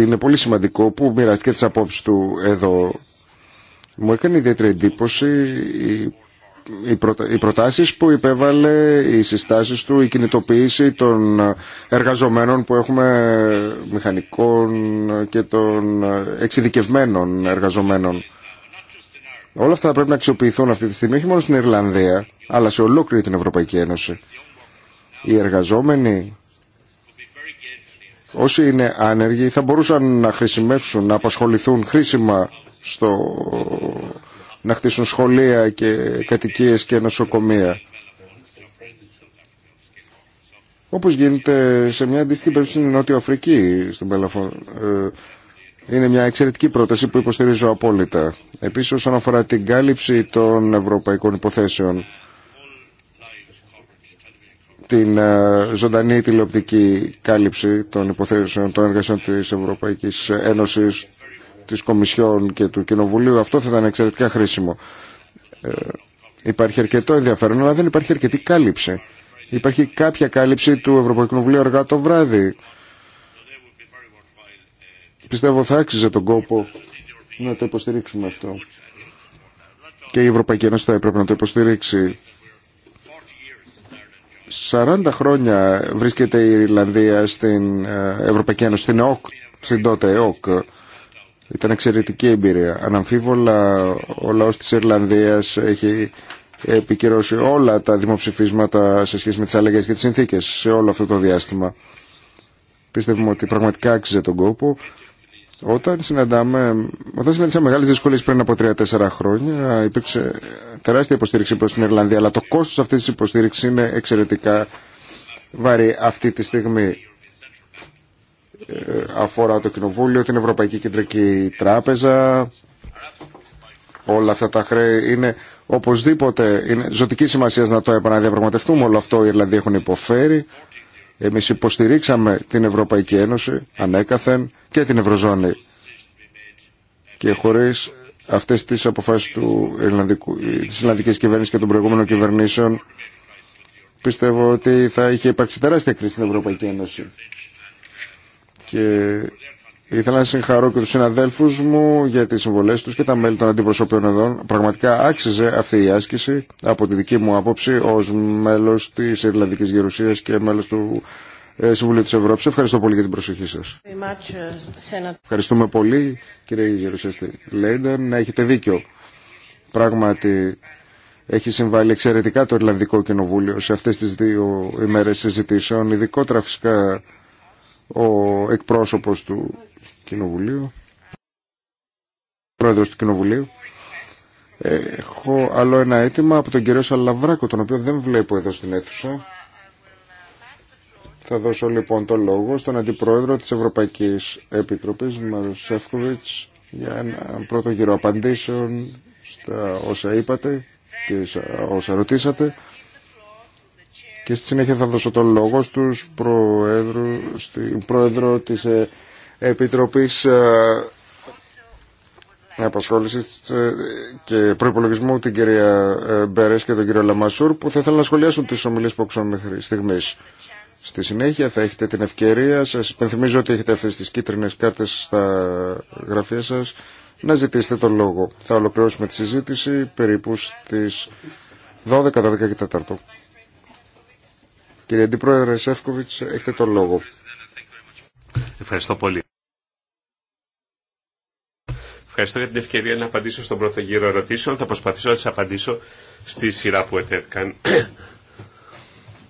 είναι πολύ σημαντικό που μοιράστηκε τις απόψεις του εδώ. Μου έκανε ιδιαίτερη εντύπωση η οι προτάσεις που υπέβαλε, οι συστάσεις του, η κινητοποίηση των εργαζομένων που έχουμε μηχανικών και των εξειδικευμένων εργαζομένων. Όλα αυτά πρέπει να αξιοποιηθούν αυτή τη στιγμή, όχι μόνο στην Ιρλανδία, αλλά σε ολόκληρη την Ευρωπαϊκή Ένωση. Οι εργαζόμενοι όσοι είναι άνεργοι θα μπορούσαν να χρησιμεύσουν, να απασχοληθούν χρήσιμα στο να χτίσουν σχολεία και κατοικίες και νοσοκομεία. Όπως γίνεται σε μια αντίστοιχη περίπτωση στην Νότια Αφρική, ε, Είναι μια εξαιρετική πρόταση που υποστηρίζω απόλυτα. Επίσης όσον αφορά την κάλυψη των ευρωπαϊκών υποθέσεων, την ε, ζωντανή τηλεοπτική κάλυψη των υποθέσεων των εργασιών της Ευρωπαϊκής Ένωσης, της Κομισιόν και του Κοινοβουλίου. Αυτό θα ήταν εξαιρετικά χρήσιμο. Ε, υπάρχει αρκετό ενδιαφέρον, αλλά δεν υπάρχει αρκετή κάλυψη. Υπάρχει κάποια κάλυψη του Ευρωπαϊκού Κοινοβουλίου αργά το βράδυ. Πιστεύω θα άξιζε τον κόπο να το υποστηρίξουμε αυτό. Και η Ευρωπαϊκή Ένωση θα έπρεπε να το υποστηρίξει. 40 χρόνια βρίσκεται η Ιρλανδία στην ε, Ευρωπαϊκή Ένωση, στην ΕΟΚ, στην τότε ΕΟΚ. Ήταν εξαιρετική εμπειρία. Αναμφίβολα ο λαός της Ιρλανδίας έχει επικυρώσει όλα τα δημοψηφίσματα σε σχέση με τις αλλαγές και τις συνθήκες σε όλο αυτό το διάστημα. Πίστευουμε ότι πραγματικά άξιζε τον κόπο όταν, συναντάμε, όταν συναντήσαμε μεγάλες δυσκολίες πριν από 3-4 χρόνια υπήρξε τεράστια υποστήριξη προ την Ιρλανδία αλλά το κόστο αυτή τη υποστήριξη είναι εξαιρετικά βαρύ αυτή τη στιγμή ε, αφορά το Κοινοβούλιο, την Ευρωπαϊκή Κεντρική Τράπεζα. Όλα αυτά τα χρέη είναι οπωσδήποτε είναι ζωτική σημασία να το επαναδιαπραγματευτούμε. Όλο αυτό οι Ιρλανδοί έχουν υποφέρει. Εμείς υποστηρίξαμε την Ευρωπαϊκή Ένωση ανέκαθεν και την Ευρωζώνη. Και χωρίς αυτές τις αποφάσεις του της Ιρλανδικής κυβέρνησης και των προηγούμενων κυβερνήσεων πιστεύω ότι θα είχε υπάρξει τεράστια κρίση στην Ευρωπαϊκή Ένωση. Και Ήθελα να συγχαρώ και τους συναδέλφους μου για τις συμβολές τους και τα μέλη των αντιπροσωπείων εδώ. Πραγματικά άξιζε αυτή η άσκηση από τη δική μου άποψη ως μέλος της Ιρλανδικής Γερουσίας και μέλος του ε, Συμβουλίου της Ευρώπης. Ευχαριστώ πολύ για την προσοχή σας. Uh, Ευχαριστούμε πολύ κύριε Γερουσιαστή Λέιντεν. Να έχετε δίκιο. Πράγματι έχει συμβάλει εξαιρετικά το Ιρλανδικό Κοινοβούλιο σε αυτές τις δύο ημέρες συζητήσεων, ειδικότερα φυσικά ο εκπρόσωπος του Κοινοβουλίου. Πρόεδρος του Κοινοβουλίου. Ε, έχω άλλο ένα αίτημα από τον κύριο Σαλαβράκο, τον οποίο δεν βλέπω εδώ στην αίθουσα. Θα δώσω λοιπόν το λόγο στον Αντιπρόεδρο της Ευρωπαϊκής Επιτροπής, Μαρος για ένα πρώτο γύρο απαντήσεων στα όσα είπατε και όσα ρωτήσατε. Και στη συνέχεια θα δώσω το λόγο στους προέδρου, στην Πρόεδρο της ε, Επιτροπής ε, Απασχόληση ε, και Προπολογισμού, την κυρία ε, Μπερέ και τον κύριο Λαμασούρ, που θα ήθελα να σχολιάσουν τι ομιλίε που άκουσαν μέχρι στιγμή. Στη συνέχεια θα έχετε την ευκαιρία, σα υπενθυμίζω ότι έχετε αυτέ τι κίτρινε κάρτε στα γραφεία σα, να ζητήσετε τον λόγο. Θα ολοκληρώσουμε τη συζήτηση περίπου στι 12, 12 και 4. Κύριε Αντιπρόεδρε Σεύκοβιτ, έχετε τον λόγο. Ευχαριστώ πολύ ευχαριστώ για την ευκαιρία να απαντήσω στον πρώτο γύρο ερωτήσεων. Θα προσπαθήσω να τι απαντήσω στη σειρά που ετέθηκαν.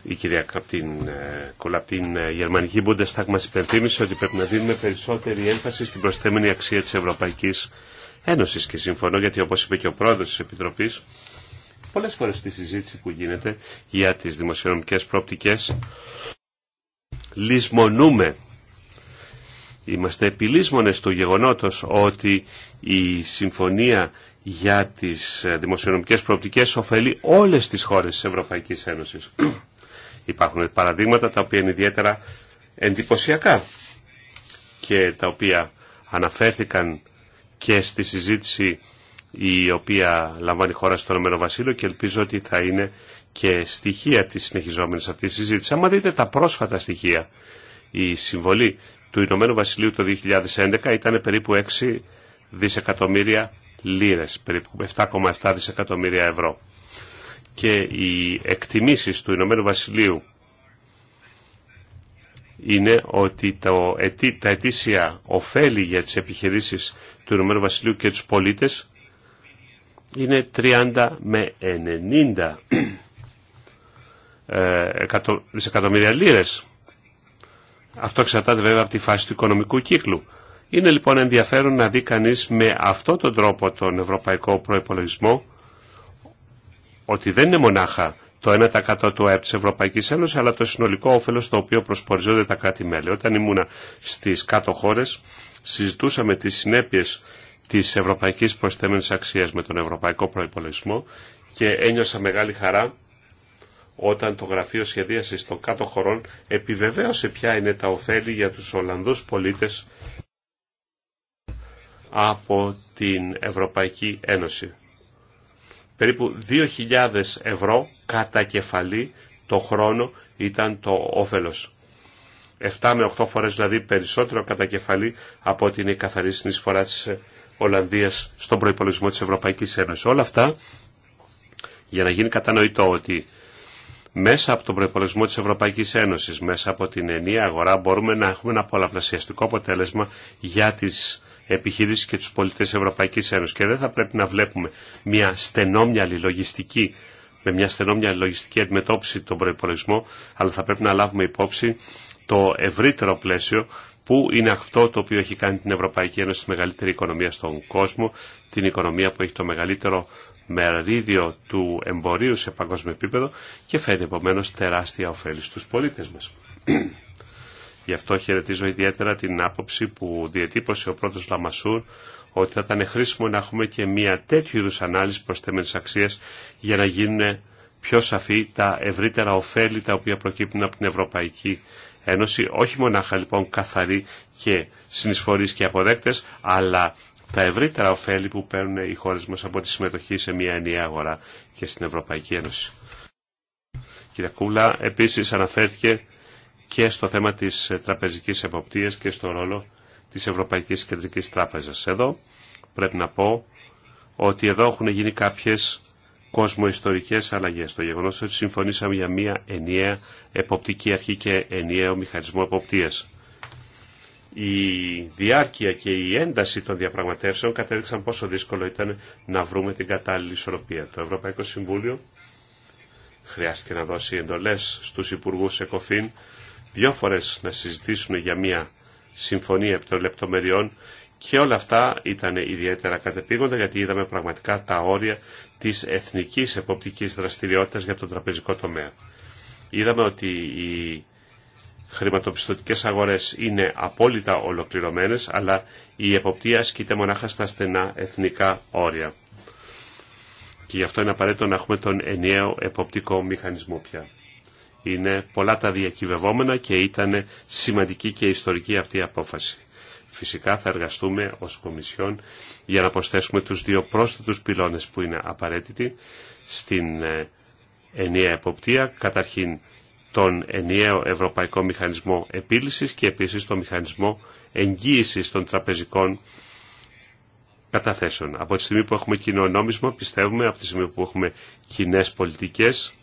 Η κυρία από την, ε, από την ε, Γερμανική Bundestag μας υπενθύμησε ότι πρέπει να δίνουμε περισσότερη έμφαση στην προσθέμενη αξία τη Ευρωπαϊκή Ένωση. και συμφωνώ γιατί όπω είπε και ο πρόεδρος τη Επιτροπή. Πολλέ φορέ στη συζήτηση που γίνεται για τι δημοσιονομικέ πρόπτικες λησμονούμε Είμαστε επιλύσμονες του γεγονότος ότι η συμφωνία για τις ε, δημοσιονομικές προοπτικές ωφελεί όλες τις χώρες της Ευρωπαϊκής Ένωσης. Υπάρχουν παραδείγματα τα οποία είναι ιδιαίτερα εντυπωσιακά και τα οποία αναφέρθηκαν και στη συζήτηση η οποία λαμβάνει χώρα στο Ηνωμένο Βασίλειο και ελπίζω ότι θα είναι και στοιχεία της συνεχιζόμενης αυτής της συζήτησης. δείτε τα πρόσφατα στοιχεία, η συμβολή του Ηνωμένου Βασιλείου το 2011 ήταν περίπου 6 δισεκατομμύρια λίρες, περίπου 7,7 δισεκατομμύρια ευρώ. Και οι εκτιμήσεις του Ηνωμένου Βασιλείου είναι ότι το, τα αιτήσια ωφέλη για τις επιχειρήσεις του Ηνωμένου Βασιλείου και τους πολίτες είναι 30 με 90 ε, δισεκατομμύρια λίρες. Αυτό εξαρτάται βέβαια από τη φάση του οικονομικού κύκλου. Είναι λοιπόν ενδιαφέρον να δει κανεί με αυτόν τον τρόπο τον ευρωπαϊκό προπολογισμό ότι δεν είναι μονάχα το 1% του ΑΕΠ τη Ευρωπαϊκή Ένωση, αλλά το συνολικό όφελο το οποίο προσποριζόνται τα κράτη-μέλη. Όταν ήμουνα στι κάτω χώρε, συζητούσαμε τι συνέπειε τη ευρωπαϊκή προσθέμενη αξία με τον ευρωπαϊκό προπολογισμό και ένιωσα μεγάλη χαρά όταν το Γραφείο σχεδίαση των Κάτω Χωρών επιβεβαίωσε ποια είναι τα ωφέλη για τους Ολλανδούς πολίτες από την Ευρωπαϊκή Ένωση. Περίπου 2.000 ευρώ κατά κεφαλή το χρόνο ήταν το όφελος. 7 με 8 φορές δηλαδή περισσότερο κατά κεφαλή από ότι είναι η καθαρή συνεισφορά της Ολλανδίας στον προϋπολογισμό της Ευρωπαϊκής Ένωσης. Όλα αυτά για να γίνει κατανοητό ότι μέσα από τον προπολογισμό της Ευρωπαϊκής Ένωσης, μέσα από την ενία αγορά, μπορούμε να έχουμε ένα πολλαπλασιαστικό αποτέλεσμα για τις επιχειρήσεις και τους πολιτές Ευρωπαϊκής Ένωσης. Και δεν θα πρέπει να βλέπουμε μια στενόμια λογιστική με μια στενόμια λογιστική αντιμετώπιση τον προπολογισμό, αλλά θα πρέπει να λάβουμε υπόψη το ευρύτερο πλαίσιο που είναι αυτό το οποίο έχει κάνει την Ευρωπαϊκή Ένωση τη μεγαλύτερη οικονομία στον κόσμο, την οικονομία που έχει το μεγαλύτερο μερίδιο του εμπορίου σε παγκόσμιο επίπεδο και φέρνει επομένω τεράστια ωφέλη στους πολίτες μας. Γι' αυτό χαιρετίζω ιδιαίτερα την άποψη που διατύπωσε ο πρώτος Λαμασούρ ότι θα ήταν χρήσιμο να έχουμε και μια τέτοιου είδους ανάλυση θέμενες αξίες, για να γίνουν πιο σαφή τα ευρύτερα ωφέλη τα οποία προκύπτουν από την Ευρωπαϊκή Ένωση, όχι μονάχα λοιπόν καθαροί και συνεισφορείς και αποδέκτες, αλλά τα ευρύτερα ωφέλη που παίρνουν οι χώρες μας από τη συμμετοχή σε μια ενιαία αγορά και στην Ευρωπαϊκή Ένωση. Κύριε Κούλα, επίσης αναφέρθηκε και στο θέμα της τραπεζικής εποπτείας και στο ρόλο της Ευρωπαϊκής Κεντρικής Τράπεζας. Εδώ πρέπει να πω ότι εδώ έχουν γίνει κάποιες κοσμοϊστορικές αλλαγές. Το γεγονός ότι συμφωνήσαμε για μια ενιαία εποπτική αρχή και ενιαίο μηχανισμό εποπτείας η διάρκεια και η ένταση των διαπραγματεύσεων κατέδειξαν πόσο δύσκολο ήταν να βρούμε την κατάλληλη ισορροπία. Το Ευρωπαϊκό Συμβούλιο χρειάστηκε να δώσει εντολές στους υπουργούς ΕΚΟΦΗΝ δύο φορές να συζητήσουν για μια συμφωνία επί των λεπτομεριών και όλα αυτά ήταν ιδιαίτερα κατεπήγοντα γιατί είδαμε πραγματικά τα όρια της εθνικής εποπτικής δραστηριότητας για τον τραπεζικό τομέα. Είδαμε ότι η χρηματοπιστωτικές αγορές είναι απόλυτα ολοκληρωμένες, αλλά η εποπτεία ασκείται μονάχα στα στενά εθνικά όρια. Και γι' αυτό είναι απαραίτητο να έχουμε τον ενιαίο εποπτικό μηχανισμό πια. Είναι πολλά τα διακυβευόμενα και ήταν σημαντική και ιστορική αυτή η απόφαση. Φυσικά θα εργαστούμε ως Κομισιόν για να προσθέσουμε τους δύο πρόσθετους πυλώνες που είναι απαραίτητοι στην ε, ενιαία εποπτεία. Καταρχήν τον ενιαίο Ευρωπαϊκό Μηχανισμό Επίλυσης και επίσης τον Μηχανισμό Εγγύησης των Τραπεζικών Καταθέσεων. Από τη στιγμή που έχουμε κοινό νόμισμα, πιστεύουμε, από τη στιγμή που έχουμε κοινέ πολιτικές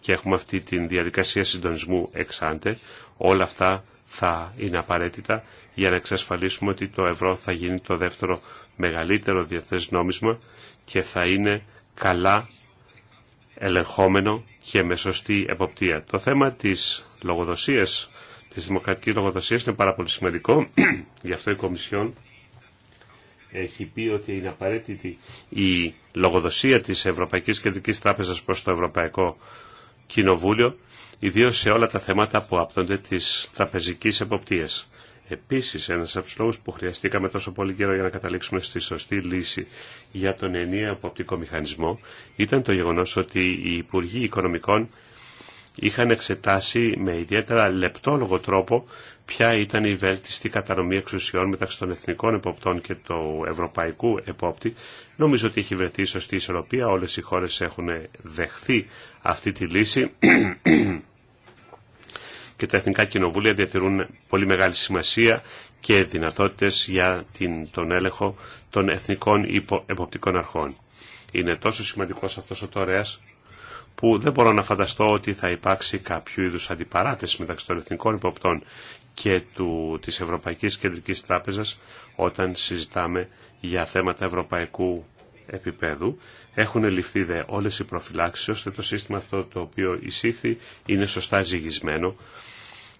και έχουμε αυτή τη διαδικασία συντονισμού εξάντε, όλα αυτά θα είναι απαραίτητα για να εξασφαλίσουμε ότι το ευρώ θα γίνει το δεύτερο μεγαλύτερο διεθνές νόμισμα και θα είναι καλά ελεγχόμενο και με σωστή εποπτεία. Το θέμα της λογοδοσίας, της δημοκρατικής λογοδοσίας είναι πάρα πολύ σημαντικό. Γι' αυτό η Κομισιόν έχει πει ότι είναι απαραίτητη η λογοδοσία της Ευρωπαϊκής Κεντρικής Τράπεζας προς το Ευρωπαϊκό Κοινοβούλιο, ιδίως σε όλα τα θέματα που άπτονται της τραπεζικής εποπτείας. Επίσης, ένα από του λόγου που χρειαστήκαμε τόσο πολύ καιρό για να καταλήξουμε στη σωστή λύση για τον ενιαίο αποπτικό μηχανισμό ήταν το γεγονός ότι οι Υπουργοί Οικονομικών είχαν εξετάσει με ιδιαίτερα λεπτόλογο τρόπο ποια ήταν η βέλτιστη κατανομή εξουσιών μεταξύ των εθνικών εποπτών και του ευρωπαϊκού επόπτη. Νομίζω ότι έχει βρεθεί η σωστή ισορροπία. Όλες οι χώρε έχουν δεχθεί αυτή τη λύση και τα εθνικά κοινοβούλια διατηρούν πολύ μεγάλη σημασία και δυνατότητες για τον έλεγχο των εθνικών υπο, εποπτικών αρχών. Είναι τόσο σημαντικός αυτός ο τωρέας που δεν μπορώ να φανταστώ ότι θα υπάρξει κάποιο είδους αντιπαράθεση μεταξύ των εθνικών υποπτών και του, της Ευρωπαϊκής Κεντρικής Τράπεζας όταν συζητάμε για θέματα ευρωπαϊκού επίπεδου. Έχουν ληφθεί δε όλες οι προφυλάξεις ώστε το σύστημα αυτό το οποίο εισήχθη είναι σωστά ζυγισμένο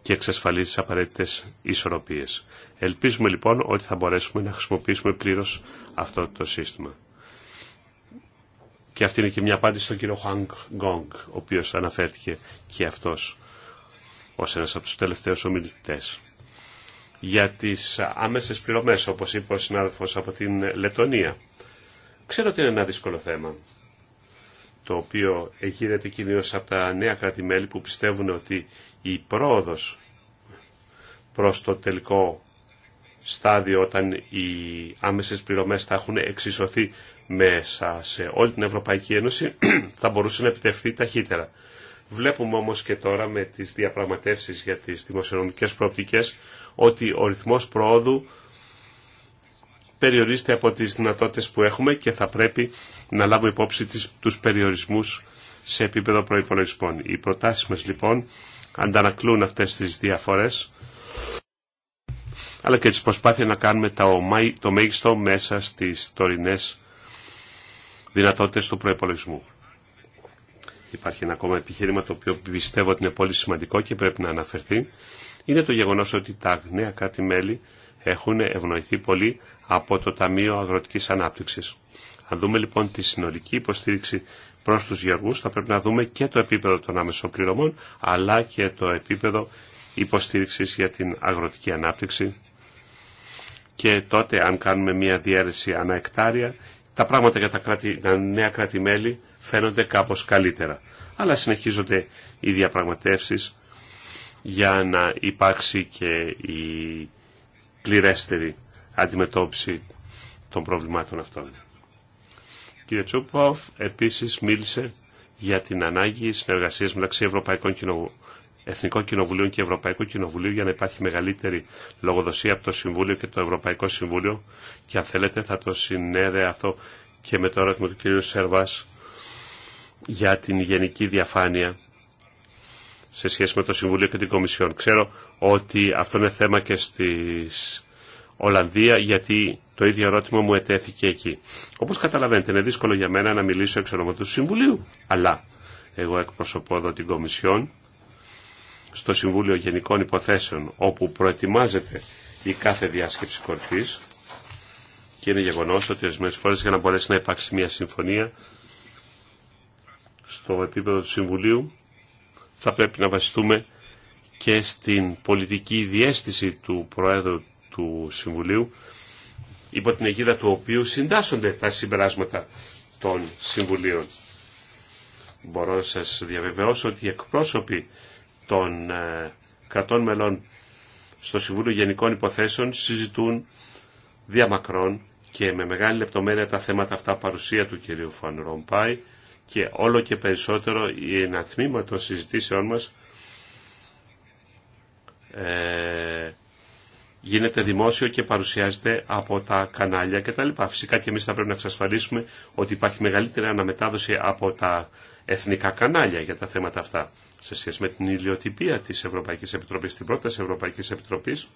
και εξασφαλίζει τι απαραίτητε ισορροπίε. Ελπίζουμε λοιπόν ότι θα μπορέσουμε να χρησιμοποιήσουμε πλήρω αυτό το σύστημα. Και αυτή είναι και μια απάντηση στον κύριο Χουάνγκ Γκόγκ, ο οποίο αναφέρθηκε και αυτό ω ένα από του τελευταίους ομιλητέ. Για τι άμεσε πληρωμές, όπω είπε ο συνάδελφο από την Λετωνία. Ξέρω ότι είναι ένα δύσκολο θέμα, το οποίο εγείρεται κυρίως από τα νέα που πιστεύουν ότι η πρόοδος προς το τελικό στάδιο όταν οι άμεσες πληρωμές θα έχουν εξισωθεί μέσα σε όλη την Ευρωπαϊκή Ένωση θα μπορούσε να επιτευχθεί ταχύτερα. Βλέπουμε όμως και τώρα με τις διαπραγματεύσεις για τις δημοσιονομικές προοπτικές ότι ο ρυθμός προόδου περιορίζεται από τις δυνατότητες που έχουμε και θα πρέπει να λάβουμε υπόψη τις, τους περιορισμούς σε επίπεδο προϋπολογισμών. Οι προτάσεις μας λοιπόν αντανακλούν αυτές τις διαφορές αλλά και τις προσπάθειες να κάνουμε το μέγιστο μέσα στις τωρινές δυνατότητες του προϋπολογισμού. Υπάρχει ένα ακόμα επιχείρημα το οποίο πιστεύω ότι είναι πολύ σημαντικό και πρέπει να αναφερθεί. Είναι το γεγονός ότι τα νέα κάτι μέλη έχουν ευνοηθεί πολύ από το Ταμείο Αγροτικής Ανάπτυξης. Αν δούμε λοιπόν τη συνολική υποστήριξη προς τους γεωργούς θα πρέπει να δούμε και το επίπεδο των άμεσων πληρωμών αλλά και το επίπεδο υποστήριξης για την αγροτική ανάπτυξη και τότε αν κάνουμε μια διαίρεση ανά εκτάρια τα πράγματα για τα, τα νέα κράτη-μέλη φαίνονται κάπως καλύτερα. Αλλά συνεχίζονται οι διαπραγματεύσεις για να υπάρξει και η πληρέστερη αντιμετώπιση των προβλημάτων αυτών. Κύριε Τσούποφ, επίσης μίλησε για την ανάγκη συνεργασίας μεταξύ Ευρωπαϊκών Εθνικών Κοινοβουλίων και Ευρωπαϊκού Κοινοβουλίου για να υπάρχει μεγαλύτερη λογοδοσία από το Συμβούλιο και το Ευρωπαϊκό Συμβούλιο και αν θέλετε θα το συνέδε αυτό και με το ερώτημα του κ. Σερβάς για την γενική διαφάνεια σε σχέση με το Συμβούλιο και την Κομισιόν. Ξέρω ότι αυτό είναι θέμα και στις Ολλανδία γιατί το ίδιο ερώτημα μου ετέθηκε εκεί. Όπω καταλαβαίνετε είναι δύσκολο για μένα να μιλήσω εξ του Συμβουλίου, αλλά εγώ εκπροσωπώ εδώ την Κομισιόν στο Συμβούλιο Γενικών Υποθέσεων όπου προετοιμάζεται η κάθε διάσκεψη κορφή. και είναι γεγονό ότι ορισμένε φορέ για να μπορέσει να υπάρξει μια συμφωνία στο επίπεδο του Συμβουλίου θα πρέπει να βασιστούμε και στην πολιτική διέστηση του Προέδρου του Συμβουλίου υπό την αιγίδα του οποίου συντάσσονται τα συμπεράσματα των Συμβουλίων. Μπορώ να σας διαβεβαιώσω ότι οι εκπρόσωποι των ε, κρατών μελών στο Συμβούλιο Γενικών Υποθέσεων συζητούν διαμακρών και με μεγάλη λεπτομέρεια τα θέματα αυτά παρουσία του κυρίου Φαν Ρομπάη και όλο και περισσότερο ένα τμήμα των συζητήσεών μας ε, γίνεται δημόσιο και παρουσιάζεται από τα κανάλια κτλ. Φυσικά και εμείς θα πρέπει να εξασφαλίσουμε ότι υπάρχει μεγαλύτερη αναμετάδοση από τα εθνικά κανάλια για τα θέματα αυτά. Σε σχέση με την ηλιοτυπία της Ευρωπαϊκής Επιτροπής, την πρόταση Ευρωπαϊκής Επιτροπής,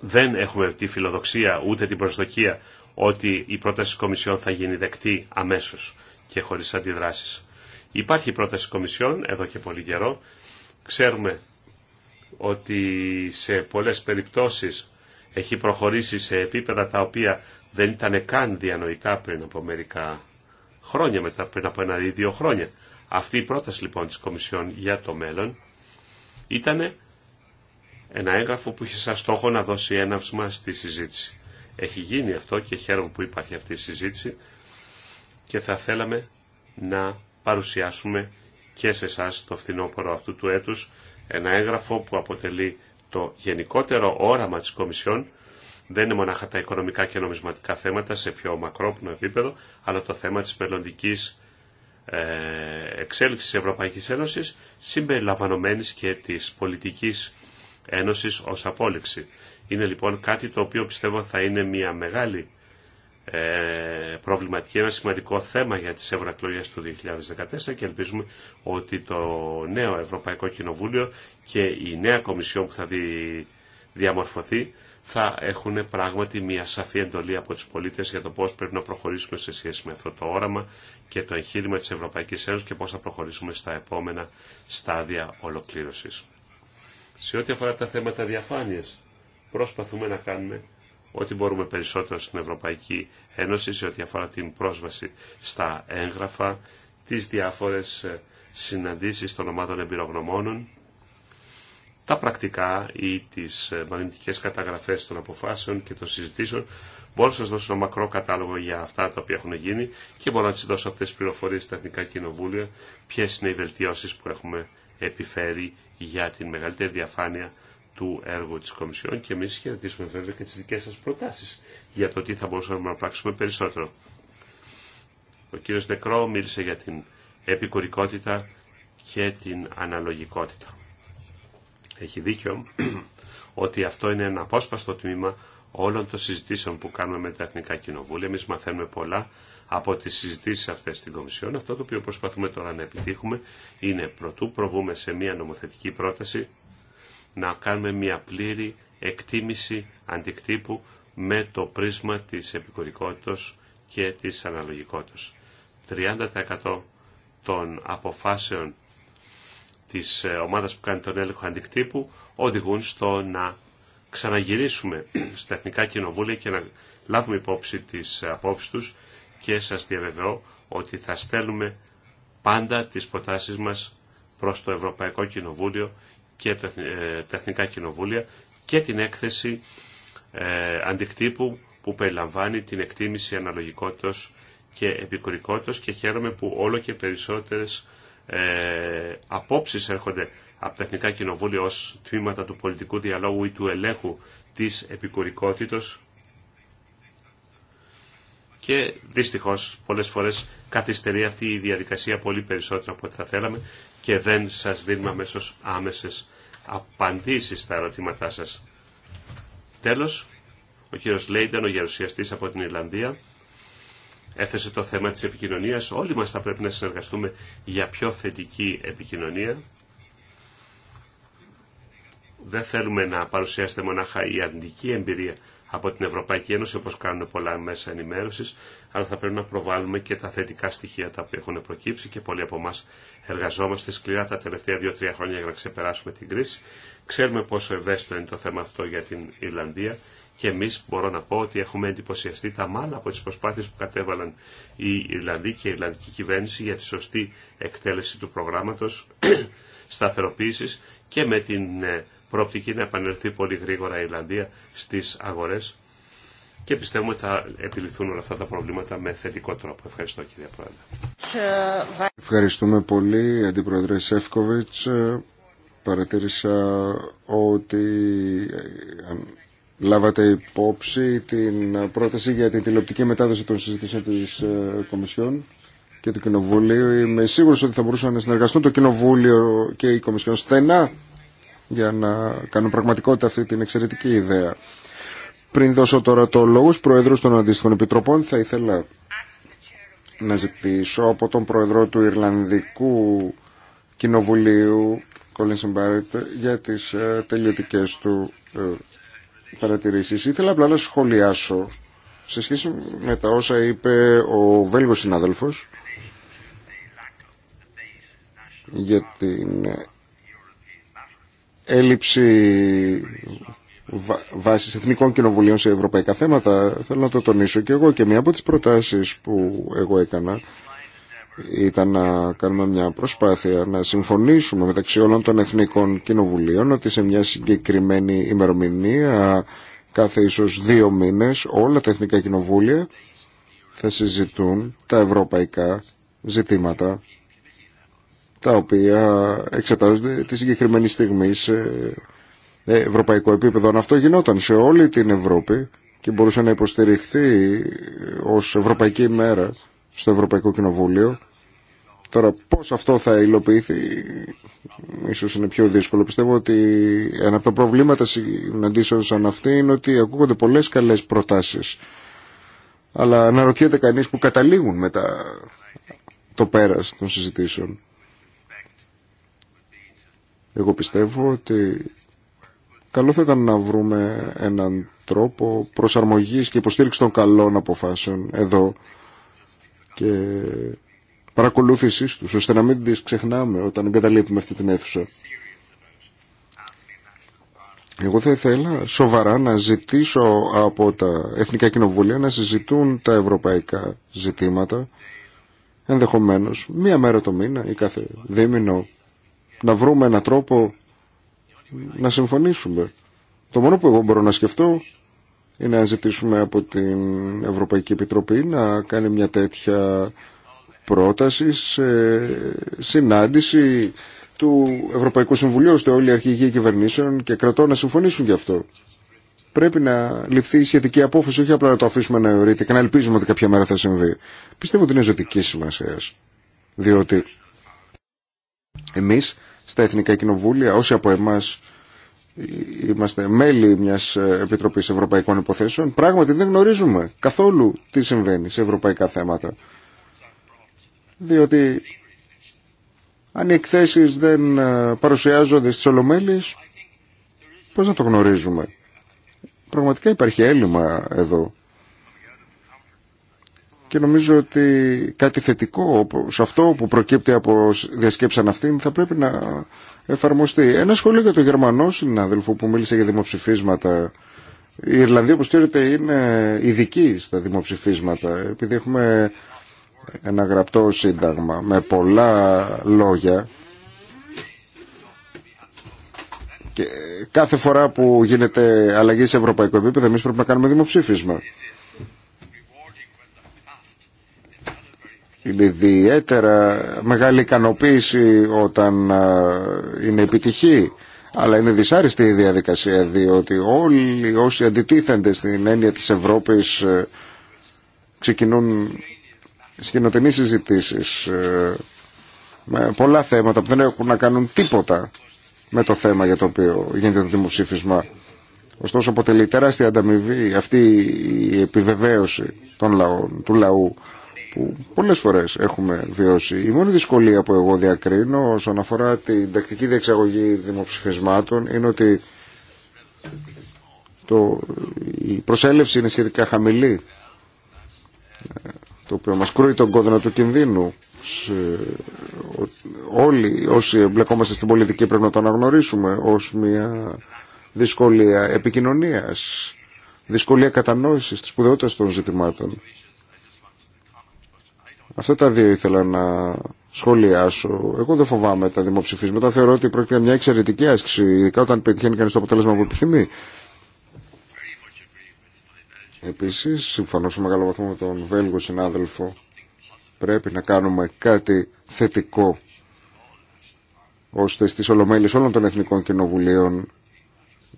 δεν έχουμε τη φιλοδοξία ούτε την προσδοκία ότι η πρόταση της Κομισιόν θα γίνει δεκτή αμέσως και χωρίς αντιδράσεις. Υπάρχει πρόταση Κομισιόν εδώ και πολύ καιρό. Ξέρουμε ότι σε πολλές περιπτώσεις έχει προχωρήσει σε επίπεδα τα οποία δεν ήταν καν διανοητά πριν από μερικά χρόνια, μετά πριν από ένα ή δύο χρόνια. Αυτή η πρόταση λοιπόν της Κομισιόν για το μέλλον ήταν ένα έγγραφο που είχε σαν στόχο να δώσει έναυσμα στη συζήτηση. Έχει γίνει αυτό και χαίρομαι που υπάρχει αυτή η συζήτηση και θα θέλαμε να παρουσιάσουμε και σε εσά το φθινόπωρο αυτού του έτους ένα έγγραφο που αποτελεί το γενικότερο όραμα της Κομισιόν δεν είναι μονάχα τα οικονομικά και νομισματικά θέματα σε πιο μακρόπνο επίπεδο, αλλά το θέμα της μελλοντική ε, εξέλιξης της Ευρωπαϊκής Ένωσης συμπεριλαμβανομένης και της πολιτικής ένωσης ως απόλυξη. Είναι λοιπόν κάτι το οποίο πιστεύω θα είναι μια μεγάλη ε, προβληματική, ένα σημαντικό θέμα για τις ευρωεκλογέ του 2014 και ελπίζουμε ότι το νέο Ευρωπαϊκό Κοινοβούλιο και η νέα Κομισιόν που θα διαμορφωθεί θα έχουν πράγματι μια σαφή εντολή από τους πολίτες για το πώς πρέπει να προχωρήσουμε σε σχέση με αυτό το όραμα και το εγχείρημα της Ευρωπαϊκής Ένωσης και πώς θα προχωρήσουμε στα επόμενα στάδια ολοκλήρωσης. Σε ό,τι αφορά τα θέματα διαφάνειας, προσπαθούμε να κάνουμε ότι μπορούμε περισσότερο στην Ευρωπαϊκή Ένωση σε ό,τι αφορά την πρόσβαση στα έγγραφα, τις διάφορες ε, συναντήσεις των ομάδων εμπειρογνωμόνων, τα πρακτικά ή τις ε, μαγνητικές καταγραφές των αποφάσεων και των συζητήσεων. Μπορώ να σας δώσω ένα μακρό κατάλογο για αυτά τα οποία έχουν γίνει και μπορώ να σας δώσω αυτές τις πληροφορίες στα Εθνικά Κοινοβούλια, ποιες είναι οι βελτιώσεις που έχουμε επιφέρει για την μεγαλύτερη διαφάνεια του έργου της Κομισιόν και εμείς χαιρετίσουμε βέβαια και τις δικές σας προτάσεις για το τι θα μπορούσαμε να πράξουμε περισσότερο. Ο κύριος Νεκρό μίλησε για την επικουρικότητα και την αναλογικότητα. Έχει δίκιο ότι αυτό είναι ένα απόσπαστο τμήμα όλων των συζητήσεων που κάνουμε με τα Εθνικά Κοινοβούλια. Εμεί μαθαίνουμε πολλά από τις συζητήσεις αυτές στην Κομισιόν. Αυτό το οποίο προσπαθούμε τώρα να επιτύχουμε είναι πρωτού προβούμε σε μια νομοθετική πρόταση να κάνουμε μια πλήρη εκτίμηση αντικτύπου με το πρίσμα της επικουρικότητας και της αναλογικότητας. 30% των αποφάσεων της ε, ομάδας που κάνει τον έλεγχο αντικτύπου οδηγούν στο να ξαναγυρίσουμε στα Εθνικά Κοινοβούλια και να λάβουμε υπόψη τις απόψεις τους και σας διαβεβαιώ ότι θα στέλνουμε πάντα τις προτάσεις μας προς το Ευρωπαϊκό Κοινοβούλιο και τα Εθνικά Κοινοβούλια και την έκθεση ε, αντικτύπου που περιλαμβάνει την εκτίμηση αναλογικότητας και επικουρικότητας και χαίρομαι που όλο και περισσότερες ε, απόψεις έρχονται από τα Εθνικά Κοινοβούλια ως τμήματα του πολιτικού διαλόγου ή του ελέγχου της επικουρικότητας και δυστυχώς πολλές φορές καθυστερεί αυτή η διαδικασία πολύ περισσότερο από ό,τι θα θέλαμε και δεν σας δίνουμε αμέσω άμεσες απαντήσει στα ερωτήματά σας. Τέλος, ο κύριος Λέιντεν, ο γερουσιαστής από την Ιρλανδία, έθεσε το θέμα της επικοινωνίας. Όλοι μας θα πρέπει να συνεργαστούμε για πιο θετική επικοινωνία. Δεν θέλουμε να παρουσιάσετε μονάχα η αρνητική εμπειρία από την Ευρωπαϊκή Ένωση, όπως κάνουν πολλά μέσα ενημέρωσης, αλλά θα πρέπει να προβάλλουμε και τα θετικά στοιχεία τα οποία έχουν προκύψει και πολλοί από εμά Εργαζόμαστε σκληρά τα τελευταία δύο-τρία χρόνια για να ξεπεράσουμε την κρίση. Ξέρουμε πόσο ευαίσθητο είναι το θέμα αυτό για την Ιρλανδία και εμεί μπορώ να πω ότι έχουμε εντυπωσιαστεί τα μάλλα από τι προσπάθειε που κατέβαλαν οι Ιρλανδοί και η Ιρλανδική κυβέρνηση για τη σωστή εκτέλεση του προγράμματο σταθεροποίηση και με την ε, πρόπτικη να επανελθεί πολύ γρήγορα η Ιρλανδία στι αγορέ και πιστεύουμε ότι θα επιληθούν όλα αυτά τα προβλήματα με θετικό τρόπο. Ευχαριστώ κυρία Πρόεδρε. Ευχαριστούμε πολύ Αντιπρόεδρε Σεύκοβιτς. Ε, παρατήρησα ότι ε, λάβατε υπόψη την πρόταση για την τηλεοπτική μετάδοση των συζητήσεων της ε, Κομισιόν και του Κοινοβουλίου. Είμαι σίγουρος ότι θα μπορούσαν να συνεργαστούν το Κοινοβούλιο και η Κομισιόν στενά για να κάνουν πραγματικότητα αυτή την εξαιρετική ιδέα. Πριν δώσω τώρα το λόγο στους Προέδρους των Αντίστοιχων Επιτροπών, θα ήθελα να ζητήσω από τον Πρόεδρο του Ιρλανδικού Κοινοβουλίου, Colin Barrett, για τις ε, τελειωτικές του ε, παρατηρήσεις. Ήθελα απλά να σχολιάσω σε σχέση με τα όσα είπε ο Βέλγος συνάδελφος για την ε, έλλειψη βάσει εθνικών κοινοβουλίων σε ευρωπαϊκά θέματα. Θέλω να το τονίσω και εγώ και μία από τις προτάσεις που εγώ έκανα ήταν να κάνουμε μια προσπάθεια να συμφωνήσουμε μεταξύ όλων των εθνικών κοινοβουλίων ότι σε μια συγκεκριμένη ημερομηνία κάθε ίσως δύο μήνες όλα τα εθνικά κοινοβούλια θα συζητούν τα ευρωπαϊκά ζητήματα τα οποία εξετάζονται τη συγκεκριμένη στιγμή ε, ευρωπαϊκό επίπεδο. Αν αυτό γινόταν σε όλη την Ευρώπη και μπορούσε να υποστηριχθεί ε, ως Ευρωπαϊκή ημέρα στο Ευρωπαϊκό Κοινοβούλιο, Τώρα πώς αυτό θα υλοποιηθεί ίσως είναι πιο δύσκολο. Πιστεύω ότι ένα από τα προβλήματα συναντήσεων σαν αυτή είναι ότι ακούγονται πολλές καλές προτάσεις. Αλλά αναρωτιέται κανείς που καταλήγουν μετά το πέρας των συζητήσεων. Εγώ πιστεύω ότι Καλό θα ήταν να βρούμε έναν τρόπο προσαρμογής και υποστήριξη των καλών αποφάσεων εδώ και παρακολούθησής τους, ώστε να μην τις ξεχνάμε όταν εγκαταλείπουμε αυτή την αίθουσα. Εγώ θα ήθελα σοβαρά να ζητήσω από τα Εθνικά Κοινοβούλια να συζητούν τα ευρωπαϊκά ζητήματα, ενδεχομένως μία μέρα το μήνα ή κάθε δίμηνο, να βρούμε έναν τρόπο να συμφωνήσουμε. Το μόνο που εγώ μπορώ να σκεφτώ είναι να ζητήσουμε από την Ευρωπαϊκή Επιτροπή να κάνει μια τέτοια πρόταση σε συνάντηση του Ευρωπαϊκού Συμβουλίου ώστε όλοι οι αρχηγοί κυβερνήσεων και κρατών να συμφωνήσουν γι' αυτό. Πρέπει να ληφθεί η σχετική απόφαση, όχι απλά να το αφήσουμε να εωρείται και να ελπίζουμε ότι κάποια μέρα θα συμβεί. Πιστεύω ότι είναι ζωτική σημασία. Διότι εμεί, στα Εθνικά Κοινοβούλια, όσοι από εμά είμαστε μέλη μιας ε, Επιτροπής Ευρωπαϊκών Υποθέσεων, πράγματι δεν γνωρίζουμε καθόλου τι συμβαίνει σε ευρωπαϊκά θέματα. Διότι αν οι εκθέσεις δεν ε, παρουσιάζονται στις Ολομέλειες, πώς να το γνωρίζουμε. Πραγματικά υπάρχει έλλειμμα εδώ και νομίζω ότι κάτι θετικό σε αυτό που προκύπτει από διασκέψαν αυτήν θα πρέπει να εφαρμοστεί. Ένα σχόλιο για τον Γερμανό συνάδελφο που μίλησε για δημοψηφίσματα. Η Ιρλανδία, όπω ξέρετε, είναι ειδική στα δημοψηφίσματα, επειδή έχουμε ένα γραπτό σύνταγμα με πολλά λόγια. Και κάθε φορά που γίνεται αλλαγή σε ευρωπαϊκό επίπεδο, εμεί πρέπει να κάνουμε δημοψήφισμα. είναι ιδιαίτερα μεγάλη ικανοποίηση όταν είναι επιτυχή. Αλλά είναι δυσάριστη η διαδικασία διότι όλοι όσοι αντιτίθενται στην έννοια της Ευρώπης ε, ξεκινούν σκηνοτενείς συζητήσεις ε, με πολλά θέματα που δεν έχουν να κάνουν τίποτα με το θέμα για το οποίο γίνεται το δημοψήφισμα. Ωστόσο αποτελεί τεράστια ανταμοιβή αυτή η επιβεβαίωση των λαών, του λαού που πολλές φορές έχουμε βιώσει. Η μόνη δυσκολία που εγώ διακρίνω όσον αφορά την τακτική διεξαγωγή δημοψηφισμάτων είναι ότι το, η προσέλευση είναι σχετικά χαμηλή το οποίο μας κρούει τον κόδωνα του κινδύνου όλοι όσοι εμπλεκόμαστε στην πολιτική πρέπει να το αναγνωρίσουμε ως μια δυσκολία επικοινωνίας δυσκολία κατανόησης της σπουδαιότητας των ζητημάτων Αυτά τα δύο ήθελα να σχολιάσω. Εγώ δεν φοβάμαι τα δημοψηφίσματα. Θεωρώ ότι πρόκειται μια εξαιρετική άσκηση, ειδικά όταν πετυχαίνει κανεί το αποτέλεσμα που επιθυμεί. Επίση, συμφωνώ σε μεγάλο βαθμό με τον Βέλγο συνάδελφο. Πρέπει να κάνουμε κάτι θετικό ώστε στις ολομέλειες όλων των εθνικών κοινοβουλίων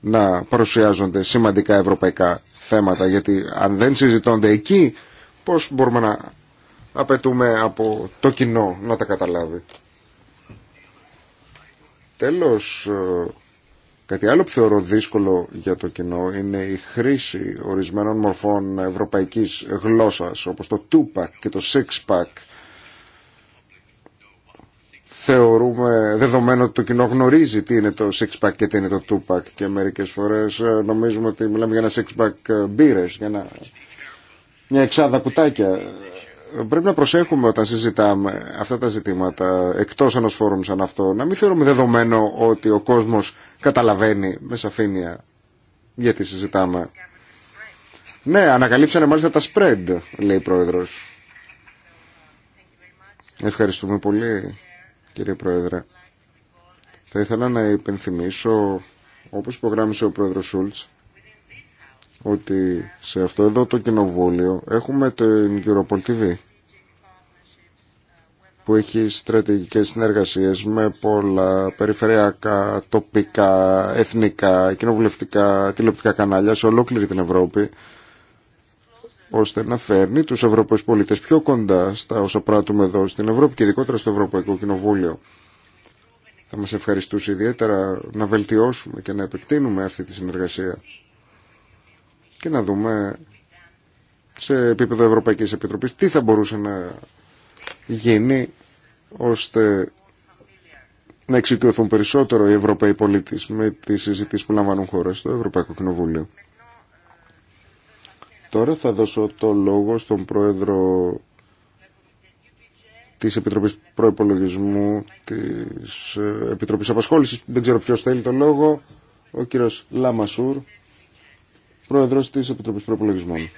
να παρουσιάζονται σημαντικά ευρωπαϊκά θέματα γιατί αν δεν συζητώνται εκεί πώς μπορούμε να απαιτούμε από το κοινό να τα καταλάβει. Τέλος, ε, κάτι άλλο που θεωρώ δύσκολο για το κοινό είναι η χρήση ορισμένων μορφών ευρωπαϊκής γλώσσας όπως το 2-pack και το 6-pack. Θεωρούμε δεδομένο ότι το κοινό γνωρίζει τι είναι το 6-pack και τι είναι το 2-pack και μερικές φορές ε, νομίζουμε ότι μιλάμε για ένα 6-pack ε, μπύρες, για ένα... μια εξάδα κουτάκια πρέπει να προσέχουμε όταν συζητάμε αυτά τα ζητήματα εκτός ενός φόρουμ σαν αυτό να μην θεωρούμε δεδομένο ότι ο κόσμος καταλαβαίνει με σαφήνεια γιατί συζητάμε. Ναι, ανακαλύψανε μάλιστα τα spread, λέει η Πρόεδρος. Ευχαριστούμε πολύ, κύριε Πρόεδρε. Θα ήθελα να υπενθυμίσω, όπως υπογράμμισε ο Πρόεδρος Σούλτς, ότι σε αυτό εδώ το κοινοβούλιο έχουμε την Europol TV που έχει στρατηγικές συνεργασίες με πολλά περιφερειακά, τοπικά, εθνικά, κοινοβουλευτικά, τηλεοπτικά κανάλια σε ολόκληρη την Ευρώπη ώστε να φέρνει τους Ευρωπαίους πολίτες πιο κοντά στα όσα πράττουμε εδώ στην Ευρώπη και ειδικότερα στο Ευρωπαϊκό Κοινοβούλιο. Θα μας ευχαριστούσε ιδιαίτερα να βελτιώσουμε και να επεκτείνουμε αυτή τη συνεργασία και να δούμε σε επίπεδο Ευρωπαϊκής Επιτροπής τι θα μπορούσε να γίνει ώστε να εξοικειωθούν περισσότερο οι Ευρωπαίοι πολίτες με τις συζητήσεις που λαμβάνουν χώρα στο Ευρωπαϊκό Κοινοβούλιο. Τώρα θα δώσω το λόγο στον Πρόεδρο της Επιτροπής Προϋπολογισμού, της ε, Επιτροπής Απασχόλησης, δεν ξέρω ποιος θέλει το λόγο, ο κύριος Λαμασούρ, Πρόεδρος της Επιτροπής Προϋπολογισμών.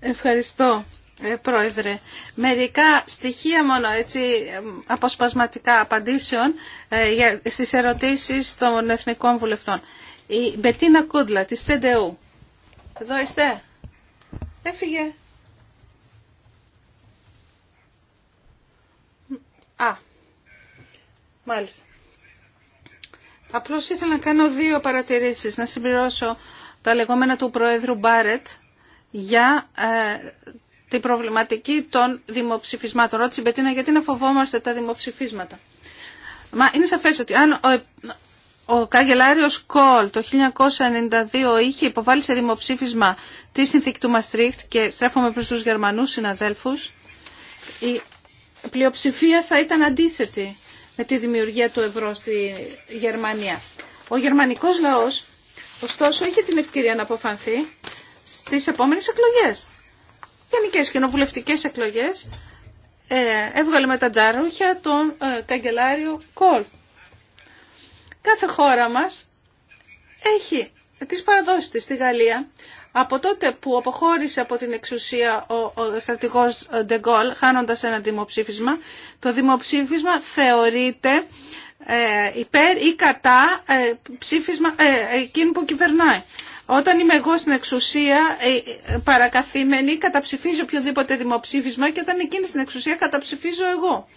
Ευχαριστώ, ε, Πρόεδρε. Μερικά στοιχεία μόνο, έτσι, αποσπασματικά απαντήσεων ε, για, στις ερωτήσεις των εθνικών βουλευτών. Η Μπετίνα Κούντλα, της ΣΕΝΤΕΟΥ. Εδώ είστε. Έφυγε. Α, μάλιστα. Απλώς ήθελα να κάνω δύο παρατηρήσεις, να συμπληρώσω τα λεγόμενα του Προέδρου Μπάρετ για ε, την προβληματική των δημοψηφισμάτων. Ρώτησε η Μπετίνα γιατί να φοβόμαστε τα δημοψηφίσματα. Μα είναι σαφές ότι αν ο, ο καγκελάριος Κόλ το 1992 είχε υποβάλει σε δημοψήφισμα τη συνθήκη του Μαστρίχτ και στρέφομαι προς τους Γερμανούς συναδέλφους, η πλειοψηφία θα ήταν αντίθετη με τη δημιουργία του ευρώ στη Γερμανία. Ο γερμανικός λαός, ωστόσο, είχε την ευκαιρία να αποφανθεί στις επόμενες εκλογές. Γενικέ και εκλογέ, ε, έβγαλε με τα τζάρουχια τον ε, καγκελάριο Κόλ. Κάθε χώρα μας έχει τις παραδόσεις της στη Γαλλία. Από τότε που αποχώρησε από την εξουσία ο, ο στρατηγός Ντεγκόλ, χάνοντας ένα δημοψήφισμα, το δημοψήφισμα θεωρείται ε, υπέρ ή κατά ε, ψήφισμα ε, εκείνου που κυβερνάει. Όταν είμαι εγώ στην εξουσία ε, παρακαθήμενη, καταψηφίζω οποιοδήποτε δημοψήφισμα και όταν εκείνη στην εξουσία καταψηφίζω εγώ.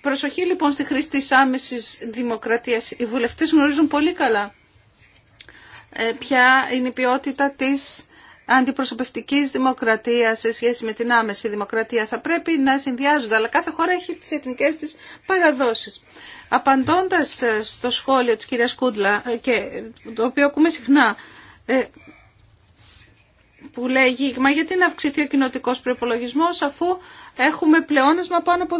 Προσοχή λοιπόν στη χρήση της άμεσης δημοκρατίας. Οι βουλευτές γνωρίζουν πολύ καλά ε, ποια είναι η ποιότητα της αντιπροσωπευτικής δημοκρατίας σε σχέση με την άμεση δημοκρατία. Θα πρέπει να συνδυάζονται, αλλά κάθε χώρα έχει τις εθνικές της παραδόσεις. Απαντώντας ε, στο σχόλιο της κυρίας Κούντλα, το οποίο ακούμε συχνά, ε, που λέγει «Μα γιατί να αυξηθεί ο κοινοτικό προπολογισμό αφού έχουμε πλεόνασμα πάνω από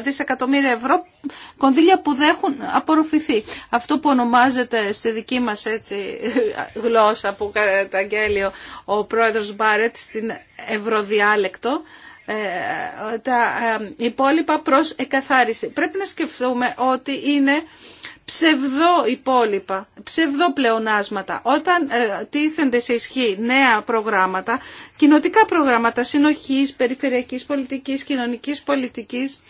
200 δισεκατομμύρια ευρώ, κονδύλια που δεν έχουν απορροφηθεί». Αυτό που ονομάζεται στη δική μας έτσι, γλώσσα που καταγγέλει ο πρόεδρος Μπάρετ στην Ευρωδιάλεκτο, ε, τα ε, υπόλοιπα προς εκαθάριση. Πρέπει να σκεφτούμε ότι είναι ψευδό υπόλοιπα, ψευδό πλεονάσματα. Όταν ε, τίθενται σε ισχύ νέα προγράμματα, κοινοτικά προγράμματα συνοχής, περιφερειακής πολιτικής, κοινωνικής πολιτικής,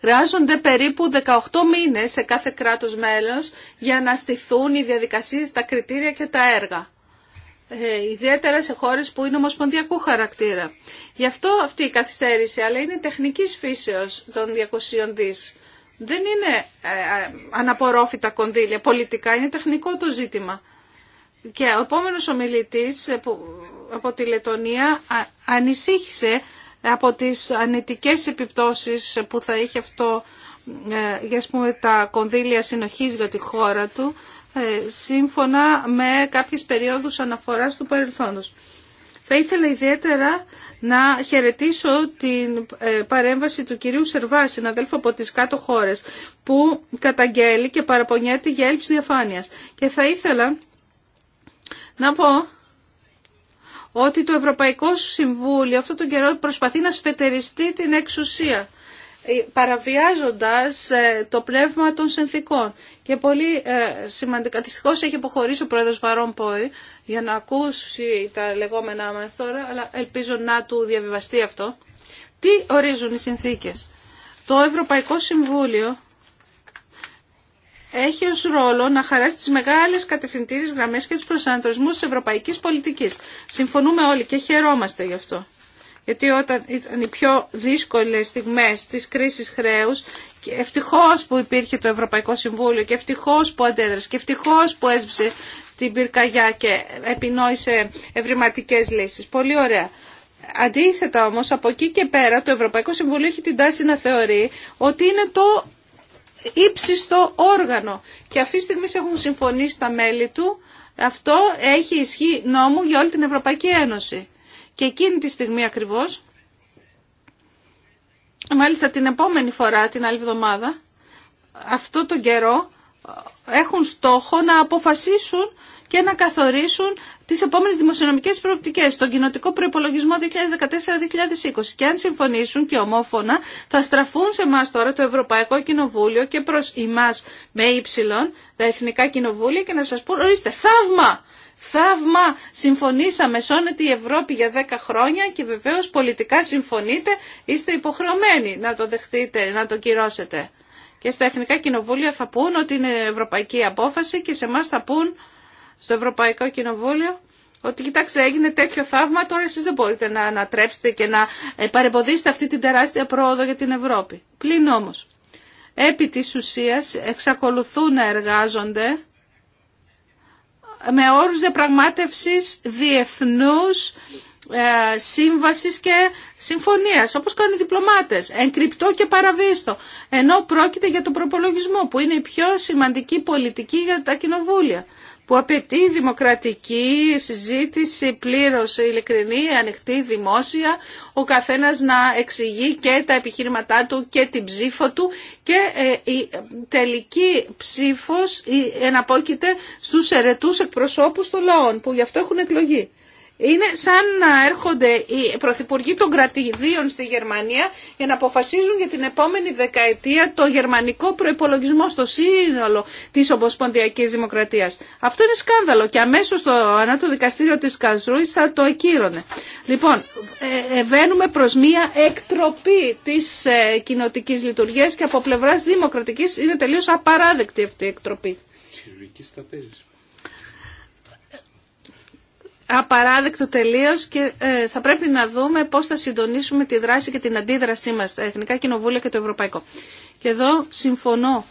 Χρειάζονται περίπου 18 μήνες σε κάθε κράτος μέλος για να στηθούν οι διαδικασίες, τα κριτήρια και τα έργα. Ε, ιδιαίτερα σε χώρες που είναι ομοσπονδιακού χαρακτήρα. Γι' αυτό αυτή η καθυστέρηση, αλλά είναι τεχνικής φύσεως των 200 δις. Δεν είναι ε, ε, αναπορόφητα κονδύλια πολιτικά, είναι τεχνικό το ζήτημα. Και ο επόμενος ομιλητής ε, από τη Λετωνία ανησύχησε από τις ανετικές επιπτώσεις που θα είχε αυτό για πούμε, τα κονδύλια συνοχής για τη χώρα του σύμφωνα με κάποιες περιόδους αναφοράς του παρελθόντος. Θα ήθελα ιδιαίτερα να χαιρετήσω την ε, παρέμβαση του κυρίου Σερβά, συναδέλφου από τις κάτω χώρες, που καταγγέλει και παραπονιέται για έλλειψη διαφάνειας. Και θα ήθελα να πω ότι το Ευρωπαϊκό Συμβούλιο αυτόν τον καιρό προσπαθεί να σφετεριστεί την εξουσία. Ε, παραβιάζοντας ε, το πνεύμα των συνθήκων. Και πολύ ε, σημαντικά, δυστυχώς έχει αποχωρήσει ο πρόεδρος Βαρόν Πόη για να ακούσει τα λεγόμενά μας τώρα, αλλά ελπίζω να του διαβιβαστεί αυτό. Τι ορίζουν οι συνθήκες. Το Ευρωπαϊκό Συμβούλιο έχει ως ρόλο να χαράσει τις μεγάλες κατευθυντήριες γραμμές και τους προσανατολισμούς της ευρωπαϊκής πολιτικής. Συμφωνούμε όλοι και χαιρόμαστε γι' αυτό γιατί όταν ήταν οι πιο δύσκολες στιγμές της κρίσης χρέους, και ευτυχώς που υπήρχε το Ευρωπαϊκό Συμβούλιο και ευτυχώς που αντέδρασε και ευτυχώς που έσβησε την πυρκαγιά και επινόησε ευρηματικές λύσεις. Πολύ ωραία. Αντίθετα όμως, από εκεί και πέρα το Ευρωπαϊκό Συμβούλιο έχει την τάση να θεωρεί ότι είναι το ύψιστο όργανο και αυτή τη στιγμή έχουν συμφωνήσει τα μέλη του αυτό έχει ισχύ νόμου για όλη την Ευρωπαϊκή Ένωση. Και εκείνη τη στιγμή ακριβώς, μάλιστα την επόμενη φορά, την άλλη εβδομάδα, αυτό τον καιρό έχουν στόχο να αποφασίσουν και να καθορίσουν τις επόμενες δημοσιονομικές προοπτικές στον κοινοτικό προϋπολογισμό 2014-2020. Και αν συμφωνήσουν και ομόφωνα θα στραφούν σε εμά τώρα το Ευρωπαϊκό Κοινοβούλιο και προς εμάς με Y, τα Εθνικά Κοινοβούλια και να σας πούν ορίστε θαύμα Θαύμα! Συμφωνήσαμε, σώνεται η Ευρώπη για 10 χρόνια και βεβαίως πολιτικά συμφωνείτε, είστε υποχρεωμένοι να το δεχτείτε, να το κυρώσετε. Και στα Εθνικά Κοινοβούλια θα πούν ότι είναι ευρωπαϊκή απόφαση και σε εμά θα πούν στο Ευρωπαϊκό Κοινοβούλιο ότι κοιτάξτε έγινε τέτοιο θαύμα, τώρα εσείς δεν μπορείτε να ανατρέψετε και να ε, παρεμποδίσετε αυτή την τεράστια πρόοδο για την Ευρώπη. Πλην όμως, επί της ουσίας εξακολουθούν να εργάζονται με όρους διαπραγμάτευσης διεθνούς ε, σύμβασης και συμφωνίας, όπως κάνουν οι διπλωμάτες, εγκρυπτό και παραβίστο, ενώ πρόκειται για τον προπολογισμό που είναι η πιο σημαντική πολιτική για τα κοινοβούλια που απαιτεί δημοκρατική συζήτηση πλήρως ειλικρινή, ανοιχτή, δημόσια, ο καθένας να εξηγεί και τα επιχείρηματά του και την ψήφο του και ε, η τελική ψήφος εναπόκειται στους ερετούς εκπροσώπους των λαών που γι' αυτό έχουν εκλογεί. Είναι σαν να έρχονται οι πρωθυπουργοί των κρατηδίων στη Γερμανία για να αποφασίζουν για την επόμενη δεκαετία το γερμανικό προπολογισμό στο σύνολο τη Ομοσπονδιακή Δημοκρατία. Αυτό είναι σκάνδαλο και αμέσω το ανάτο δικαστήριο τη Καζρούη θα το εκείρωνε. Λοιπόν, ε, ε, βαίνουμε προ μία εκτροπή τη ε, κοινοτική λειτουργία και από πλευρά δημοκρατική είναι τελείω απαράδεκτη αυτή η εκτροπή απαράδεκτο τελείως και ε, θα πρέπει να δούμε πώς θα συντονίσουμε τη δράση και την αντίδρασή μας στα Εθνικά Κοινοβούλια και το Ευρωπαϊκό. Και εδώ συμφωνώ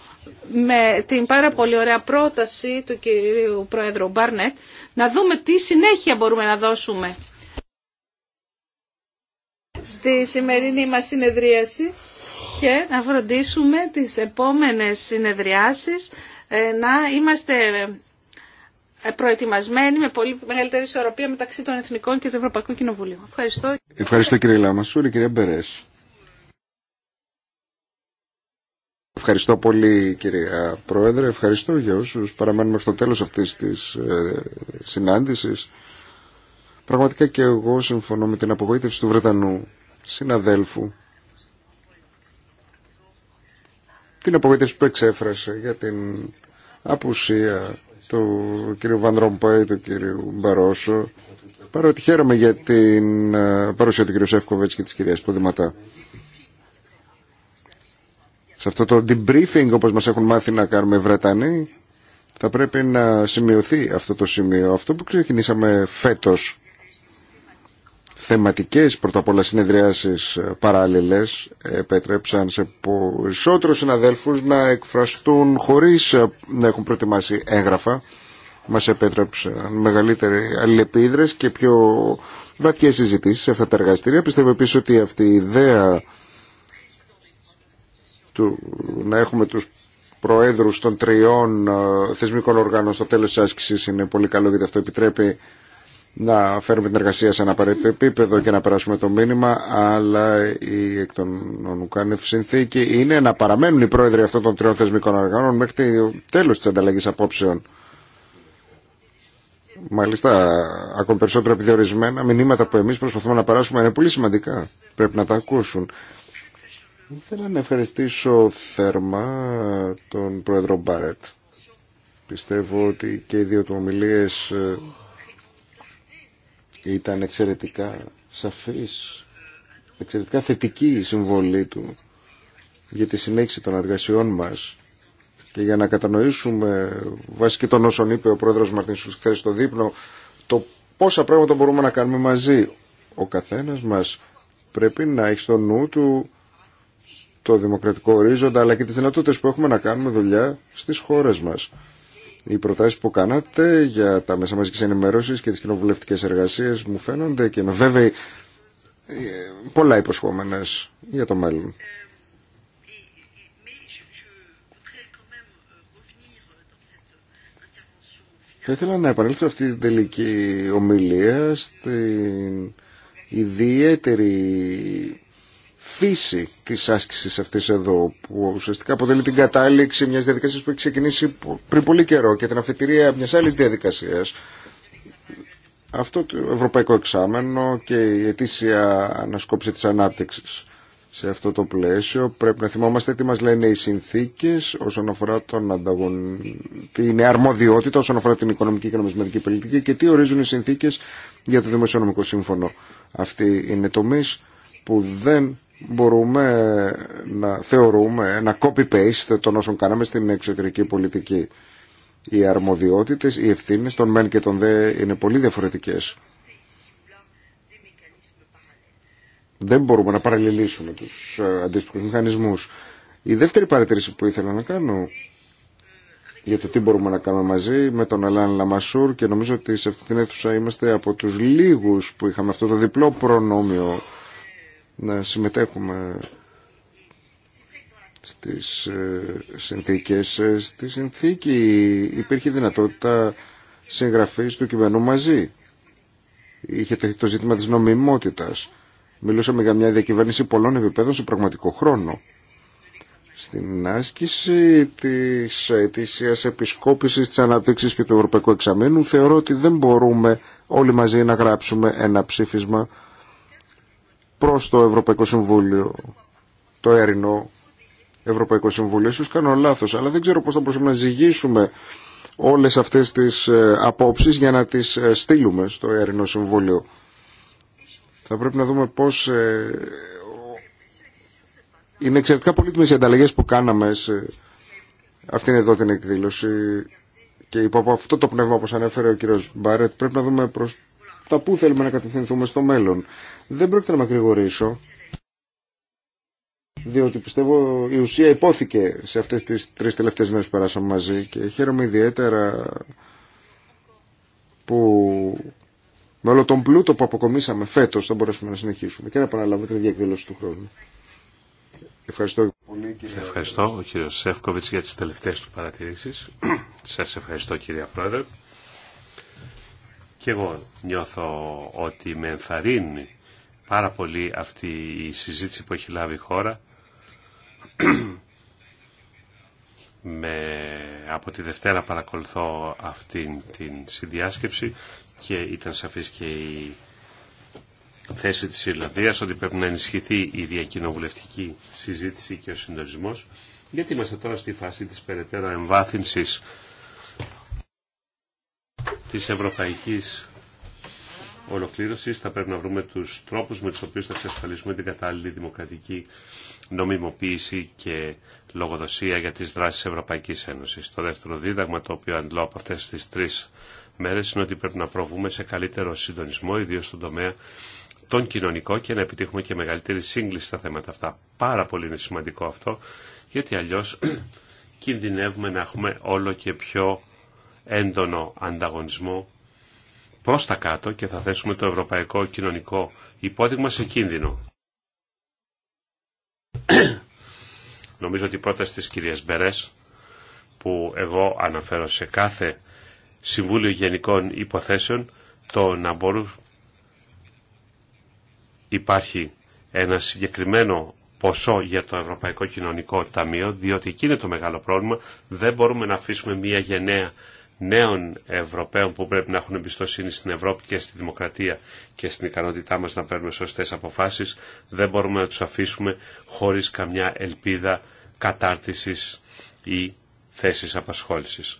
με την πάρα πολύ ωραία πρόταση του κυρίου Πρόεδρου Μπάρνετ να δούμε τι συνέχεια μπορούμε να δώσουμε στη σημερινή μας συνεδρίαση και να φροντίσουμε τις επόμενες συνεδριάσεις ε, να είμαστε ε, προετοιμασμένη με πολύ μεγαλύτερη ισορροπία μεταξύ των Εθνικών και του Ευρωπαϊκού Κοινοβουλίου. Ευχαριστώ. Ευχαριστώ κύριε Λαμασούρη, κυρία Μπερές. Ευχαριστώ πολύ κυρία Πρόεδρε, ευχαριστώ για όσους παραμένουμε στο τέλος αυτής της ε, συνάντησης. Πραγματικά και εγώ συμφωνώ με την απογοήτευση του Βρετανού συναδέλφου. Την απογοήτευση που εξέφρασε για την απουσία του κ. Βανδρομπέη, του κ. Μπαρόσο, παρότι χαίρομαι για την ε, παρουσία του κ. Σεύκοβετς και τη κυρίας Ποδηματά. Σε αυτό το debriefing, όπω μα έχουν μάθει να κάνουμε Βρετανοί, θα πρέπει να σημειωθεί αυτό το σημείο. Αυτό που ξεκινήσαμε φέτο θεματικές πρώτα απ' όλα συνεδριάσεις ε, παράλληλες επέτρεψαν σε περισσότερους συναδέλφους να εκφραστούν χωρίς ε, να έχουν προετοιμάσει έγγραφα. Μας επέτρεψαν μεγαλύτερη αλληλεπίδρες και πιο βαθιές συζητήσεις σε αυτά τα εργαστήρια. Πιστεύω επίσης ότι αυτή η ιδέα του να έχουμε τους προέδρους των τριών ε, θεσμικών οργάνων στο τέλος της άσκησης είναι πολύ καλό γιατί αυτό επιτρέπει να φέρουμε την εργασία σε ένα απαραίτητο επίπεδο και να περάσουμε το μήνυμα, αλλά η εκ των ονουκάνευ συνθήκη είναι να παραμένουν οι πρόεδροι αυτών των τριών θεσμικών οργάνων μέχρι το τέλο τη ανταλλαγή απόψεων. Μάλιστα, ακόμη περισσότερο επιδιορισμένα μηνύματα που εμεί προσπαθούμε να περάσουμε είναι πολύ σημαντικά. Πρέπει να τα ακούσουν. Θέλω να ευχαριστήσω θερμά τον πρόεδρο Μπάρετ. Πιστεύω ότι και οι δύο του ομιλίε. Ε, ήταν εξαιρετικά σαφής, εξαιρετικά θετική η συμβολή του για τη συνέχιση των εργασιών μας και για να κατανοήσουμε βάσει και των όσων είπε ο πρόεδρος Μαρτίν Σουλς χθες στο δείπνο το πόσα πράγματα μπορούμε να κάνουμε μαζί. Ο καθένας μας πρέπει να έχει στο νου του το δημοκρατικό ορίζοντα αλλά και τις δυνατότητες που έχουμε να κάνουμε δουλειά στις χώρες μας. Οι προτάσει που κάνατε για τα μέσα μαζικής ενημέρωσης και τις κοινοβουλευτικέ εργασίες μου φαίνονται και με βέβαιοι ε, πολλά υποσχόμενε για το μέλλον. Θα ήθελα να επανέλθω αυτή την τελική ομιλία στην ιδιαίτερη φύση τη άσκηση αυτή εδώ που ουσιαστικά αποτελεί την κατάληξη μιας διαδικασία που έχει ξεκινήσει πριν πολύ καιρό και την αφετηρία μιας άλλης διαδικασία. αυτό το ευρωπαϊκό εξάμενο και η ετήσια ανασκόπηση της ανάπτυξης. Σε αυτό το πλαίσιο πρέπει να θυμόμαστε τι μας λένε οι συνθήκες όσον αφορά τον ανταγων... την αρμοδιότητα όσον αφορά την οικονομική και νομισματική πολιτική και τι ορίζουν οι συνθήκες για το Δημοσιονομικό Σύμφωνο. Αυτοί είναι τομεί που δεν μπορούμε να θεωρούμε ένα copy-paste των όσων κάναμε στην εξωτερική πολιτική. Οι αρμοδιότητες, οι ευθύνες των μεν και των δε είναι πολύ διαφορετικές. Δεν μπορούμε να παραλληλήσουμε τους ε, αντίστοιχους μηχανισμούς. Η δεύτερη παρατήρηση που ήθελα να κάνω για το τι μπορούμε να κάνουμε μαζί με τον Αλάν Λαμασούρ και νομίζω ότι σε αυτή την αίθουσα είμαστε από τους λίγους που είχαμε αυτό το διπλό προνόμιο να συμμετέχουμε στις ε, συνθήκες. Ε, στη συνθήκη υπήρχε δυνατότητα συγγραφής του κειμένου μαζί. Είχε τεθεί το ζήτημα της νομιμότητας. Μιλούσαμε για μια διακυβέρνηση πολλών επιπέδων σε πραγματικό χρόνο. Στην άσκηση της αιτήσιας επισκόπησης της αναπτύξης και του Ευρωπαϊκού Εξαμένου θεωρώ ότι δεν μπορούμε όλοι μαζί να γράψουμε ένα ψήφισμα προς το Ευρωπαϊκό Συμβούλιο, το έρινο Ευρωπαϊκό Συμβούλιο. Ίσως κάνω λάθος, αλλά δεν ξέρω πώς θα μπορούσαμε να ζυγίσουμε όλες αυτές τις ε, απόψεις για να τις ε, στείλουμε στο έρινο Συμβούλιο. Θα πρέπει να δούμε πώς... Ε, είναι εξαιρετικά πολύτιμες οι ανταλλαγές που κάναμε σε αυτήν εδώ την εκδήλωση και υπό αυτό το πνεύμα όπως ανέφερε ο κύριος Μπάρετ πρέπει να δούμε προς τα πού θέλουμε να κατευθυνθούμε στο μέλλον. Δεν πρόκειται να μακρηγορήσω, διότι πιστεύω η ουσία υπόθηκε σε αυτές τις τρεις τελευταίες μέρες που περάσαμε μαζί και χαίρομαι ιδιαίτερα που με όλο τον πλούτο που αποκομίσαμε φέτος θα μπορέσουμε να συνεχίσουμε και να επαναλάβουμε την διακδηλώση του χρόνου. Ευχαριστώ πολύ κύριε Ευχαριστώ ο κύριος Σεύκοβιτς για τις τελευταίες του παρατηρήσεις. Σας ευχαριστώ κύριε Πρόεδρε. Και εγώ νιώθω ότι με ενθαρρύνει πάρα πολύ αυτή η συζήτηση που έχει λάβει η χώρα με, από τη Δευτέρα παρακολουθώ αυτήν την συνδιάσκεψη και ήταν σαφής και η θέση της Ιρλανδίας ότι πρέπει να ενισχυθεί η διακοινοβουλευτική συζήτηση και ο συντονισμός γιατί είμαστε τώρα στη φάση της περαιτέρω εμβάθυνσης της ευρωπαϊκής ολοκλήρωσης θα πρέπει να βρούμε τους τρόπους με τους οποίους θα εξασφαλίσουμε την κατάλληλη δημοκρατική νομιμοποίηση και λογοδοσία για τις δράσεις της Ευρωπαϊκής Ένωσης. Το δεύτερο δίδαγμα το οποίο αντλώ από αυτές τις τρεις μέρες είναι ότι πρέπει να προβούμε σε καλύτερο συντονισμό, ιδίω στον τομέα τον κοινωνικό και να επιτύχουμε και μεγαλύτερη σύγκληση στα θέματα αυτά. Πάρα πολύ είναι σημαντικό αυτό, γιατί αλλιώς κινδυνεύουμε να έχουμε όλο και πιο έντονο ανταγωνισμό προς τα κάτω και θα θέσουμε το ευρωπαϊκό κοινωνικό υπόδειγμα σε κίνδυνο. Νομίζω ότι η πρόταση της Μπερές που εγώ αναφέρω σε κάθε Συμβούλιο Γενικών Υποθέσεων το να μπορούν υπάρχει ένα συγκεκριμένο ποσό για το Ευρωπαϊκό Κοινωνικό Ταμείο, διότι εκεί είναι το μεγάλο πρόβλημα. Δεν μπορούμε να αφήσουμε μια γενναία νέων Ευρωπαίων που πρέπει να έχουν εμπιστοσύνη στην Ευρώπη και στη δημοκρατία και στην ικανότητά μας να παίρνουμε σωστές αποφάσεις, δεν μπορούμε να τους αφήσουμε χωρίς καμιά ελπίδα κατάρτισης ή θέσης απασχόλησης.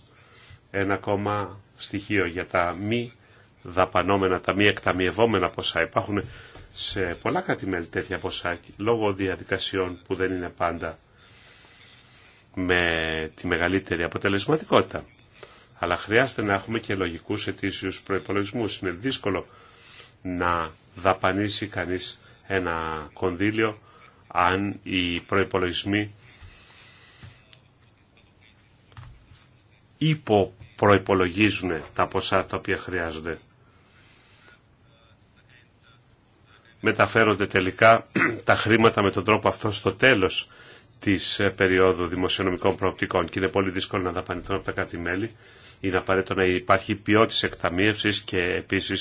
Ένα ακόμα στοιχείο για τα μη δαπανόμενα, τα μη εκταμιευόμενα ποσά. Υπάρχουν σε πολλα κατημέλη τέτοια ποσά λόγω διαδικασιών που δεν είναι πάντα με τη μεγαλύτερη αποτελεσματικότητα αλλά χρειάζεται να έχουμε και λογικούς ετήσιους προϋπολογισμούς. Είναι δύσκολο να δαπανίσει κανείς ένα κονδύλιο αν οι προϋπολογισμοί υποπροϋπολογίζουν τα ποσά τα οποία χρειάζονται. Μεταφέρονται τελικά τα χρήματα με τον τρόπο αυτό στο τέλος της περίοδου δημοσιονομικών προοπτικών και είναι πολύ δύσκολο να δαπανηθούν από τα κάτι μέλη είναι απαραίτητο να υπάρχει ποιότητα εκταμείευση και επίση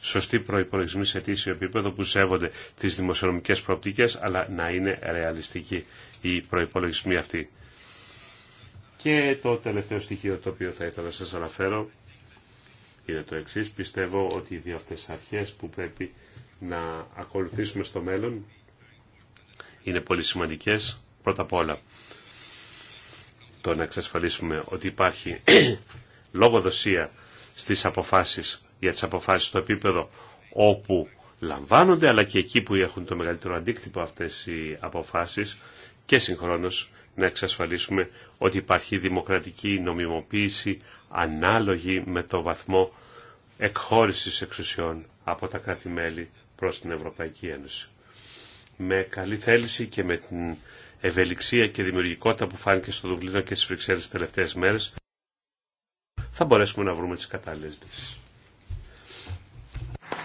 σωστή προπολογισμοί σε αιτήσιο επίπεδο που σέβονται τι δημοσιονομικέ προοπτικέ, αλλά να είναι ρεαλιστική η προπολογισμοί αυτή. Και το τελευταίο στοιχείο το οποίο θα ήθελα να σα αναφέρω είναι το εξή. Πιστεύω ότι οι δύο αυτές αρχές που πρέπει να ακολουθήσουμε στο μέλλον είναι πολύ σημαντικέ. Πρώτα απ' όλα το να εξασφαλίσουμε ότι υπάρχει λογοδοσία στις αποφάσεις, για τις αποφάσεις στο επίπεδο όπου λαμβάνονται, αλλά και εκεί που έχουν το μεγαλύτερο αντίκτυπο αυτές οι αποφάσεις και συγχρόνως να εξασφαλίσουμε ότι υπάρχει δημοκρατική νομιμοποίηση ανάλογη με το βαθμό εκχώρησης εξουσιών από τα κράτη-μέλη προς την Ευρωπαϊκή Ένωση. Με καλή θέληση και με την ευελιξία και δημιουργικότητα που φάνηκε στο Δουβλίνο και στις Βρυξέλλες τελευταίες μέρες, θα μπορέσουμε να βρούμε τις κατάλληλες λύσεις.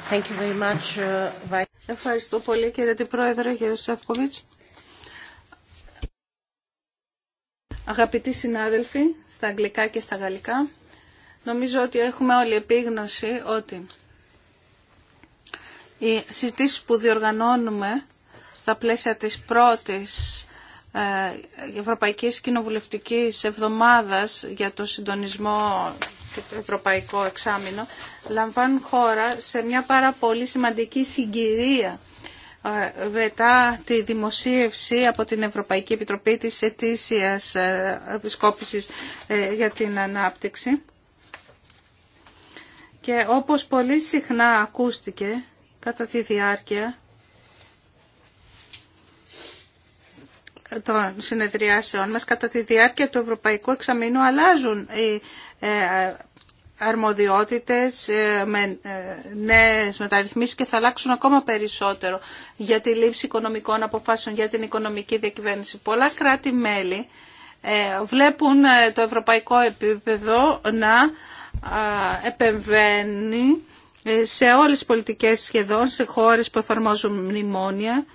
Thank you very much. Uh, Ευχαριστώ πολύ κύριε την Πρόεδρε, κύριε Σεύκοβιτς. Αγαπητοί συνάδελφοι, στα αγγλικά και στα γαλλικά, νομίζω ότι έχουμε όλη επίγνωση ότι οι συζητήσεις που διοργανώνουμε στα πλαίσια της πρώτης ε, Ευρωπαϊκής Κοινοβουλευτικής Εβδομάδας για το συντονισμό και το Ευρωπαϊκό Εξάμεινο λαμβάνουν χώρα σε μια πάρα πολύ σημαντική συγκυρία ε, μετά τη δημοσίευση από την Ευρωπαϊκή Επιτροπή της ετήσιας ε, επισκόπησης για την ανάπτυξη. Και όπως πολύ συχνά ακούστηκε κατά τη διάρκεια των συνεδριάσεων μας κατά τη διάρκεια του Ευρωπαϊκού Εξαμήνου αλλάζουν οι ε, αρμοδιότητες ε, με ε, νέες μεταρρυθμίσεις και θα αλλάξουν ακόμα περισσότερο για τη λήψη οικονομικών αποφάσεων, για την οικονομική διακυβέρνηση. Πολλά κράτη-μέλη βλέπουν το ευρωπαϊκό επίπεδο να επεμβαίνει σε όλες τις πολιτικές σχεδόν, σε χώρες που εφαρμόζουν μνημόνια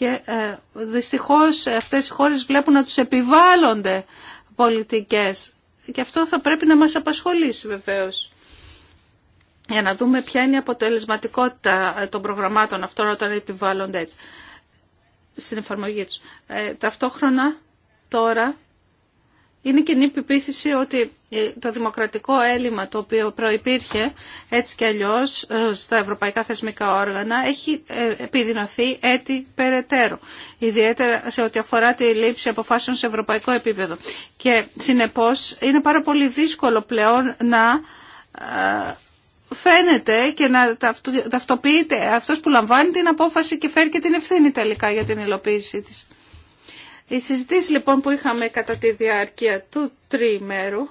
και ε, δυστυχώς αυτές οι χώρες βλέπουν να τους επιβάλλονται πολιτικές. Και αυτό θα πρέπει να μας απασχολήσει βεβαίως. Για να δούμε ποια είναι η αποτελεσματικότητα ε, των προγραμμάτων αυτών όταν επιβάλλονται έτσι στην εφαρμογή τους. Ε, ταυτόχρονα τώρα είναι κοινή πεποίθηση ότι το δημοκρατικό έλλειμμα το οποίο προϋπήρχε έτσι και αλλιώς ε, στα ευρωπαϊκά θεσμικά όργανα έχει ε, επιδεινωθεί έτη περαιτέρω, ιδιαίτερα σε ό,τι αφορά τη λήψη αποφάσεων σε ευρωπαϊκό επίπεδο. Και συνεπώς είναι πάρα πολύ δύσκολο πλέον να ε, φαίνεται και να ταυτοποιείται αυτός που λαμβάνει την απόφαση και φέρει και την ευθύνη τελικά για την υλοποίησή της. Οι συζητήσεις λοιπόν που είχαμε κατά τη διάρκεια του τριημέρου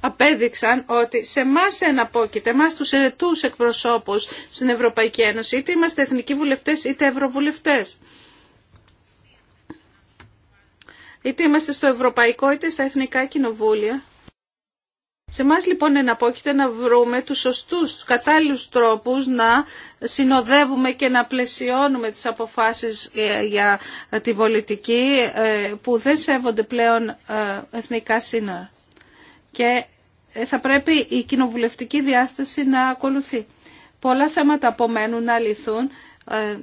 απέδειξαν ότι σε εμά εναπόκειται, εμά του ερετού εκπροσώπου στην Ευρωπαϊκή Ένωση, είτε είμαστε εθνικοί βουλευτέ είτε ευρωβουλευτέ. Είτε είμαστε στο Ευρωπαϊκό είτε στα Εθνικά Κοινοβούλια. Σε εμά λοιπόν εναπόκειται να βρούμε τους σωστούς, κατάλληλους τρόπους να συνοδεύουμε και να πλαισιώνουμε τις αποφάσεις ε, για την πολιτική ε, που δεν σέβονται πλέον ε, εθνικά σύνορα και θα πρέπει η κοινοβουλευτική διάσταση να ακολουθεί. Πολλά θέματα απομένουν να λυθούν ε,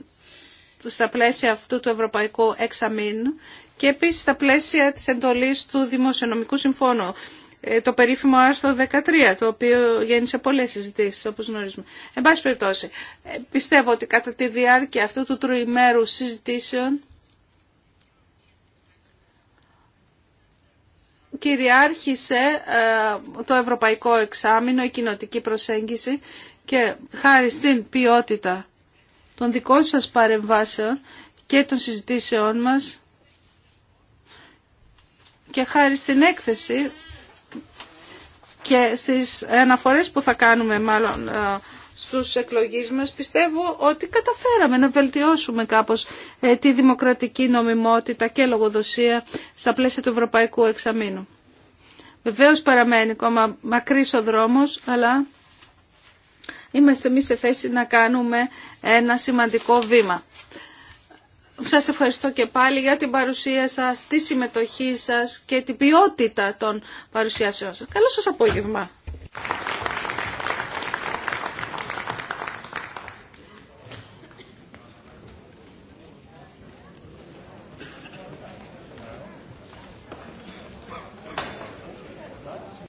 στα πλαίσια αυτού του Ευρωπαϊκού Εξαμήνου και επίσης στα πλαίσια της εντολής του Δημοσιονομικού Συμφώνου ε, το περίφημο άρθρο 13, το οποίο γέννησε πολλές συζητήσεις, όπως γνωρίζουμε. Εν πάση περιπτώσει, ε, πιστεύω ότι κατά τη διάρκεια αυτού του τροιμέρου συζητήσεων κυριάρχησε ε, το ευρωπαϊκό εξάμεινο, η κοινοτική προσέγγιση και χάρη στην ποιότητα των δικών σας παρεμβάσεων και των συζητήσεών μας και χάρη στην έκθεση και στις αναφορές που θα κάνουμε μάλλον ε, στους εκλογείς μας, πιστεύω ότι καταφέραμε να βελτιώσουμε κάπως ε, τη δημοκρατική νομιμότητα και λογοδοσία στα πλαίσια του Ευρωπαϊκού Εξαμήνου. Βεβαίως παραμένει ακόμα μακρύς ο δρόμος, αλλά είμαστε εμείς σε θέση να κάνουμε ένα σημαντικό βήμα. Σας ευχαριστώ και πάλι για την παρουσία σας, τη συμμετοχή σας και την ποιότητα των παρουσιάσεων σας. Καλό σας απόγευμα.